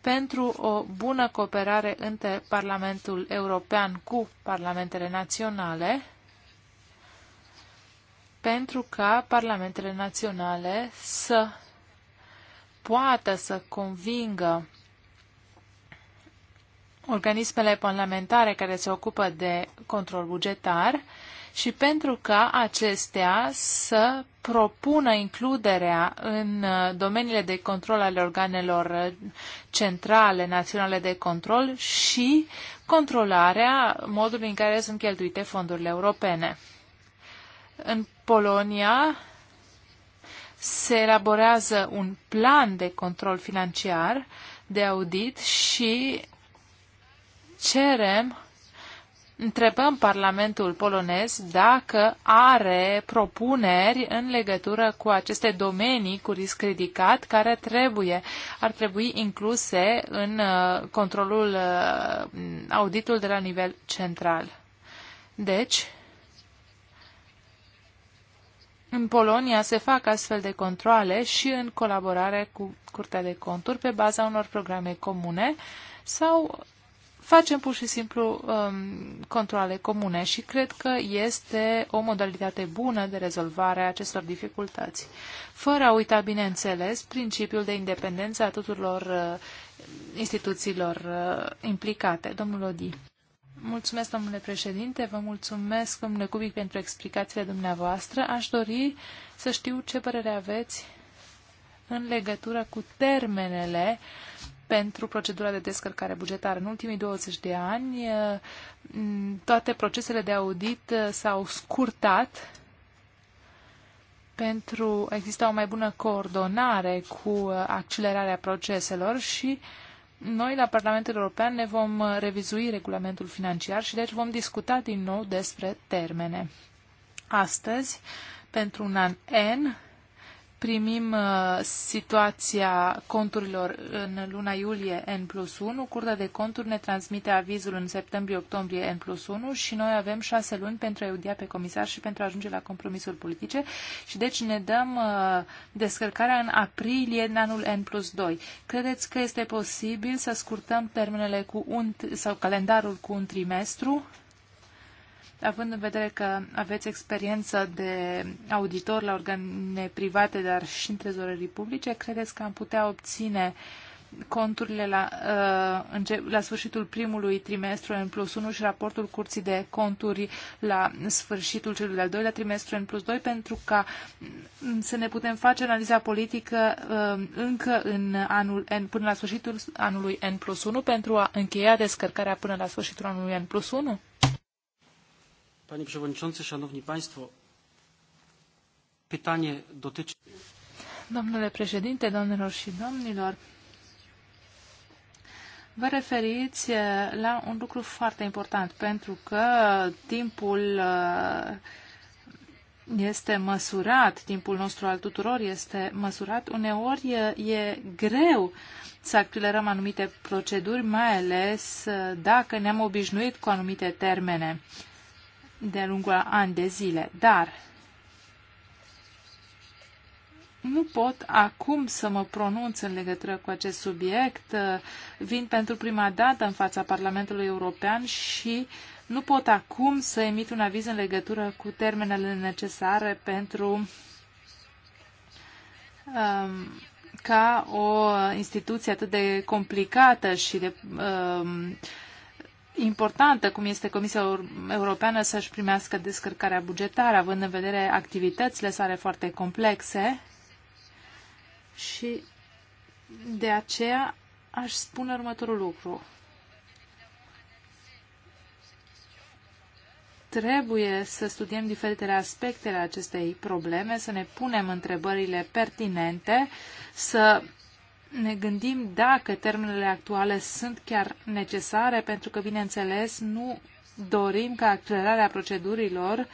pentru o bună cooperare între Parlamentul European cu parlamentele naționale, pentru ca parlamentele naționale să poată să convingă organismele parlamentare care se ocupă de control bugetar și pentru ca acestea să propună includerea în uh, domeniile de control ale organelor uh, centrale naționale de control și controlarea modului în care sunt cheltuite fondurile europene. În Polonia se elaborează un plan de control financiar de audit și cerem, întrebăm Parlamentul polonez dacă are propuneri în legătură cu aceste domenii cu risc ridicat care trebuie, ar trebui incluse în uh, controlul, uh, auditul de la nivel central. Deci, în Polonia se fac astfel de controle și în colaborare cu Curtea de Conturi pe baza unor programe comune sau facem pur și simplu um, controle comune și cred că este o modalitate bună de rezolvare a acestor dificultăți. Fără a uita, bineînțeles, principiul de independență a tuturor uh, instituțiilor uh, implicate. Domnul Odi. Mulțumesc, domnule președinte, vă mulțumesc, domnule Cubic, pentru explicațiile dumneavoastră. Aș dori să știu ce părere aveți în legătură cu termenele uh, pentru procedura de descărcare bugetară. În ultimii 20 de ani, eh, toate procesele de audit eh, s-au scurtat pentru a exista o mai bună coordonare cu eh, accelerarea proceselor și noi la Parlamentul European ne vom revizui regulamentul financiar și deci vom discuta din nou despre termene. Astăzi, pentru un an N, primim uh, situația conturilor în luna iulie N plus 1, Curtea de Conturi ne transmite avizul în septembrie-octombrie N plus 1 și noi avem șase luni pentru a iudia pe comisar și pentru a ajunge la compromisuri politice și deci ne dăm uh, descărcarea în aprilie în anul N plus 2. Credeți că este posibil să scurtăm termenele cu un, sau calendarul cu un trimestru? având în vedere că aveți experiență de auditor la organe private, dar și în trezorerii publice, credeți că am putea obține conturile la, uh, la sfârșitul primului trimestru în plus 1 și raportul curții de conturi la sfârșitul celui de-al doilea trimestru în plus 2 pentru ca mm, să ne putem face analiza politică uh, încă în anul N, până la sfârșitul anului N plus 1 pentru a încheia descărcarea până la sfârșitul anului N plus 1? Panie Przewodniczący, Szanowni Państwo, pytanie dotyczy... Domnule președinte, domnilor și domnilor, Vă referiți la un lucru foarte important, pentru că timpul uh, este măsurat, timpul nostru al tuturor este măsurat. Uneori e, uh, e greu să accelerăm anumite proceduri, mai ales uh, dacă ne-am obișnuit cu anumite termene de-a lungul ani de zile, dar nu pot acum să mă pronunț în legătură cu acest subiect. Vin pentru prima dată în fața Parlamentului European și nu pot acum să emit un aviz în legătură cu termenele necesare pentru um, ca o instituție atât de complicată și de um, importantă cum este Comisia Europeană să-și primească descărcarea bugetară, având în vedere activitățile sale foarte complexe și de aceea aș spune următorul lucru. Trebuie să studiem diferitele aspecte ale acestei probleme, să ne punem întrebările pertinente, să ne gândim dacă termenele actuale sunt chiar necesare, pentru că, bineînțeles, nu dorim ca accelerarea procedurilor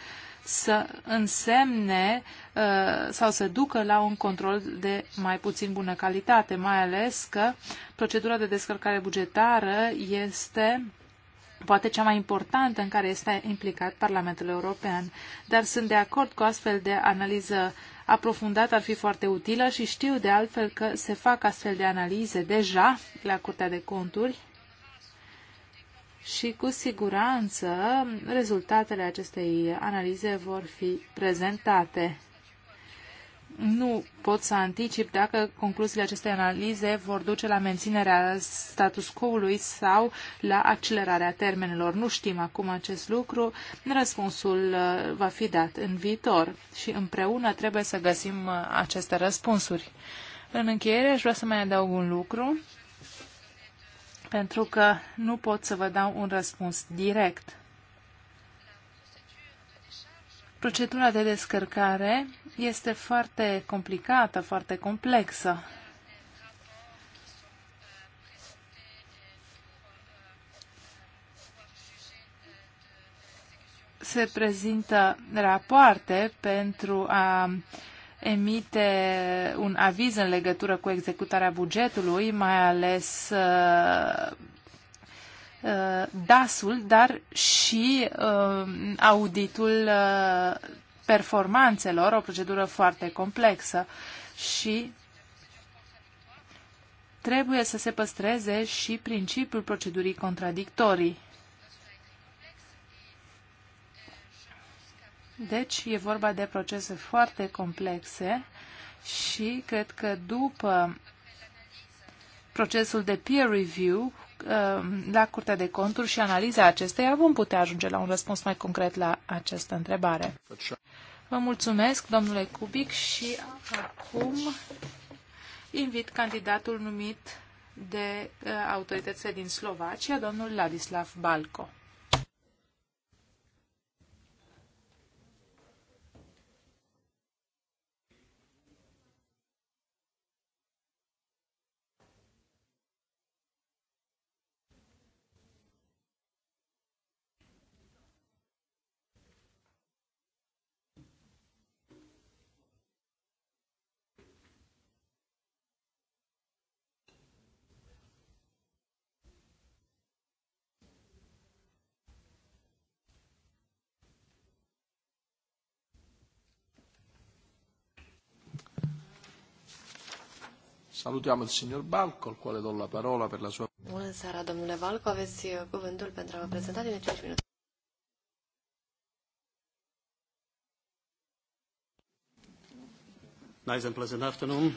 să însemne uh, sau să ducă la un control de mai puțin bună calitate, mai ales că procedura de descărcare bugetară este poate cea mai importantă în care este implicat Parlamentul European. Dar sunt de acord cu astfel de analiză aprofundată ar fi foarte utilă și știu de altfel că se fac astfel de analize deja la Curtea de Conturi și cu siguranță rezultatele acestei analize vor fi prezentate nu pot să anticip dacă concluziile acestei analize vor duce la menținerea status quo-ului sau la accelerarea termenelor. Nu știm acum acest lucru. Răspunsul uh, va fi dat în viitor și împreună trebuie să găsim uh, aceste răspunsuri. În încheiere aș vrea să mai adaug un lucru, pentru că nu pot să vă dau un răspuns direct. Procedura de descărcare este foarte complicată, foarte complexă. Se prezintă rapoarte pentru a emite un aviz în legătură cu executarea bugetului, mai ales uh, Uh, dasul, dar și uh, auditul uh, performanțelor, o procedură foarte complexă și trebuie să se păstreze și principiul procedurii contradictorii. Deci e vorba de procese foarte complexe și cred că după procesul de peer review Uh, la Curtea de Conturi și analiza acesteia vom putea ajunge la un răspuns mai concret la această întrebare. Vă mulțumesc, domnule Cubic, și acum invit candidatul numit de uh, autoritățile din Slovacia, domnul Ladislav Balco. Salutiamo il signor Balco, al quale do la parola per la sua... Bună seara, domnule Balco. Aveți uh, cuvântul pentru a vă prezenta din 5 minute. Nice and pleasant afternoon.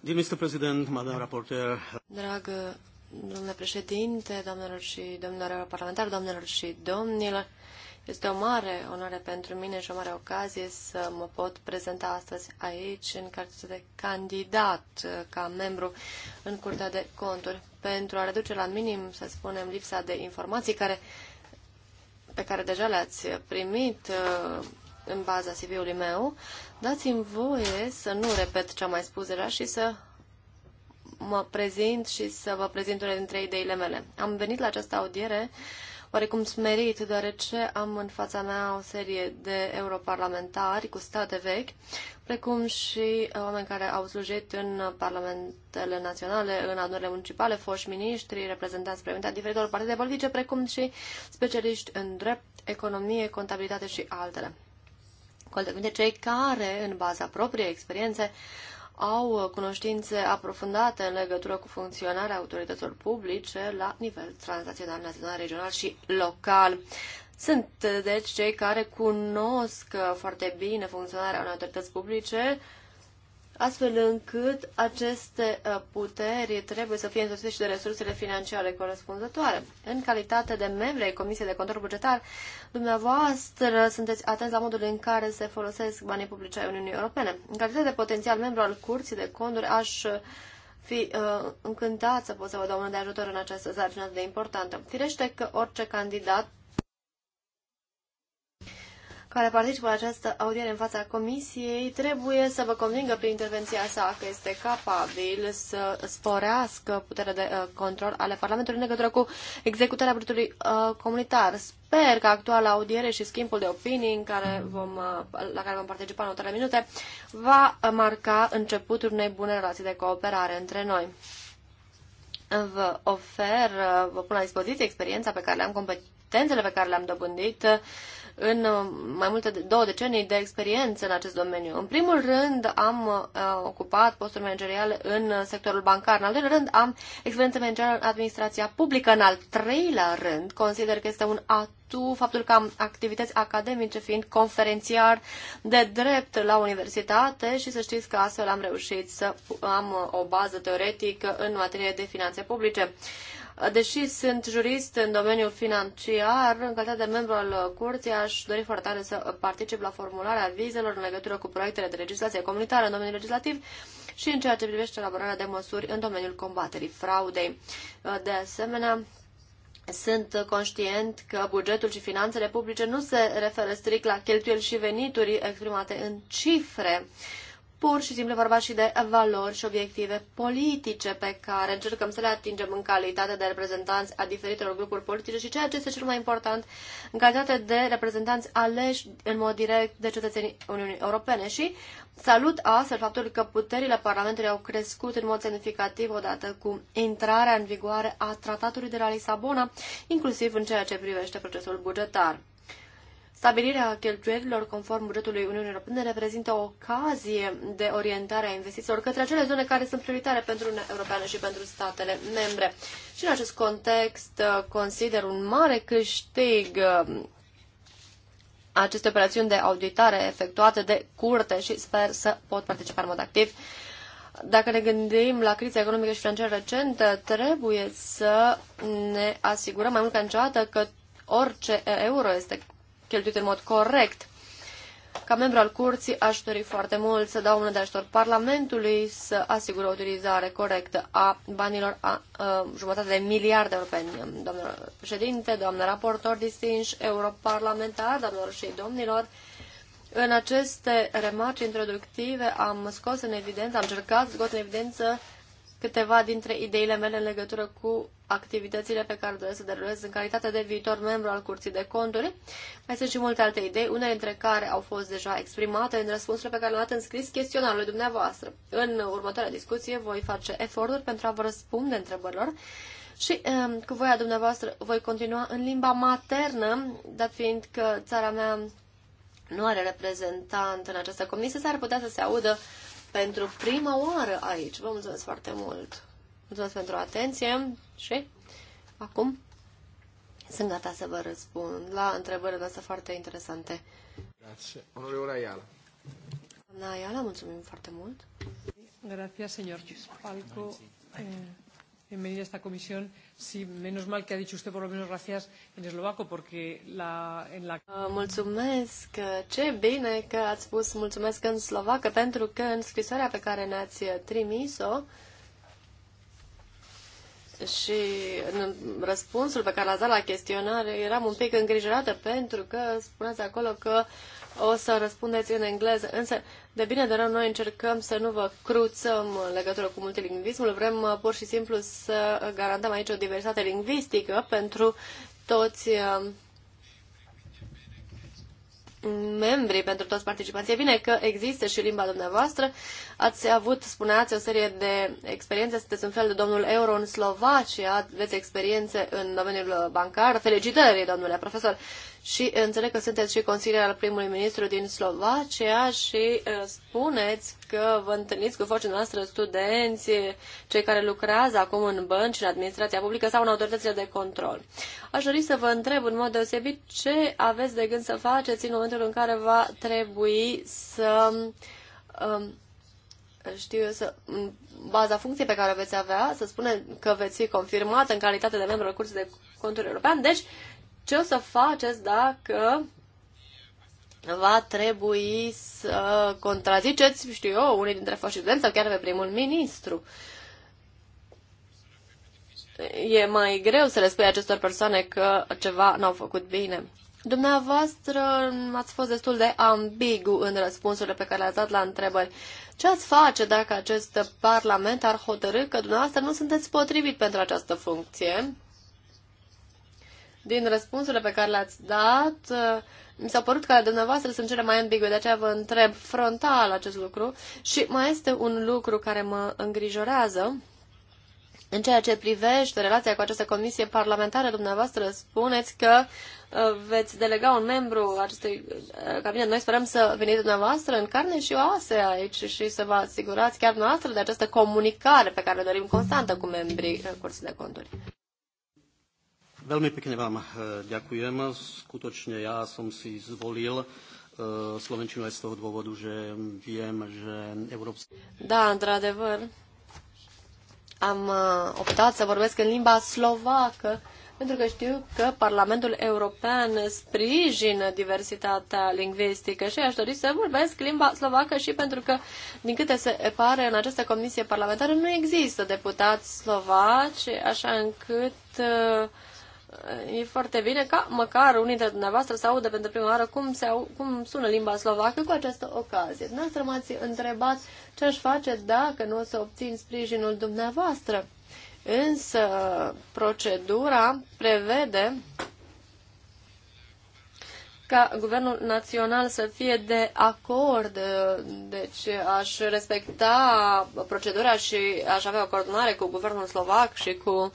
Dear Mr. President, Madam Rapporteur... Dragă domnule președinte, domnilor și domnilor parlamentari, domnilor și domnilor, este o mare onoare pentru mine și o mare ocazie să mă pot prezenta astăzi aici în calitate de candidat uh, ca membru în Curtea de Conturi pentru a reduce la minim, să spunem, lipsa de informații care, pe care deja le-ați primit uh, în baza CV-ului meu. Dați-mi voie să nu repet ce am mai spus deja și să mă prezint și să vă prezint unele dintre ideile mele. Am venit la această audiere uh, oarecum smerit, deoarece am în fața mea o serie de europarlamentari cu state vechi, precum și uh, oameni care au slujit în parlamentele naționale, în adunările municipale, foști miniștri, reprezentanți prevenite diferitor partide politice, precum și specialiști în drept, economie, contabilitate și altele. Cu alte cuvinte, cei care, în baza propriei experiențe, au uh, cunoștințe aprofundate în legătură cu funcționarea autorităților publice la nivel transnațional, național, regional și local. Sunt, uh, deci, cei care cunosc uh, foarte bine funcționarea unei autorități publice astfel încât aceste uh, puteri trebuie să fie însoțite și de resursele financiare corespunzătoare. În calitate de membre ai Comisiei de Control Bugetar, dumneavoastră sunteți atenți la modul în care se folosesc banii publice ai Uniunii Europene. În calitate de potențial membru al Curții de Conduri, aș uh, fi uh, încântat să pot să vă dau mână de ajutor în această sarcină de importantă. Firește că orice candidat care participă la această audiere în fața comisiei trebuie să vă convingă prin intervenția sa că este capabil să sporească puterea de uh, control ale Parlamentului în legătură cu executarea bugetului uh, comunitar. Sper că actuala audiere și schimbul de opinii în care vom, uh, la care vom participa în următoarele minute va marca începutul unei bune relații de cooperare între noi vă ofer, vă pun la dispoziție experiența pe care le-am, competențele pe care le-am dobândit în uh, mai multe de două decenii de experiență în acest domeniu. În primul rând am uh, ocupat posturi manageriale în uh, sectorul bancar, în al doilea rând am experiență managerială în administrația publică, în al treilea rând consider că este un atu faptul că am activități academice fiind conferențiar de drept la universitate și să știți că astfel am reușit să am uh, o bază teoretică în materie de finanțe publice. Deși sunt jurist în domeniul financiar, în calitate de membru al curții, aș dori foarte tare să particip la formularea vizelor în legătură cu proiectele de legislație comunitară în domeniul legislativ și în ceea ce privește elaborarea de măsuri în domeniul combaterii fraudei. De asemenea, sunt conștient că bugetul și finanțele publice nu se referă strict la cheltuieli și venituri exprimate în cifre, pur și simplu vorba și de valori și obiective politice pe care încercăm să le atingem în calitate de reprezentanți a diferitelor grupuri politice și ceea ce este cel mai important, în calitate de reprezentanți aleși în mod direct de cetățenii Uniunii Europene și salut astfel faptul că puterile Parlamentului au crescut în mod semnificativ odată cu intrarea în vigoare a Tratatului de la Lisabona, inclusiv în ceea ce privește procesul bugetar. Stabilirea cheltuielilor conform bugetului Uniunii Europene reprezintă o ocazie de orientare a investițiilor către acele zone care sunt prioritare pentru Uniunea Europeană și pentru statele membre. Și în acest context uh, consider un mare câștig uh, aceste operațiuni de auditare efectuate de curte și sper să pot participa în mod activ. Dacă ne gândim la criza economică și financiară recentă, trebuie să ne asigurăm mai mult ca niciodată că orice euro este cheltuite în mod corect. Ca membru al curții, aș dori foarte mult să dau mână de ajutor Parlamentului să asigure o utilizare corectă a banilor a, a jumătate de miliarde europeni. Domnul președinte, doamnă raportor distinși, europarlamentar, doamnelor și domnilor, în aceste remarci introductive am scos în evidență, am încercat să scot în evidență câteva dintre ideile mele în legătură cu activitățile pe care doresc să derulez în calitate de viitor membru al Curții de Conturi. Mai sunt și multe alte idei, unele dintre care au fost deja exprimate în răspunsurile pe care le-am dat în scris chestionarului dumneavoastră. În următoarea discuție voi face eforturi pentru a vă răspunde întrebărilor și ehm, cu voia dumneavoastră voi continua în limba maternă, dat fiind că țara mea nu are reprezentant în această comisie, s-ar putea să se audă uh, pentru prima oară aici. Vă mulțumesc foarte mult! Mulțumesc pentru atenție și acum sunt gata să vă răspund la întrebările noastre foarte interesante. Grazie. Onorevole Ayala. Doamna Ayala, mulțumim foarte mult. Gracias, señor Palco bienvenida a esta comisión. Sí, menos mal que ha dicho usted por lo menos gracias en eslovaco, porque la, en la... Ah, mulțumesc! Ce bine că ați spus mulțumesc în slovacă, pentru că în scrisoarea pe care ne-ați trimis-o, și în răspunsul pe care l-ați dat la chestionare eram un pic îngrijorată pentru că spuneați acolo că uh, o să răspundeți în engleză, însă de bine de rău noi încercăm să nu vă cruțăm legătură cu multilingvismul, vrem uh, pur și simplu să garantăm aici o diversitate lingvistică pentru toți uh, membrii, pentru toți participanții. E bine că există și limba dumneavoastră. Ați avut, spuneați, o serie de experiențe. Sunteți un fel de domnul Euro în Slovacia, aveți experiențe în domeniul bancar. Felicitări, domnule profesor! și înțeleg că sunteți și consilier al primului ministru din Slovacia și uh, spuneți că vă întâlniți cu forții noastre studenți, cei care lucrează acum în bănci, în administrația publică sau în autoritățile de control. Aș dori să vă întreb în mod deosebit ce aveți de gând să faceți în momentul în care va trebui să um, știu eu, să, în baza funcției pe care o veți avea, să spune că veți fi confirmat în calitate de membru al Curții de Conturi European, deci ce o să faceți dacă va trebui să contraziceți, știu eu, unii dintre foști sau chiar pe primul ministru. E mai greu să le spui acestor persoane că ceva n-au făcut bine. Dumneavoastră ați fost destul de ambigu în răspunsurile pe care le-ați dat la întrebări. Ce ați face dacă acest parlament ar hotărâ că dumneavoastră nu sunteți potrivit pentru această funcție? din răspunsurile pe care le-ați dat, uh, mi s-a părut că dumneavoastră sunt cele mai ambigue, de aceea vă întreb frontal acest lucru. Și mai este un lucru care mă îngrijorează. În ceea ce privește relația cu această comisie parlamentară, dumneavoastră spuneți că uh, veți delega un membru acestui uh, cabinet. Noi sperăm să veniți dumneavoastră în carne și oase aici și să vă asigurați chiar noastră de această comunicare pe care o dorim constantă cu membrii Curții de Conturi. Veľmi pekne vám eh, ďakujem. Skutočne ja som si zvolil eh, slovenčinu aj z toho dôvodu, že viem, že Európsky... Da, într-adevăr, am eh, optat să vorbesc în limba slovacă, pentru că știu că Parlamentul European sprijină diversitatea lingvistică și aș dori să vorbesc limba slovacă și pentru că, din câte se pare, în această comisie parlamentară nu există deputați slovaci, așa încât uh, e foarte bine ca măcar unii dintre dumneavoastră să audă pentru prima oară cum, se au, cum sună limba slovacă cu această ocazie. Dumneavoastră m-ați întrebat ce aș face dacă nu o să obțin sprijinul dumneavoastră. Însă procedura prevede ca guvernul național să fie de acord, deci aș respecta procedura și aș avea o coordonare cu guvernul slovac și cu uh,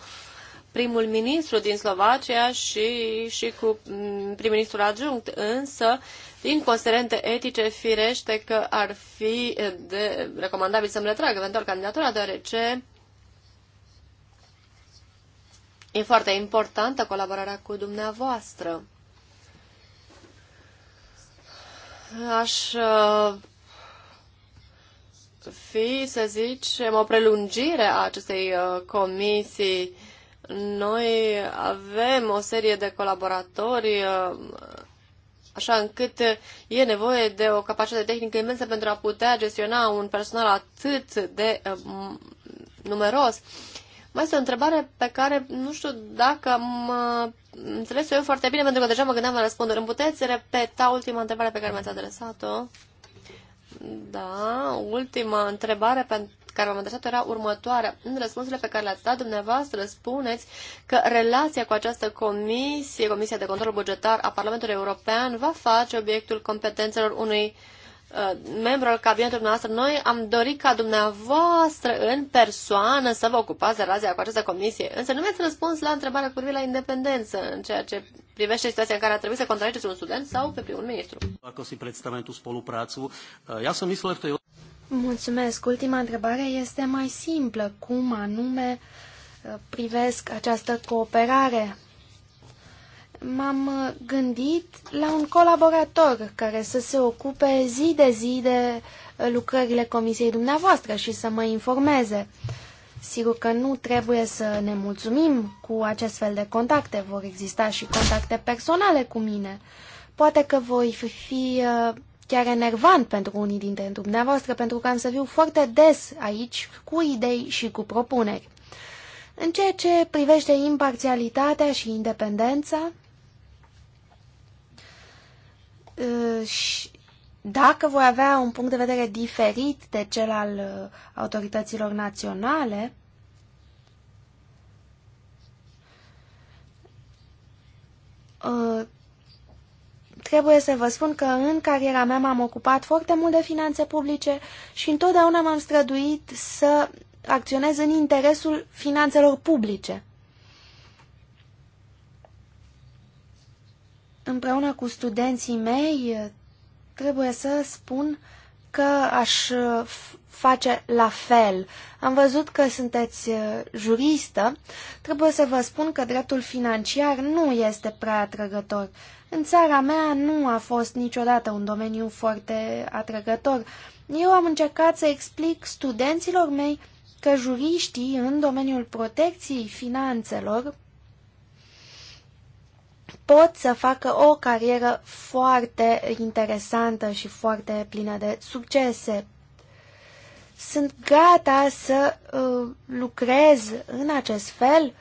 primul ministru din Slovacia și, și cu mm, prim-ministrul adjunct, însă din considerente etice, firește că ar fi eh, de recomandabil să-mi retrag eventual candidatura, deoarece e foarte importantă colaborarea cu dumneavoastră. Aș eh, fi, să zicem, o prelungire a acestei eh, comisii noi avem o serie de colaboratori uh, așa încât e nevoie de o capacitate tehnică imensă pentru a putea gestiona un personal atât de uh, numeros. Mai este o întrebare pe care nu știu dacă am uh, înțeles eu foarte bine, pentru că deja mă gândeam la răspundere. Îmi puteți repeta ultima întrebare pe care mi-ați adresat-o? Da, ultima întrebare pentru care m am adresat era următoarea. În răspunsurile pe care le-ați dat dumneavoastră, spuneți că relația cu această comisie, Comisia de Control Bugetar a Parlamentului European, va face obiectul competențelor unui uh, membru al cabinetului noastră, noi am dorit ca dumneavoastră în persoană să vă ocupați de razia cu această comisie. Însă nu mi-ați răspuns la întrebarea cu privire la independență în ceea ce privește situația în care a trebuit să contrageți un student sau pe primul ministru. Dacă si predstavujem tu spoluprácu. Ja uh, som myslel v tej Mulțumesc. Ultima întrebare este mai simplă. Cum anume uh, privesc această cooperare? M-am uh, gândit la un colaborator care să se ocupe zi de zi de uh, lucrările comisiei dumneavoastră și să mă informeze. Sigur că nu trebuie să ne mulțumim cu acest fel de contacte. Vor exista și contacte personale cu mine. Poate că voi fi chiar enervant pentru unii dintre dumneavoastră, pentru că am să viu foarte des aici cu idei și cu propuneri. În ceea ce privește imparțialitatea și independența, ă, și dacă voi avea un punct de vedere diferit de cel al ă, autorităților naționale, ă, Trebuie să vă spun că în cariera mea m-am ocupat foarte mult de finanțe publice și întotdeauna m-am străduit să acționez în interesul finanțelor publice. Împreună cu studenții mei, trebuie să spun că aș face la fel. Am văzut că sunteți uh, juristă. Trebuie să vă spun că dreptul financiar nu este prea atrăgător. În țara mea nu a fost niciodată un domeniu foarte atrăgător. Eu am încercat să explic studenților mei că juriștii în domeniul protecției finanțelor pot să facă o carieră foarte interesantă și foarte plină de succese. Sunt gata să uh, lucrez în acest fel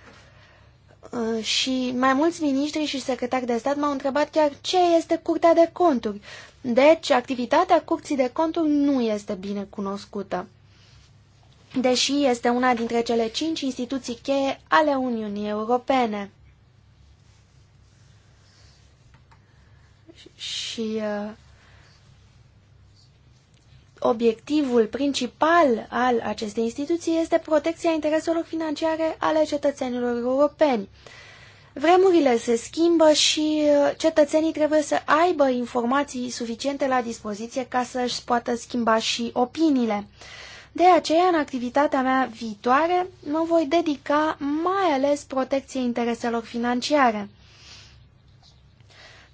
Uh, și mai mulți miniștri și secretari de stat m-au întrebat chiar ce este Curtea de Conturi. Deci, activitatea Curții de Conturi nu este bine cunoscută, deși este una dintre cele cinci instituții cheie ale Uniunii Europene. Și... uh, obiectivul principal al acestei instituții este protecția intereselor financiare ale cetățenilor europeni. Vremurile se schimbă și uh, cetățenii trebuie să aibă informații suficiente la dispoziție ca să își poată schimba și opiniile. De aceea, în activitatea mea viitoare, mă voi dedica mai ales protecției intereselor financiare.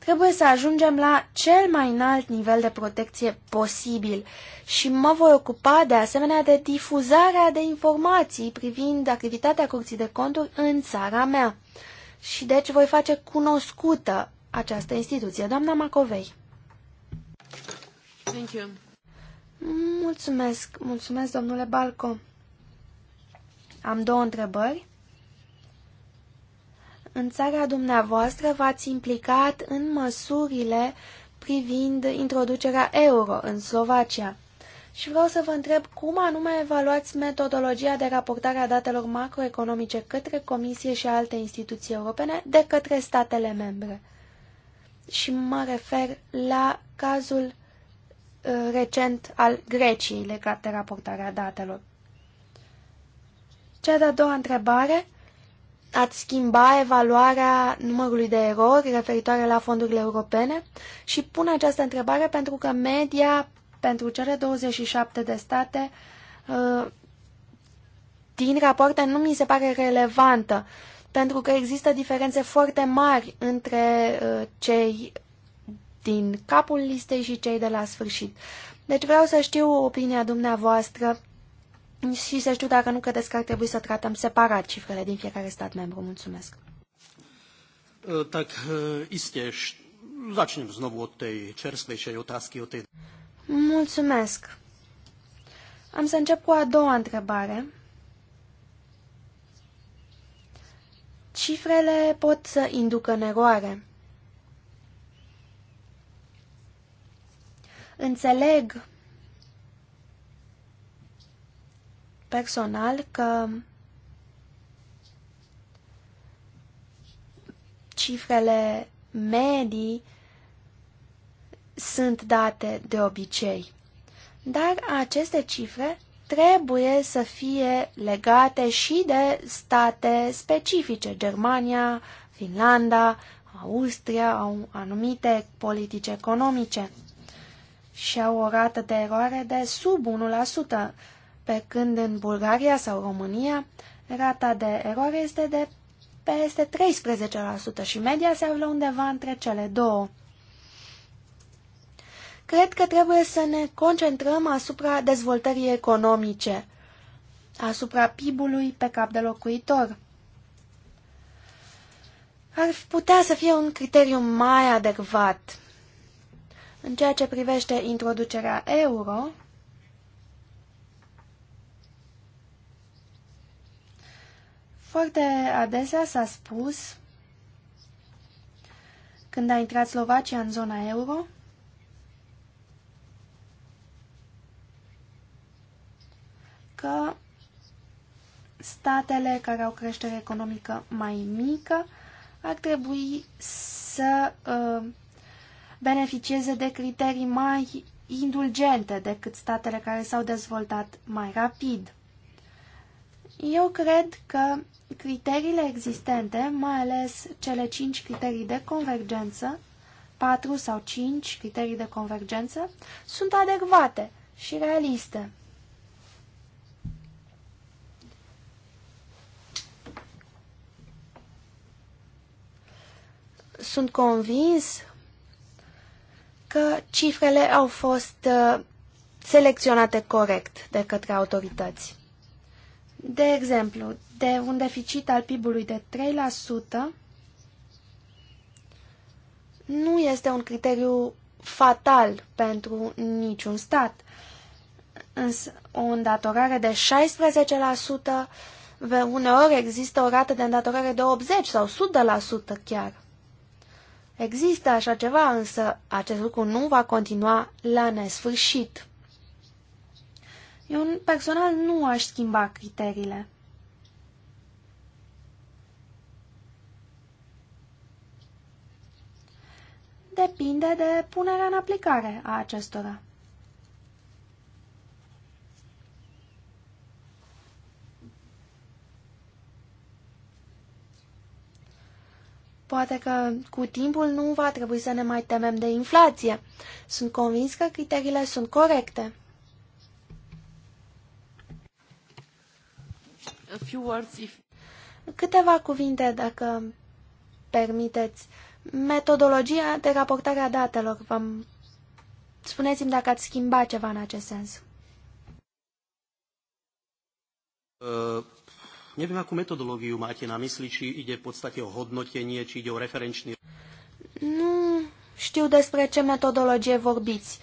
Trebuie să ajungem la cel mai înalt nivel de protecție posibil și mă voi ocupa de asemenea de difuzarea de informații privind activitatea Curții de Conturi în țara mea. Și deci voi face cunoscută această instituție. Doamna Macovei. Thank you. Mulțumesc, mulțumesc, domnule Balco. Am două întrebări în țara dumneavoastră v-ați implicat în măsurile privind introducerea euro în Slovacia. Și vreau să vă întreb cum anume evaluați metodologia de raportare a datelor macroeconomice către Comisie și alte instituții europene de către statele membre. Și mă refer la cazul uh, recent al Greciei legat de raportarea datelor. Cea de-a doua întrebare ați schimba evaluarea numărului de erori referitoare la fondurile europene? Și pun această întrebare pentru că media pentru cele 27 de state uh, din rapoarte nu mi se pare relevantă, pentru că există diferențe foarte mari între uh, cei din capul listei și cei de la sfârșit. Deci vreau să știu opinia dumneavoastră și să știu dacă nu credeți că ar trebui să tratăm separat cifrele din fiecare stat membru. Mulțumesc. Tak, istie, zaczniem znowu od tej czerstvejszej otázky, od tej... Mulțumesc. Am să încep cu a doua întrebare. Cifrele pot să inducă în eroare. Înțeleg personal că cifrele medii sunt date de obicei. Dar aceste cifre trebuie să fie legate și de state specifice, Germania, Finlanda, Austria au anumite politici economice și au o rată de eroare de sub 1%, pe când în Bulgaria sau România rata de eroare este de peste 13% și media se află undeva între cele două. Cred că trebuie să ne concentrăm asupra dezvoltării economice, asupra PIB-ului pe cap de locuitor. Ar putea să fie un criteriu mai adecvat. În ceea ce privește introducerea euro, Foarte adesea s-a spus, când a intrat Slovacia în zona euro, că statele care au creștere economică mai mică ar trebui să uh, beneficieze de criterii mai indulgente decât statele care s-au dezvoltat mai rapid. Eu cred că criteriile existente, mai ales cele cinci criterii de convergență, patru sau cinci criterii de convergență, sunt adecvate și realiste. Sunt convins că cifrele au fost uh, selecționate corect de către autorități. De exemplu, de un deficit al PIB-ului de 3% nu este un criteriu fatal pentru niciun stat. Însă o îndatorare de 16%, uneori există o rată de îndatorare de 80 sau 100% chiar. Există așa ceva, însă acest lucru nu va continua la nesfârșit. Eu personal nu aș schimba criteriile. depinde de punerea în aplicare a acestora. Poate că cu timpul nu va trebui să ne mai temem de inflație. Sunt convins că criteriile sunt corecte. Câteva cuvinte, dacă permiteți. Uh, Metodologia de raportare a datelor. Vă spuneți-mi dacă ați schimbat ceva în acest sens. Uh, neviem, akú metodológiu máte na mysli, či ide v podstate o hodnotenie, či ide o referenčný... Nu știu despre ce metodologie vorbiți.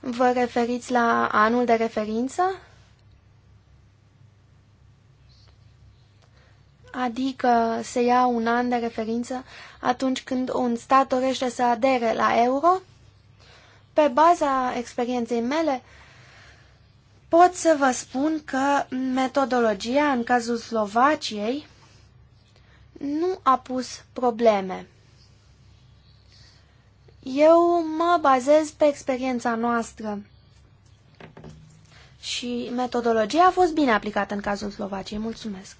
Vă referiți la anul de referință? adică se ia un an de referință atunci când un stat dorește să adere la euro, pe baza experienței mele, pot să vă spun că metodologia, în cazul Slovaciei, nu a pus probleme. Eu mă bazez pe experiența noastră și metodologia a fost bine aplicată în cazul Slovaciei. Mulțumesc!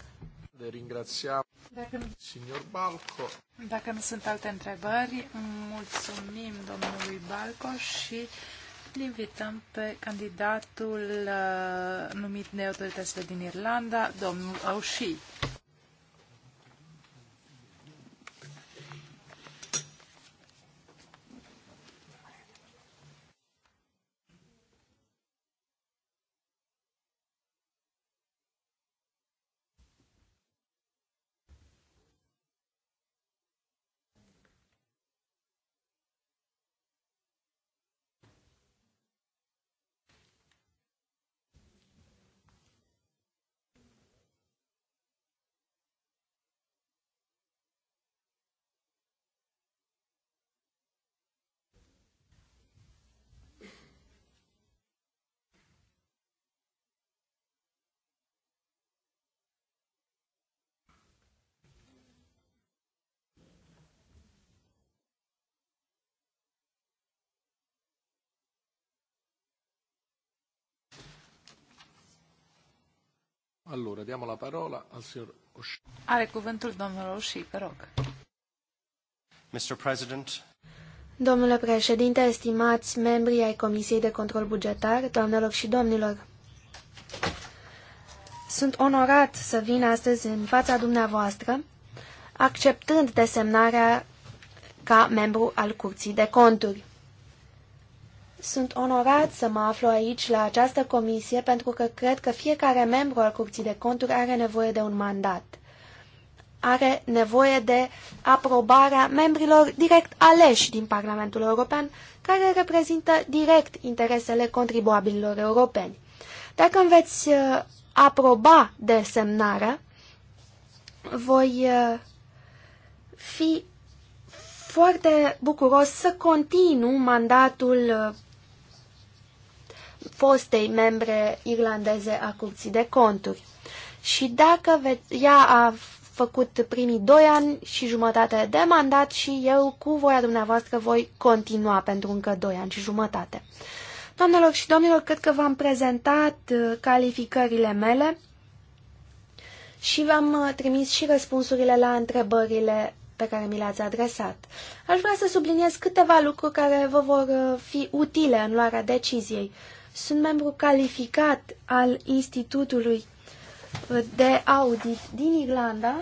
Le ringrațiam, dacă, signor Balco. Dacă nu sunt alte întrebări, mulțumim domnului Balco și îl invităm pe candidatul uh, numit de autoritățile din Irlanda, domnul O'Shea. Allora, diamo la parola al signor Oshii. Are cuvântul domnul Oshii, vă rog. Mr. President. Domnule președinte, estimați membri ai Comisiei de Control Bugetar, doamnelor și domnilor, sunt onorat să vin astăzi în fața dumneavoastră, acceptând desemnarea ca membru al Curții de Conturi. Sunt onorat să mă aflu aici, la această comisie, pentru că cred că fiecare membru al Curții de Conturi are nevoie de un mandat. Are nevoie de aprobarea membrilor direct aleși din Parlamentul European, care reprezintă direct interesele contribuabililor europeni. Dacă îmi veți uh, aproba desemnarea, voi uh, fi foarte bucuros să continu mandatul uh, fostei membre irlandeze a Curții de Conturi. Și dacă ea a făcut primii doi ani și jumătate de mandat și eu, cu voia dumneavoastră, voi continua pentru încă doi ani și jumătate. Doamnelor și domnilor, cred că v-am prezentat uh, calificările mele și v-am uh, trimis și răspunsurile la întrebările pe care mi le-ați adresat. Aș vrea să subliniez câteva lucruri care vă vor uh, fi utile în luarea deciziei sunt membru calificat al Institutului de Audit din Irlanda,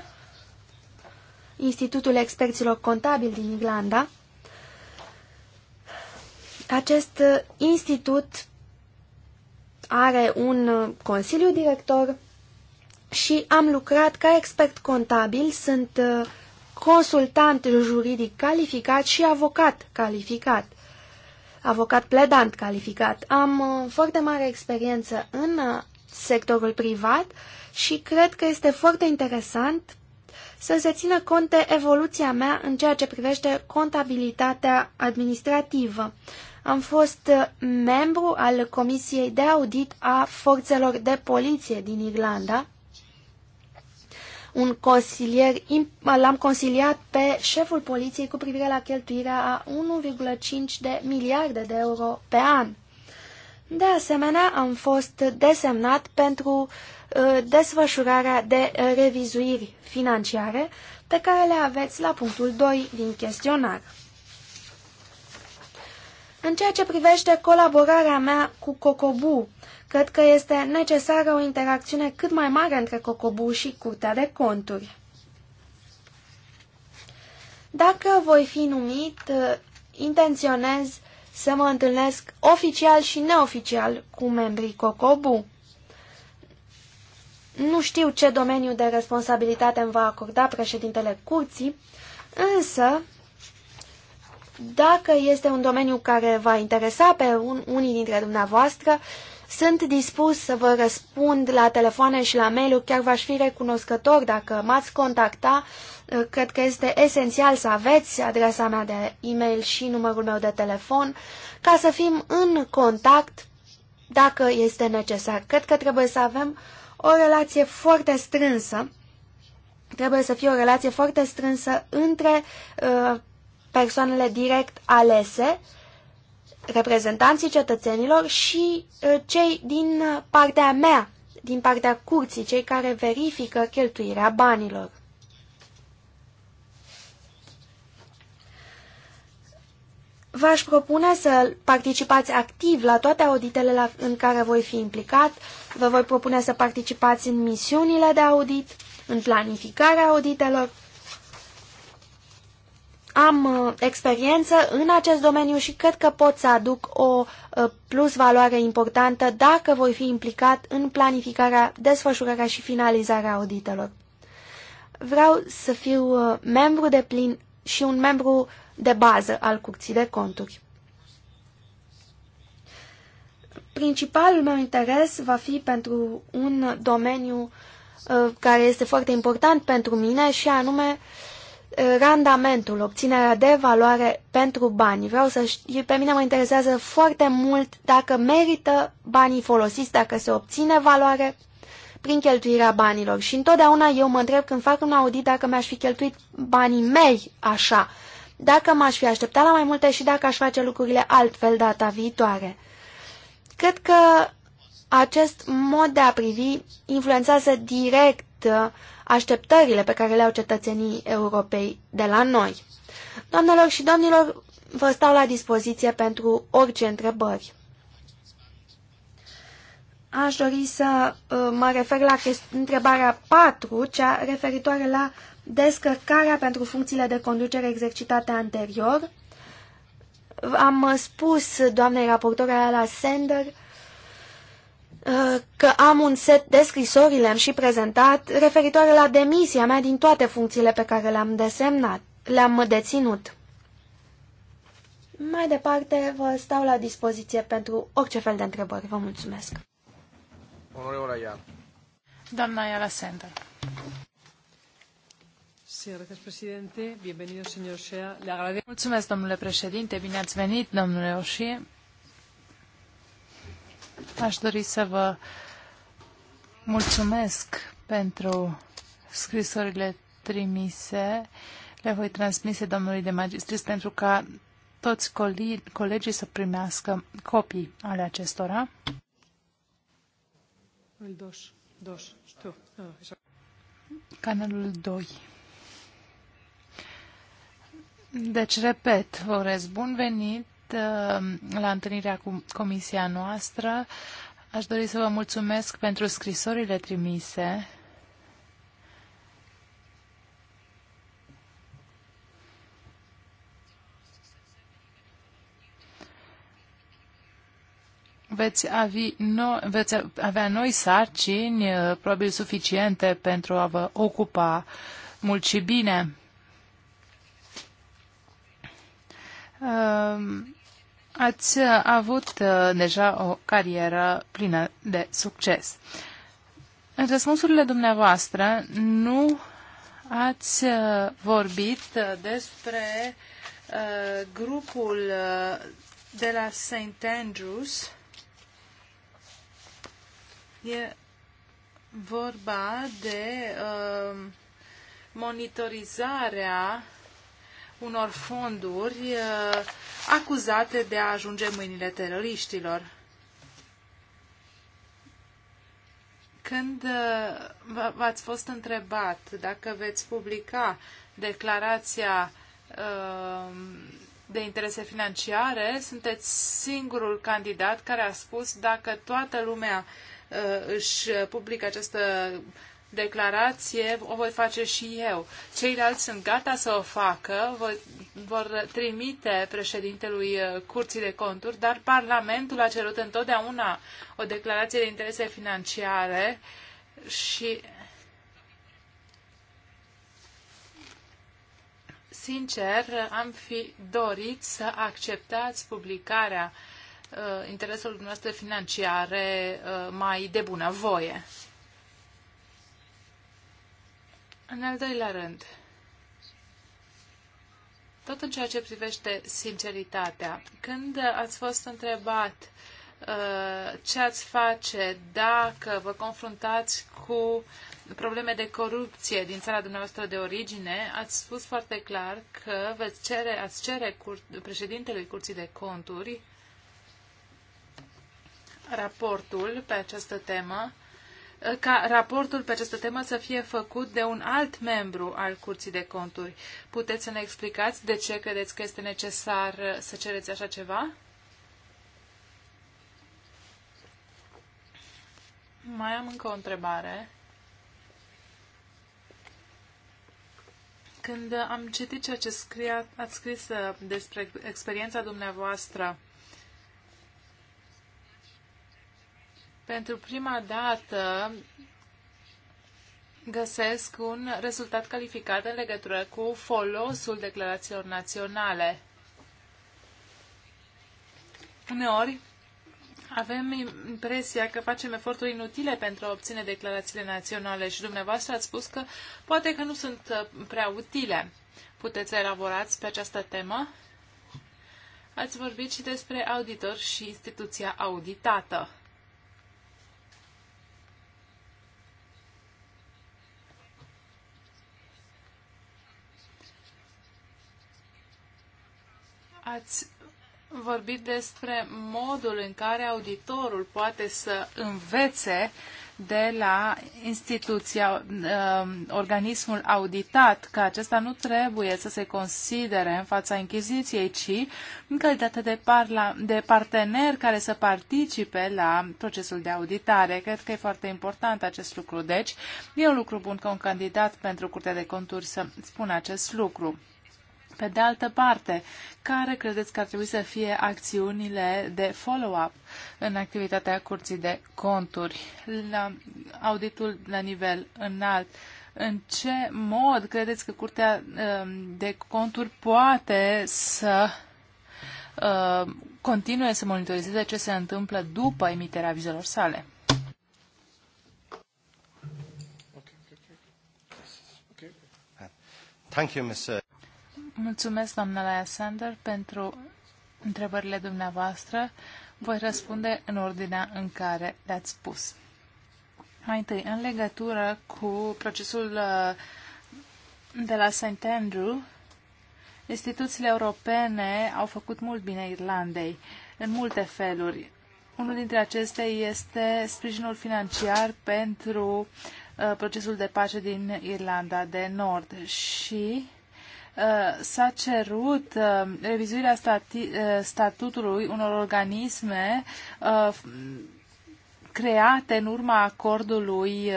Institutul Experților Contabili din Irlanda. Acest institut are un consiliu director și am lucrat ca expert contabil, sunt uh, consultant juridic calificat și avocat calificat avocat pledant calificat. Am uh, foarte mare experiență în uh, sectorul privat și cred că este foarte interesant să se țină cont de evoluția mea în ceea ce privește contabilitatea administrativă. Am fost uh, membru al Comisiei de Audit a Forțelor de Poliție din Irlanda un consilier, l-am consiliat pe șeful poliției cu privire la cheltuirea a 1,5 de miliarde de euro pe an. De asemenea, am fost desemnat pentru uh, desfășurarea de uh, revizuiri financiare pe care le aveți la punctul 2 din chestionar. În ceea ce privește colaborarea mea cu Cocobu, Cred că este necesară o interacțiune cât mai mare între Cocobu și Curtea de Conturi. Dacă voi fi numit, intenționez să mă întâlnesc oficial și neoficial cu membrii Cocobu. Nu știu ce domeniu de responsabilitate îmi va acorda președintele curții, însă, dacă este un domeniu care va interesa pe un, unii dintre dumneavoastră, uh, sunt dispus să vă răspund la telefoane și la mail-uri, chiar v-aș fi recunoscător dacă m-ați contacta. Uh, cred că este esențial să aveți adresa mea de e-mail și numărul meu de telefon ca să fim în contact dacă este necesar. Cred că trebuie să avem o relație foarte strânsă. Trebuie să fie o relație foarte strânsă între uh, persoanele direct alese uh, reprezentanții cetățenilor și uh, cei din partea mea, din partea curții, cei care verifică cheltuirea banilor. V-aș propune să participați activ la toate auditele la, în care voi fi implicat, vă voi propune să participați în misiunile de audit, în planificarea auditelor am uh, experiență în acest domeniu și cred că pot să aduc o uh, plus valoare importantă dacă voi fi implicat în planificarea, desfășurarea și finalizarea auditelor. Vreau să fiu uh, membru de plin și un membru de bază al Curții de Conturi. Principalul meu interes va fi pentru un domeniu care este foarte important pentru mine și anume uh, randamentul, obținerea de valoare pentru bani. Vreau să știu, pe mine mă interesează foarte mult dacă merită banii folosiți, dacă se obține valoare prin cheltuirea banilor. Și întotdeauna eu mă întreb când fac un audit dacă mi-aș fi cheltuit banii mei așa, dacă m-aș fi așteptat la mai multe și dacă aș face lucrurile altfel data viitoare. Cred că acest mod de a privi influențează direct uh, așteptările pe care le au cetățenii europei de la noi. Doamnelor și domnilor, vă stau la dispoziție pentru orice întrebări. Aș dori să uh, mă refer la întrebarea 4, cea referitoare la descărcarea pentru funcțiile de conducere exercitate anterior. Am spus doamnei raportoare la Sender Uh, că am un set de scrisori, le-am și prezentat, referitoare la demisia mea din toate funcțiile pe care le-am desemnat, le-am deținut. Mai departe, vă stau la dispoziție pentru orice fel de întrebări. Vă mulțumesc. Onorevole Iar. Doamna Iara Sender. Mulțumesc, domnule președinte. Bine ați venit, domnule Oșie. Aș dori să vă mulțumesc pentru scrisorile trimise. Le voi transmise domnului de magistris pentru ca toți colegii să primească copii ale acestora. Ah, Canalul 2. Deci, repet, vă urez bun venit Uh, la întâlnirea cu comisia noastră. Aș dori să vă mulțumesc pentru scrisorile trimise. veți, avi no, veți avea noi sarcini, uh, probabil suficiente pentru a vă ocupa mult și bine. Um Ați uh, avut uh, deja o carieră plină de succes. În răspunsurile dumneavoastră nu ați uh, vorbit despre grupul de la St. Andrews. E vorba de monitorizarea unor fonduri uh, acuzate de a ajunge în mâinile teroriștilor. Când uh, v-ați fost întrebat dacă veți publica declarația uh, de interese financiare, sunteți singurul candidat care a spus dacă toată lumea își publică această declarație o voi face și eu. Ceilalți sunt gata să o facă, vor, vor trimite președintelui uh, Curții de Conturi, dar Parlamentul a cerut întotdeauna o declarație de interese financiare și sincer, am fi dorit să acceptați publicarea uh, intereselor noastre financiare uh, mai de bună voie. În al doilea rând, tot în ceea ce privește sinceritatea, când ați fost întrebat uh, ce ați face dacă vă confruntați cu probleme de corupție din țara dumneavoastră de origine, ați spus foarte clar că veți cere, ați cere cur- președintelui Curții de Conturi raportul pe această temă ca raportul pe această temă să fie făcut de un alt membru al Curții de Conturi. Puteți să ne explicați de ce credeți că este necesar să cereți așa ceva? Mai am încă o întrebare. Când am citit ceea ce scria, ați scris uh, despre experiența dumneavoastră pentru prima dată găsesc un rezultat calificat în legătură cu folosul declarațiilor naționale. Uneori avem impresia că facem eforturi inutile pentru a obține declarațiile naționale și dumneavoastră ați spus că poate că nu sunt uh, prea utile. Puteți elaborați pe această temă? Ați vorbit și despre auditor și instituția auditată. Ați vorbit despre modul în care auditorul poate să învețe de la instituția, um, organismul auditat, că acesta nu trebuie să se considere în fața Inchiziției, ci în calitate de, parla, de partener care să participe la procesul de auditare. Cred că e foarte important acest lucru. Deci, e un lucru bun ca un candidat pentru Curtea de Conturi să spună acest lucru. Pe de altă parte, care credeți că ar trebui să fie acțiunile de follow-up în activitatea curții de conturi, la auditul la nivel înalt? În ce mod credeți că curtea um, de conturi poate să um, continue să monitorizeze ce se întâmplă după emiterea vizelor sale? Thank you, Mr. Mulțumesc, doamna Laia Sander, pentru întrebările dumneavoastră. Voi răspunde în ordinea în care le-ați spus. Mai întâi, în legătură cu procesul uh, de la St. Andrew, instituțiile europene au făcut mult bine Irlandei, în multe feluri. Unul dintre acestea este sprijinul financiar pentru uh, procesul de pace din Irlanda de Nord și Uh, s-a cerut uh, revizuirea uh, statutului unor organisme create în urma acordului,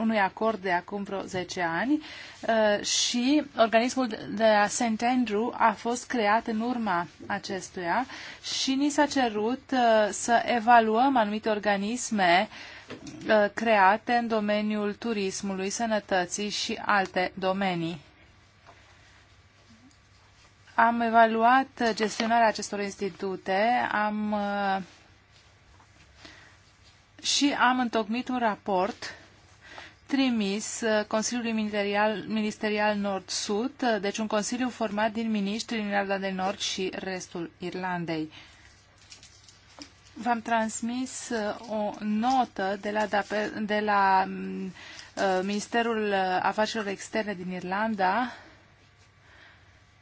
unui acord de acum vreo 10 ani și organismul de la St. Andrew a fost creat în urma acestuia și ni s-a cerut să evaluăm anumite organisme create în domeniul turismului, sănătății și alte domenii. Am evaluat gestionarea acestor institute, am uh, și am întocmit un raport trimis uh, Consiliului Ministerial, Ministerial Nord-Sud, uh, deci un consiliu format din miniștri din Irlanda de Nord și restul Irlandei. V-am transmis o notă de la, de la mm, Ministerul Afacerilor Externe din Irlanda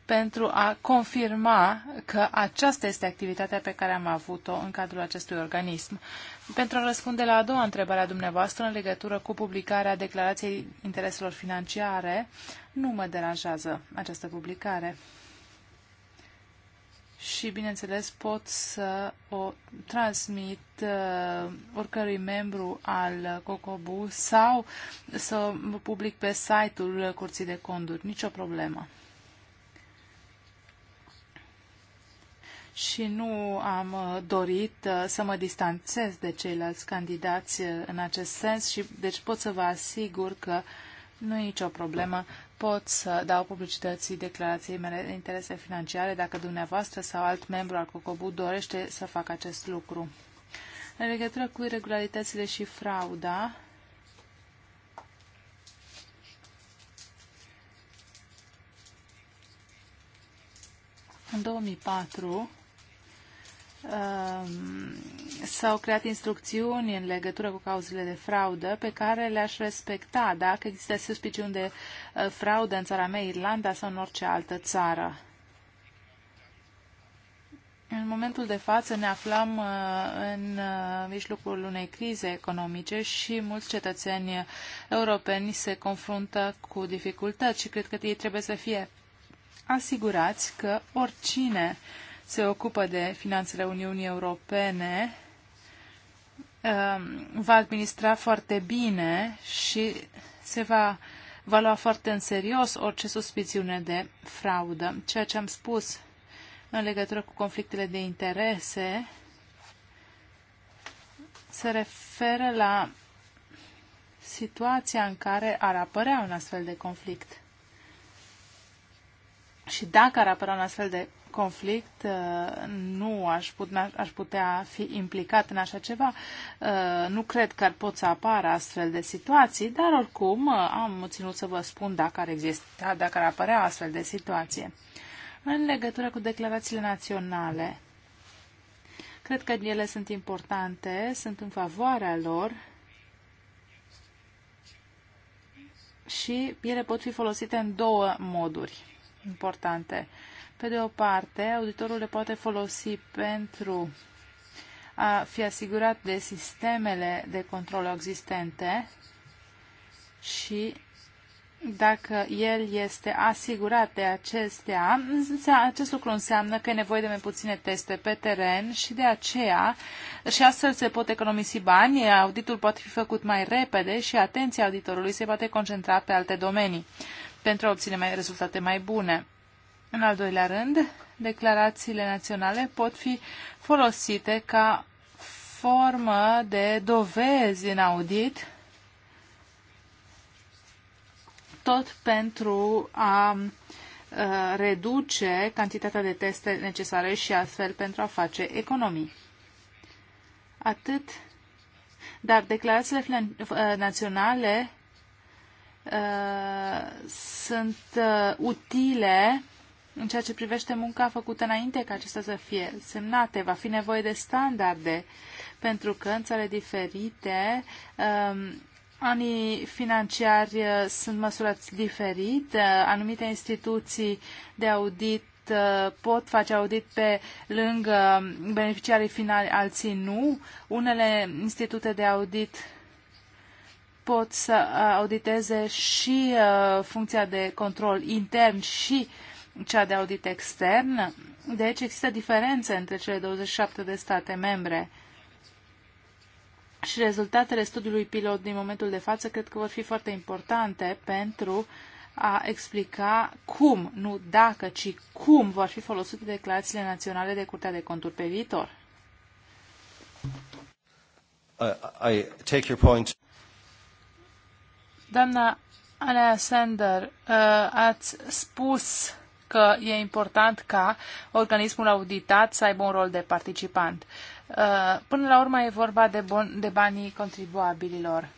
pentru a confirma că aceasta este activitatea pe care am avut-o în cadrul acestui organism. Pentru a răspunde la a doua întrebare a dumneavoastră în legătură cu publicarea declarației intereselor financiare, nu mă deranjează această publicare. Și, bineînțeles, pot să o transmit uh, oricărui membru al COCOBU sau să o public pe site-ul Curții de Conduri. Nicio problemă. și nu am uh, dorit uh, să mă distanțez de ceilalți candidați uh, în acest sens și deci pot să vă asigur că nu e nicio problemă. Pot să dau publicității declarației mele de interese financiare dacă dumneavoastră sau alt membru al COCOBU dorește să facă acest lucru. În legătură cu irregularitățile și frauda, în 2004 Um, s-au creat instrucțiuni în legătură cu cauzele de fraudă pe care le-aș respecta dacă există suspiciuni de uh, fraudă în țara mea, Irlanda sau în orice altă țară. În momentul de față ne aflăm uh, în uh, mijlocul unei crize economice și mulți cetățeni europeni se confruntă cu dificultăți și cred că ei trebuie să fie asigurați că oricine uh, se ocupă de finanțele Uniunii Europene um, va administra foarte bine și se va, va lua foarte în serios orice suspiciune de fraudă. Ceea ce am spus în legătură cu conflictele de interese se referă la situația în care ar apărea un astfel de conflict. Și dacă ar apărea un astfel de conflict, uh, nu aș putea, aș putea fi implicat în așa ceva. Uh, nu cred că ar pot să apară astfel de situații, dar oricum uh, am ținut să vă spun dacă ar exista, dacă ar apărea astfel de situație. În legătură cu declarațiile naționale, cred că ele sunt importante, sunt în favoarea lor și ele pot fi folosite în două moduri importante. Uh, pe de o parte, auditorul le poate folosi pentru a fi asigurat de sistemele de control existente și dacă el este asigurat de acestea, acest lucru înseamnă că e nevoie de mai puține teste pe teren și de aceea și astfel se pot economisi bani, auditul poate fi făcut mai repede și atenția auditorului se poate concentra pe alte domenii pentru a obține mai, rezultate mai bune. În al doilea rând, declarațiile naționale pot fi folosite ca formă de dovezi în audit, tot pentru a uh, reduce cantitatea de teste necesare și astfel pentru a face economii. Atât. Dar declarațiile uh, naționale uh, sunt uh, utile în ceea ce privește munca făcută înainte ca acestea să fie semnate, va fi nevoie de standarde, pentru că în țările diferite um, anii financiari uh, sunt măsurați diferit, uh, anumite instituții de audit uh, pot face audit pe lângă beneficiarii finali, alții nu. Unele institute de audit pot să auditeze și funcția de control intern și cea de audit extern. Deci există diferențe între cele 27 de state membre. Și rezultatele studiului pilot din momentul de față cred că vor fi foarte importante pentru a explica cum, nu dacă, ci cum vor fi folosite declarațiile naționale de Curtea de Conturi pe viitor. I, I take your point. Doamna Alea Sander, uh, ați spus că e important ca organismul auditat să aibă un rol de participant. Uh, până la urmă e vorba de, bon, de banii contribuabililor.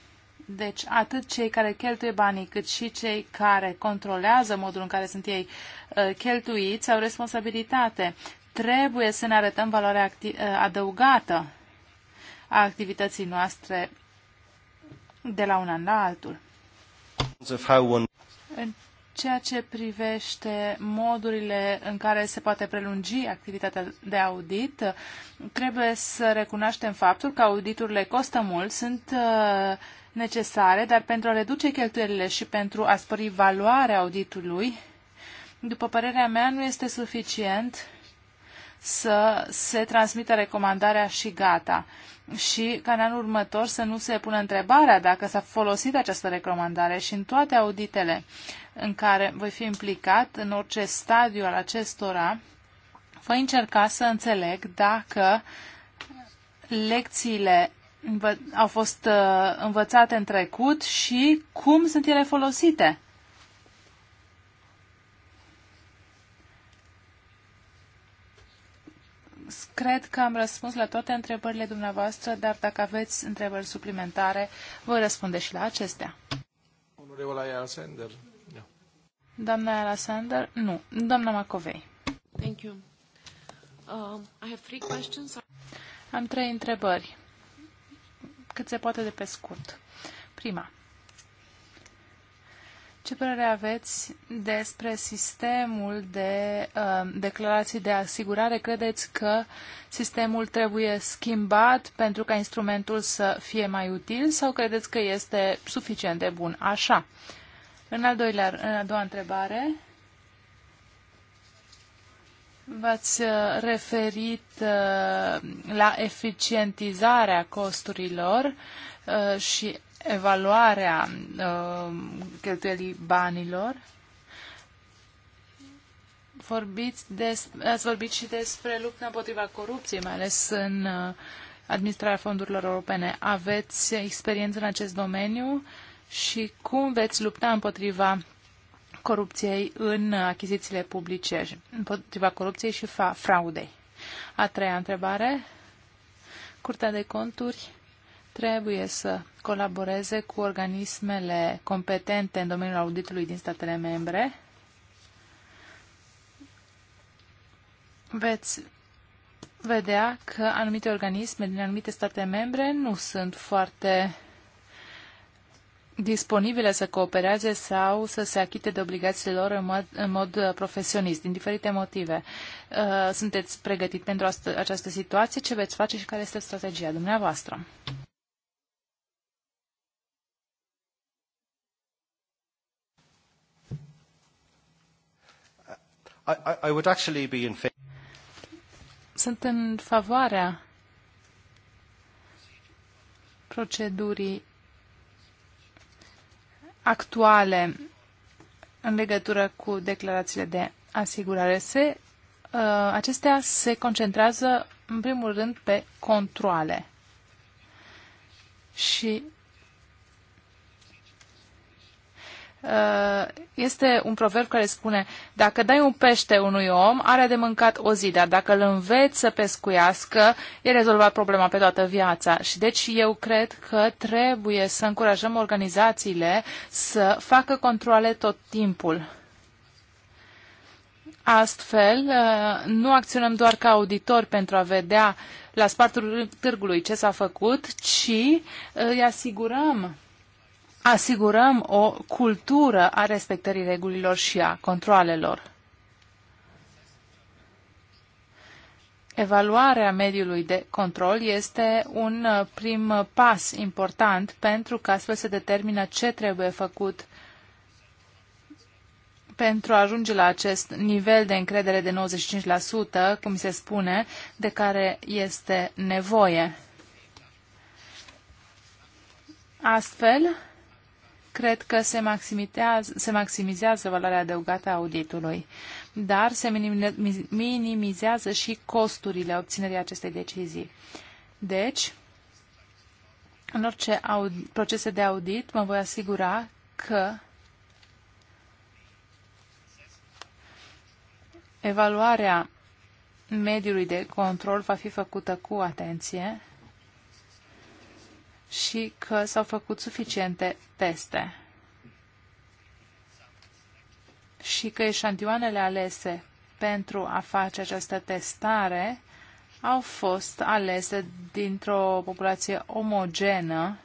Deci atât cei care cheltuie banii, cât și cei care controlează modul în care sunt ei uh, cheltuiți au responsabilitate. Trebuie să ne arătăm valoarea uh, adăugată a activității noastre de la un an la altul ceea ce privește modurile în care se poate prelungi activitatea de audit, trebuie să recunoaștem faptul că auditurile costă mult, sunt uh, necesare, dar pentru a reduce cheltuielile și pentru a spori valoarea auditului, după părerea mea, nu este suficient să se transmită recomandarea și gata. Și ca în anul următor să nu se pună întrebarea dacă s-a folosit această recomandare și în toate auditele în care voi fi implicat, în orice stadiu al acestora, voi încerca să înțeleg dacă lecțiile au fost uh, învățate în trecut și cum sunt ele folosite cred că am răspuns la toate întrebările dumneavoastră, dar dacă aveți întrebări suplimentare, voi răspunde și la acestea. Da. Doamna Ayala Sander, Nu. Doamna Macovei. Thank you. Uh, I have three questions. Am trei întrebări, cât se poate de pe scurt. Prima. Ce părere aveți despre sistemul de uh, declarații de asigurare? Credeți că sistemul trebuie schimbat pentru ca instrumentul să fie mai util sau credeți că este suficient de bun așa? În, al doilea, în a doua întrebare, v-ați uh, referit uh, la eficientizarea costurilor uh, și evaluarea uh, cheltuielii banilor, vorbiți des, ați vorbit și despre lupta împotriva corupției, mai ales în uh, administrarea fondurilor europene. Aveți experiență în acest domeniu și cum veți lupta împotriva corupției în achizițiile publice, împotriva corupției și fraudei? A treia întrebare. Curtea de conturi trebuie să colaboreze cu organismele competente în domeniul auditului din statele membre. Veți vedea că anumite organisme din anumite state membre nu sunt foarte disponibile să coopereze sau să se achite de obligațiile lor în mod, în mod uh, profesionist, din diferite motive. Uh, sunteți pregătit pentru această situație? Ce veți face și care este strategia dumneavoastră? I, I would actually be in favor. Sunt în favoarea procedurii actuale în legătură cu declarațiile de asigurare. Se, uh, acestea se concentrează în primul rând pe controle. Și Uh, este un proverb care spune dacă dai un pește unui om, are de mâncat o zi, dar dacă îl înveți să pescuiască, e rezolvat problema pe toată viața. Și deci eu cred că trebuie să încurajăm organizațiile să facă controle tot timpul. Astfel, uh, nu acționăm doar ca auditori pentru a vedea la spartul târgului ce s-a făcut, ci uh, îi asigurăm asigurăm o cultură a respectării regulilor și a controalelor. Evaluarea mediului de control este un uh, prim pas important pentru că astfel se determină ce trebuie făcut pentru a ajunge la acest nivel de încredere de 95%, cum se spune, de care este nevoie. Astfel, cred că se maximizează, se maximizează valoarea adăugată a auditului, dar se minimizează și costurile obținerii acestei decizii. Deci, în orice procese de audit, mă voi asigura că evaluarea mediului de control va fi făcută cu atenție și că s-au făcut suficiente teste și că eșantioanele alese pentru a face această testare au fost alese dintr-o populație omogenă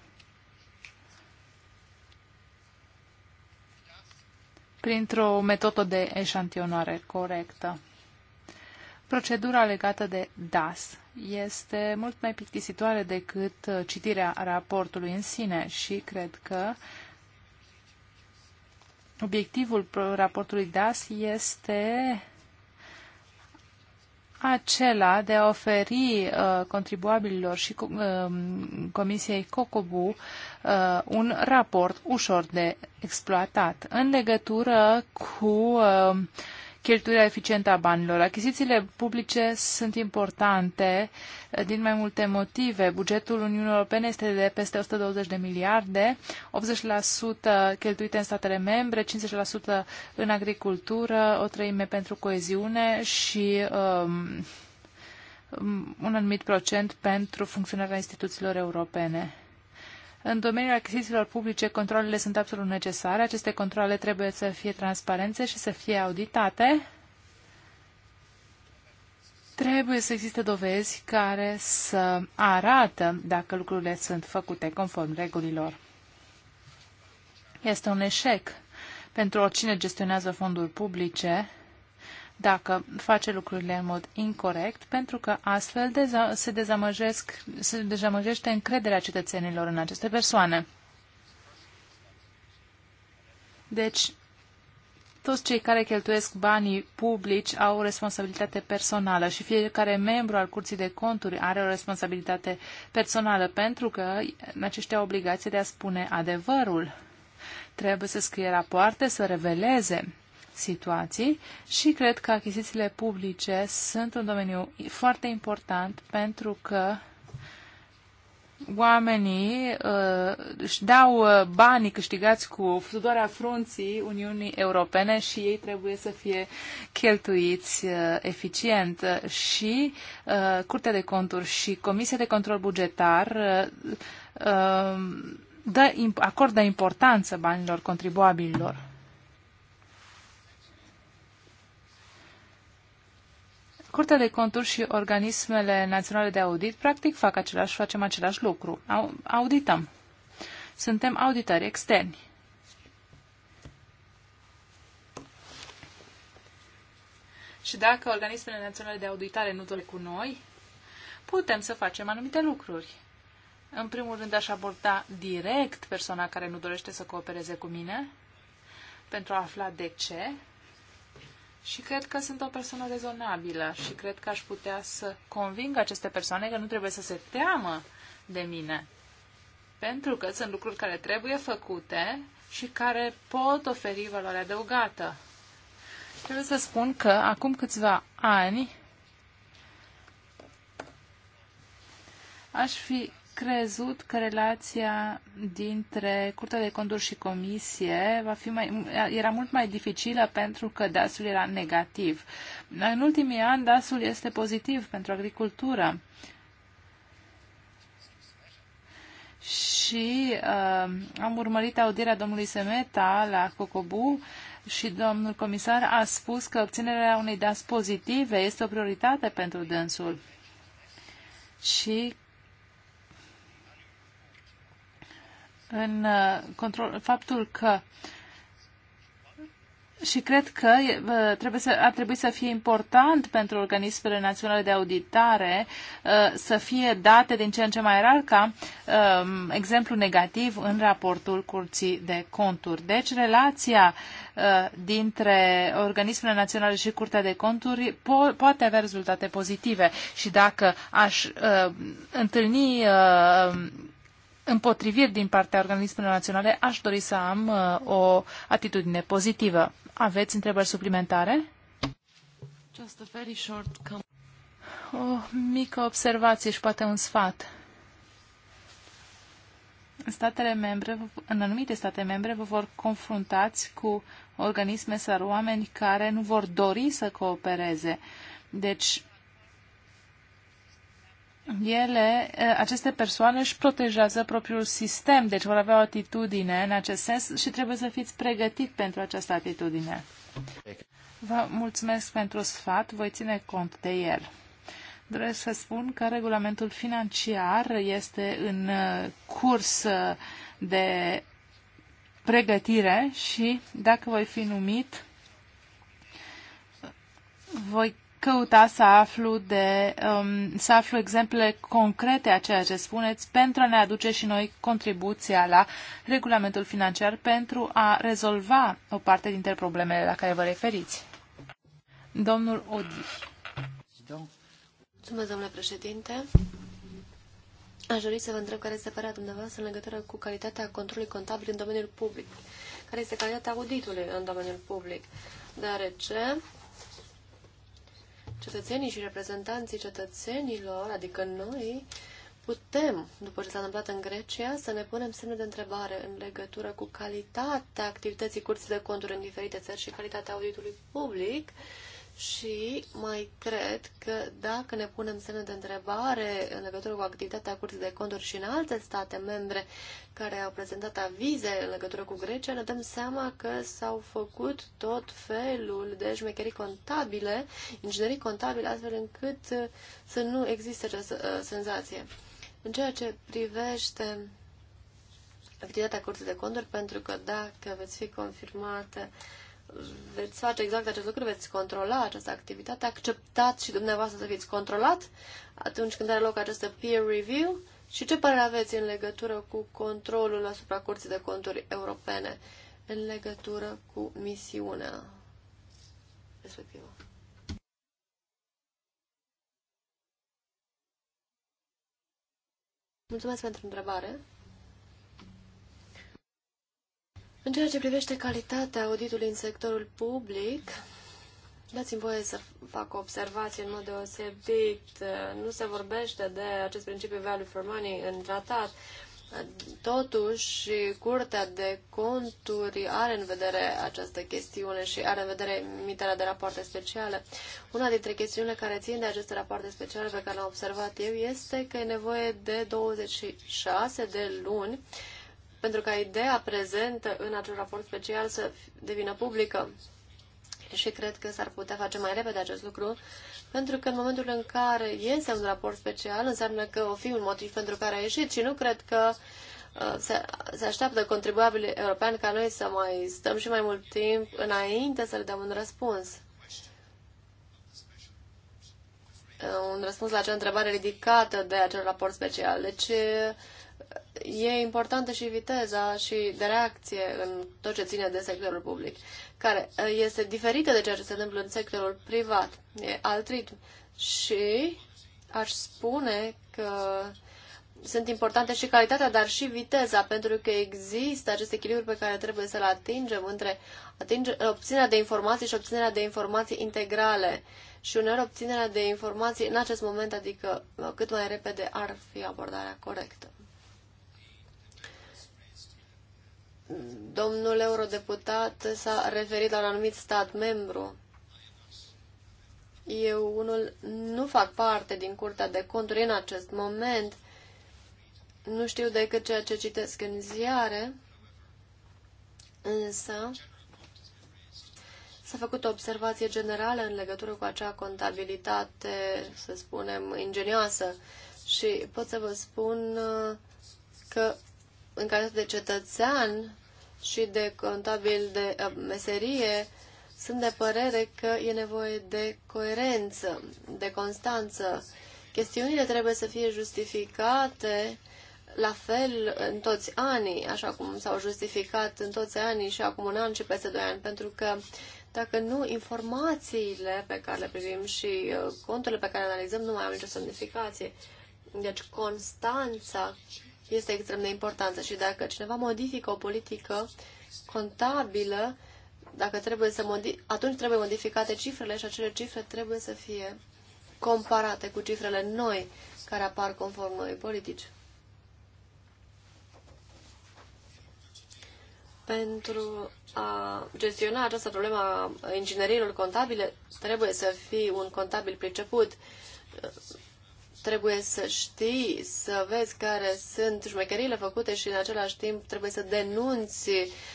printr-o metodă de eșantionare corectă. Procedura legată de DAS este mult mai plictisitoare decât uh, citirea raportului în sine și cred că obiectivul raportului DAS este acela de a oferi uh, contribuabililor și uh, Comisiei COCOBU uh, un raport ușor de exploatat în legătură cu uh, cheltuirea eficientă a banilor. Achizițiile publice sunt importante eh, din mai multe motive. Bugetul Uniunii Europene este de peste 120 de miliarde, 80% cheltuite în statele membre, 50% în agricultură, o treime pentru coeziune și um, un anumit procent pentru funcționarea instituțiilor europene. În domeniul achizițiilor publice, controlele sunt absolut necesare. Aceste controle trebuie să fie transparente și să fie auditate. Trebuie să existe dovezi care să arată dacă lucrurile sunt făcute conform regulilor. Este un eșec pentru oricine gestionează fonduri publice dacă face lucrurile în mod incorrect, pentru că astfel deza se, dezamăjesc, se dezamăjește încrederea cetățenilor în aceste persoane. Deci, toți cei care cheltuiesc banii publici au o responsabilitate personală și fiecare membru al Curții de Conturi are o responsabilitate personală pentru că aceștia au obligație de a spune adevărul. Trebuie să scrie rapoarte, să reveleze situații și cred că achizițiile publice sunt un domeniu foarte important pentru că oamenii uh, își dau uh, banii câștigați cu sudoarea frunții Uniunii Europene și ei trebuie să fie cheltuiți uh, eficient. Și Curtea de Conturi și Comisia de Control Bugetar dă, acordă importanță banilor contribuabililor. Curtea de conturi și organismele naționale de audit practic fac același, facem același lucru. Audităm. Suntem auditori externi. Și dacă organismele naționale de auditare nu doresc cu noi, putem să facem anumite lucruri. În primul rând, aș aborda direct persoana care nu dorește să coopereze cu mine pentru a afla de ce și cred că sunt o persoană rezonabilă și cred că aș putea să conving aceste persoane că nu trebuie să se teamă de mine. Pentru că sunt lucruri care trebuie făcute și care pot oferi valoare adăugată. Trebuie să spun că acum câțiva ani aș fi crezut că relația dintre Curtea de Conduri și Comisie va fi mai, era mult mai dificilă pentru că DAS-ul era negativ. În ultimii ani DAS-ul este pozitiv pentru agricultură. Și uh, am urmărit audierea domnului Semeta la Cocobu și domnul comisar a spus că obținerea unei DAS pozitive este o prioritate pentru dânsul și în uh, control, faptul că și cred că uh, trebuie să, ar trebui să fie important pentru organismele naționale de auditare uh, să fie date din ce în ce mai rar ca um, exemplu negativ în raportul curții de conturi. Deci relația dintre organismele naționale și curtea de conturi po- poate avea rezultate pozitive și dacă aș întâlni împotriviri din partea organismelor naționale, aș dori să am uh, o atitudine pozitivă. Aveți întrebări suplimentare? Just a very short o mică observație și poate un sfat. În statele membre, în anumite state membre, vă vor confruntați cu organisme sau oameni care nu vor dori să coopereze. Deci, ele, aceste persoane își protejează propriul sistem, deci vor avea o atitudine în acest sens și trebuie să fiți pregătit pentru această atitudine. Vă mulțumesc pentru sfat, voi ține cont de el. Doresc să spun că regulamentul financiar este în curs de pregătire și dacă voi fi numit, voi căuta să aflu, de, um, să aflu exemple concrete a ceea ce spuneți pentru a ne aduce și noi contribuția la regulamentul financiar pentru a rezolva o parte dintre problemele la care vă referiți. Domnul Odi. Mulțumesc, domnule președinte. Aș dori să vă întreb care este părerea dumneavoastră în legătură cu calitatea controlului contabil în domeniul public. Care este calitatea auditului în domeniul public? Deoarece cetățenii și reprezentanții cetățenilor, adică noi, putem, după ce s-a întâmplat în Grecia, să ne punem semne de întrebare în legătură cu calitatea activității curții de conturi în diferite țări și calitatea auditului public și mai cred că dacă ne punem semne de întrebare în legătură cu activitatea Curții de Conturi și în alte state membre care au prezentat avize în legătură cu Grecia, ne dăm seama că s-au făcut tot felul de șmecherii contabile, inginerii contabile, astfel încât uh, să nu existe această uh, senzație. În ceea ce privește activitatea Curții de Conturi, pentru că dacă veți fi confirmate veți face exact acest lucru, veți controla această activitate, acceptați și dumneavoastră să fiți controlat atunci când are loc această peer review și ce părere aveți în legătură cu controlul asupra Curții de Conturi Europene în legătură cu misiunea respectivă? Mulțumesc pentru întrebare. În ceea ce privește calitatea auditului în sectorul public, dați-mi voie să fac o observație în mod deosebit. Nu se vorbește de acest principiu value for money în tratat. Totuși, Curtea de Conturi are în vedere această chestiune și are în vedere emiterea de rapoarte speciale. Una dintre chestiunile care țin de aceste rapoarte speciale pe care le-am observat eu este că e nevoie de 26 de luni pentru ca ideea prezentă în acel raport special să devină publică. Și cred că s-ar putea face mai repede acest lucru, pentru că în momentul în care iese un raport special, înseamnă că o fi un motiv pentru care a ieșit și nu cred că uh, se, se așteaptă contribuabilii europeni ca noi să mai stăm și mai mult timp înainte să le dăm un răspuns. Uh, un răspuns la acea întrebare ridicată de acel raport special. Deci, e importantă și viteza și de reacție în tot ce ține de sectorul public, care uh, este diferită de ceea ce se întâmplă în sectorul privat. E alt ritm. Și aș spune că sunt importante și calitatea, dar și viteza, pentru că există acest echilibru pe care trebuie să-l atingem între atinge, obținerea de informații și obținerea de informații integrale. Și uneori obținerea de informații în acest moment, adică uh, cât mai repede, ar fi abordarea corectă. Domnul eurodeputat s-a referit la un anumit stat membru. Eu unul nu fac parte din Curtea de Conturi în acest moment. Nu știu decât ceea ce citesc în ziare, însă s-a făcut o observație generală în legătură cu acea contabilitate, să spunem, ingenioasă. Și pot să vă spun uh, că în calitate de cetățean și de contabil de uh, meserie, sunt de părere că e nevoie de coerență, de constanță. Chestiunile trebuie să fie justificate la fel în toți anii, așa cum s-au justificat în toți anii și acum un an și peste doi ani, pentru că dacă nu, informațiile pe care le privim și uh, conturile pe care le analizăm nu mai au nicio semnificație. Deci constanța este extrem de importantă și dacă cineva modifică o politică contabilă, dacă trebuie să modi- atunci trebuie modificate cifrele și acele cifre trebuie să fie comparate cu cifrele noi care apar conform noi politici. Pentru a gestiona această problemă a inginerilor contabile, trebuie să fii un contabil priceput trebuie să știi, să vezi care sunt șmecheriile făcute și în același timp trebuie să denunți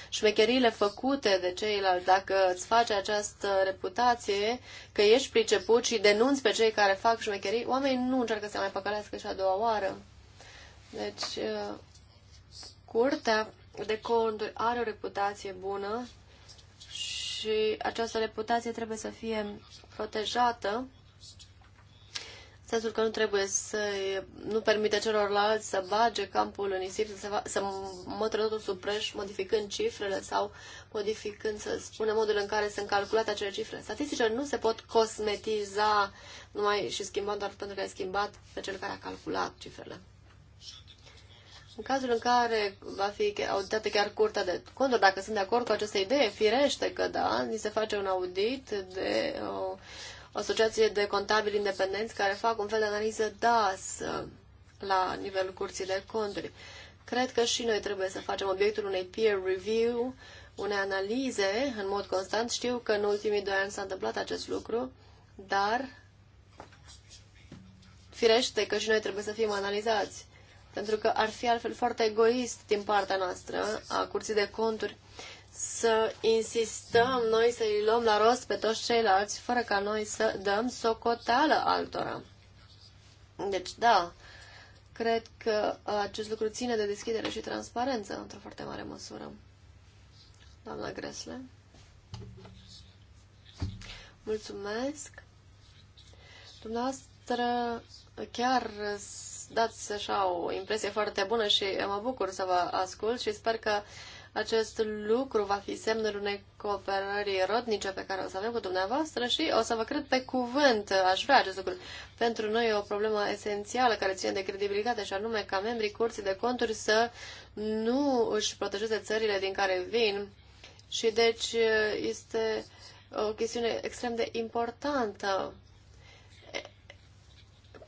șmecheriile făcute de ceilalți. Dacă îți faci această reputație că ești priceput și denunți pe cei care fac șmecherii, oamenii nu încearcă să mai păcălească și a doua oară. Deci, uh, curtea de conturi are o reputație bună și această reputație trebuie să fie protejată sensul că nu trebuie să nu permite celorlalți să bage campul în nisip, să, va, să mă totul sub preș, modificând cifrele sau modificând, să spunem, modul în care sunt calculate acele cifre. Statisticile nu se pot cosmetiza numai și schimba doar pentru că ai schimbat pe cel care a calculat cifrele. În cazul în care va fi auditată chiar curtea de conturi, dacă sunt de acord cu această idee, firește că da, ni se face un audit de uh, o asociație de contabili independenți care fac un fel de analiză DAS uh, la nivelul curții de conturi. Cred că și noi trebuie să facem obiectul unei peer review, unei analize în mod constant. Știu că în ultimii doi ani s-a întâmplat acest lucru, dar firește că și noi trebuie să fim analizați, pentru că ar fi altfel foarte egoist din partea noastră a curții de conturi să insistăm noi să i luăm la rost pe toți ceilalți, fără ca noi să dăm socoteală altora. Deci, da, cred că acest lucru ține de deschidere și transparență într-o foarte mare măsură. Doamna Gresle. Mulțumesc. Dumneavoastră chiar dați așa o impresie foarte bună și mă bucur să vă ascult și sper că uh, acest lucru va fi semnul unei cooperări rodnice pe care o să avem cu dumneavoastră și o să vă cred pe cuvânt, aș vrea acest lucru. Pentru noi e o problemă esențială care ține de credibilitate și anume ca membrii curții de conturi să nu își protejeze țările din care vin și deci este o chestiune extrem de importantă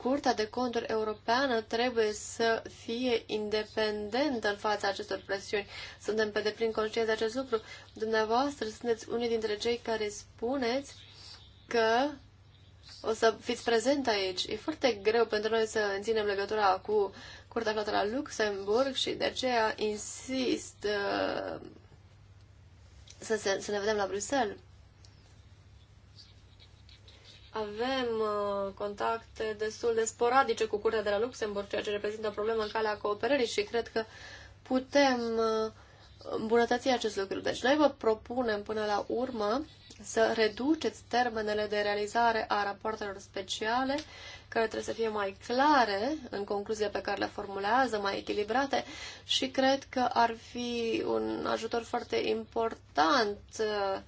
Curtea de Conturi Europeană trebuie să fie independentă în fața acestor presiuni. Suntem pe deplin conștienți de acest lucru. Dumneavoastră sunteți unii dintre cei care spuneți că o să fiți prezent aici. E foarte greu pentru noi să înținem legătura cu Curtea aflată la Luxemburg și de aceea insist uh, să, se, să ne vedem la Bruxelles. Avem uh, contacte destul de sporadice cu Curtea de la Luxemburg, ceea ce reprezintă o problemă în calea cooperării și cred că putem uh, îmbunătăți acest lucru. Deci noi vă propunem până la urmă să reduceți termenele de realizare a rapoartelor speciale, care trebuie să fie mai clare în concluzia pe care le formulează, mai echilibrate și cred că ar fi un ajutor foarte important uh,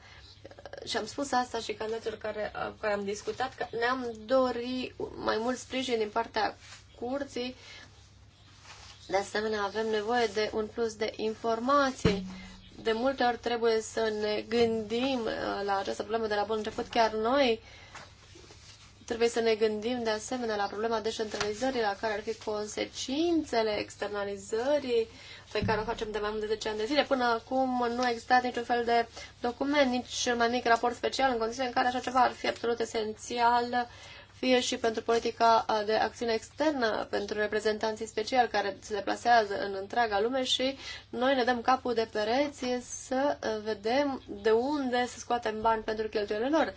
și am spus asta și candidaților care, uh, care am discutat, că ne-am dorit mai mult sprijin din partea curții. De asemenea, avem nevoie de un plus de informații. De multe ori trebuie să ne gândim uh, la această problemă de la bun început. Chiar noi trebuie să ne gândim de asemenea la problema descentralizării, la care ar fi consecințele externalizării uh, pe care o facem de mai mult de 10 ani de zile. Până acum nu a existat niciun fel de document, nici cel mai mic raport special, în condiții în care așa ceva ar fi absolut esențial fie și pentru politica de acțiune externă, pentru reprezentanții speciali care se deplasează în întreaga lume și noi ne dăm capul de pereți să vedem de unde să scoatem bani pentru cheltuielile lor.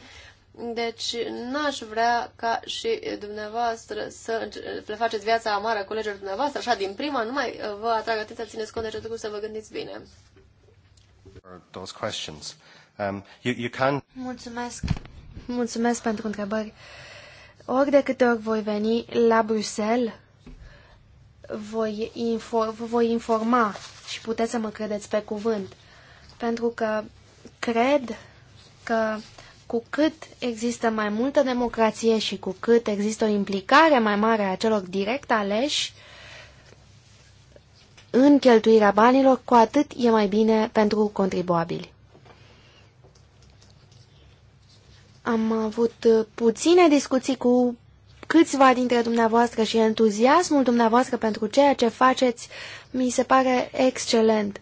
Deci n-aș vrea ca și dumneavoastră să le faceți viața amară colegilor dumneavoastră, așa din prima, nu mai uh, vă atrag atenția, țineți cont de ce să vă gândiți bine. Um, Mulțumesc. Mulțumesc pentru întrebări. Ori de câte ori voi veni la Bruxelles, voi, infor, voi informa și puteți să mă credeți pe cuvânt. Pentru că cred că cu cât există mai multă democrație și cu cât există o implicare mai mare a celor direct aleși în cheltuirea banilor, cu atât e mai bine pentru contribuabili. Am avut puține discuții cu câțiva dintre dumneavoastră și entuziasmul dumneavoastră pentru ceea ce faceți mi se pare excelent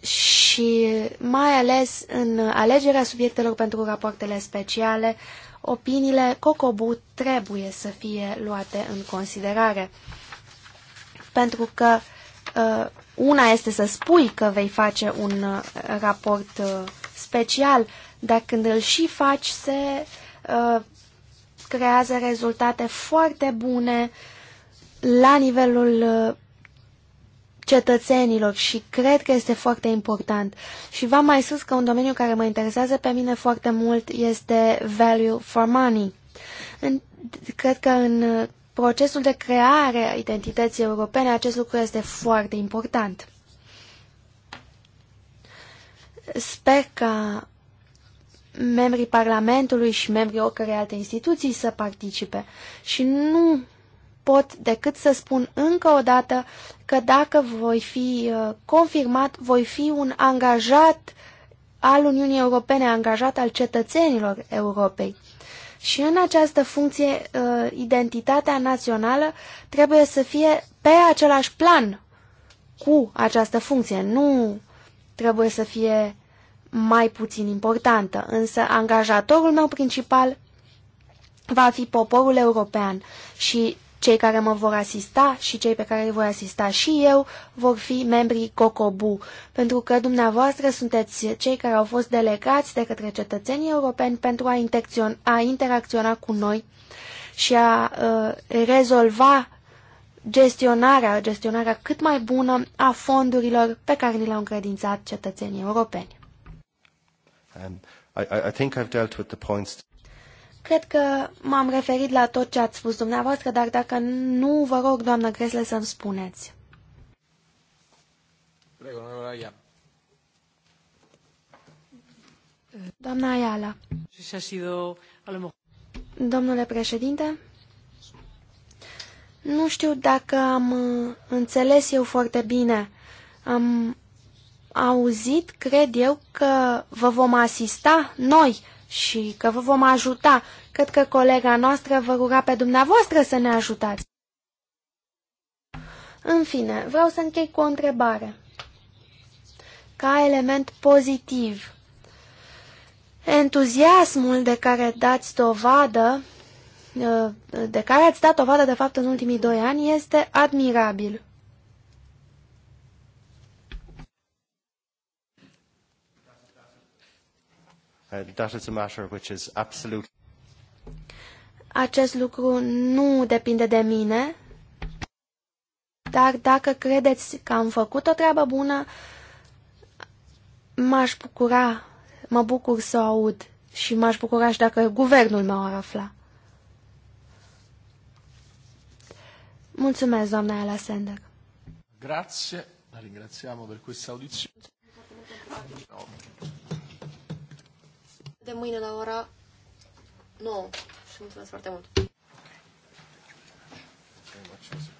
și mai ales în alegerea subiectelor pentru rapoartele speciale, opiniile COCOBU trebuie să fie luate în considerare. Pentru că uh, una este să spui că vei face un uh, raport uh, special, dar când îl și faci se creează rezultate foarte bune la nivelul cetățenilor și cred că este foarte important. Și v-am mai spus că un domeniu care mă interesează pe mine foarte mult este value for money. În, cred că în procesul de creare a identității europene acest lucru este foarte important. Sper că membrii Parlamentului și membrii oricărei alte instituții să participe și nu pot decât să spun încă o dată că dacă voi fi uh, confirmat, voi fi un angajat al Uniunii Europene, angajat al cetățenilor Europei. Și în această funcție, uh, identitatea națională trebuie să fie pe același plan cu această funcție. Nu trebuie să fie mai puțin importantă, însă angajatorul meu principal va fi poporul european și cei care mă vor asista și cei pe care îi voi asista și eu vor fi membrii COCOBU, pentru că dumneavoastră sunteți cei care au fost delegați de către cetățenii europeni pentru a, a interacționa cu noi și a uh, rezolva gestionarea, gestionarea cât mai bună a fondurilor pe care ni le-au încredințat cetățenii europeni. Um, I, I think I've dealt with the points... Cred că m-am referit la tot ce ați spus dumneavoastră, dar dacă nu, vă rog, doamnă Cresle, să-mi spuneți. Doamna Ayala. Domnule președinte, nu știu dacă am uh, înțeles eu foarte bine. Am auzit, cred eu, că vă vom asista noi și că vă vom ajuta. Cred că colega noastră vă ruga pe dumneavoastră să ne ajutați. În fine, vreau să închei cu o întrebare. Ca element pozitiv, entuziasmul de care dați dovadă, de care ați dat dovadă de fapt în ultimii doi ani, este admirabil. Uh, that is a matter which is Acest lucru nu depinde de mine, dar dacă credeți că am făcut o treabă bună, m-aș bucura, mă bucur să o aud și m-aș bucura și dacă guvernul meu ar afla. Mulțumesc, doamna Ela Grazie, la ringraziamo per questa audizione de mâine la ora 9. Și mulțumesc foarte mult! Okay.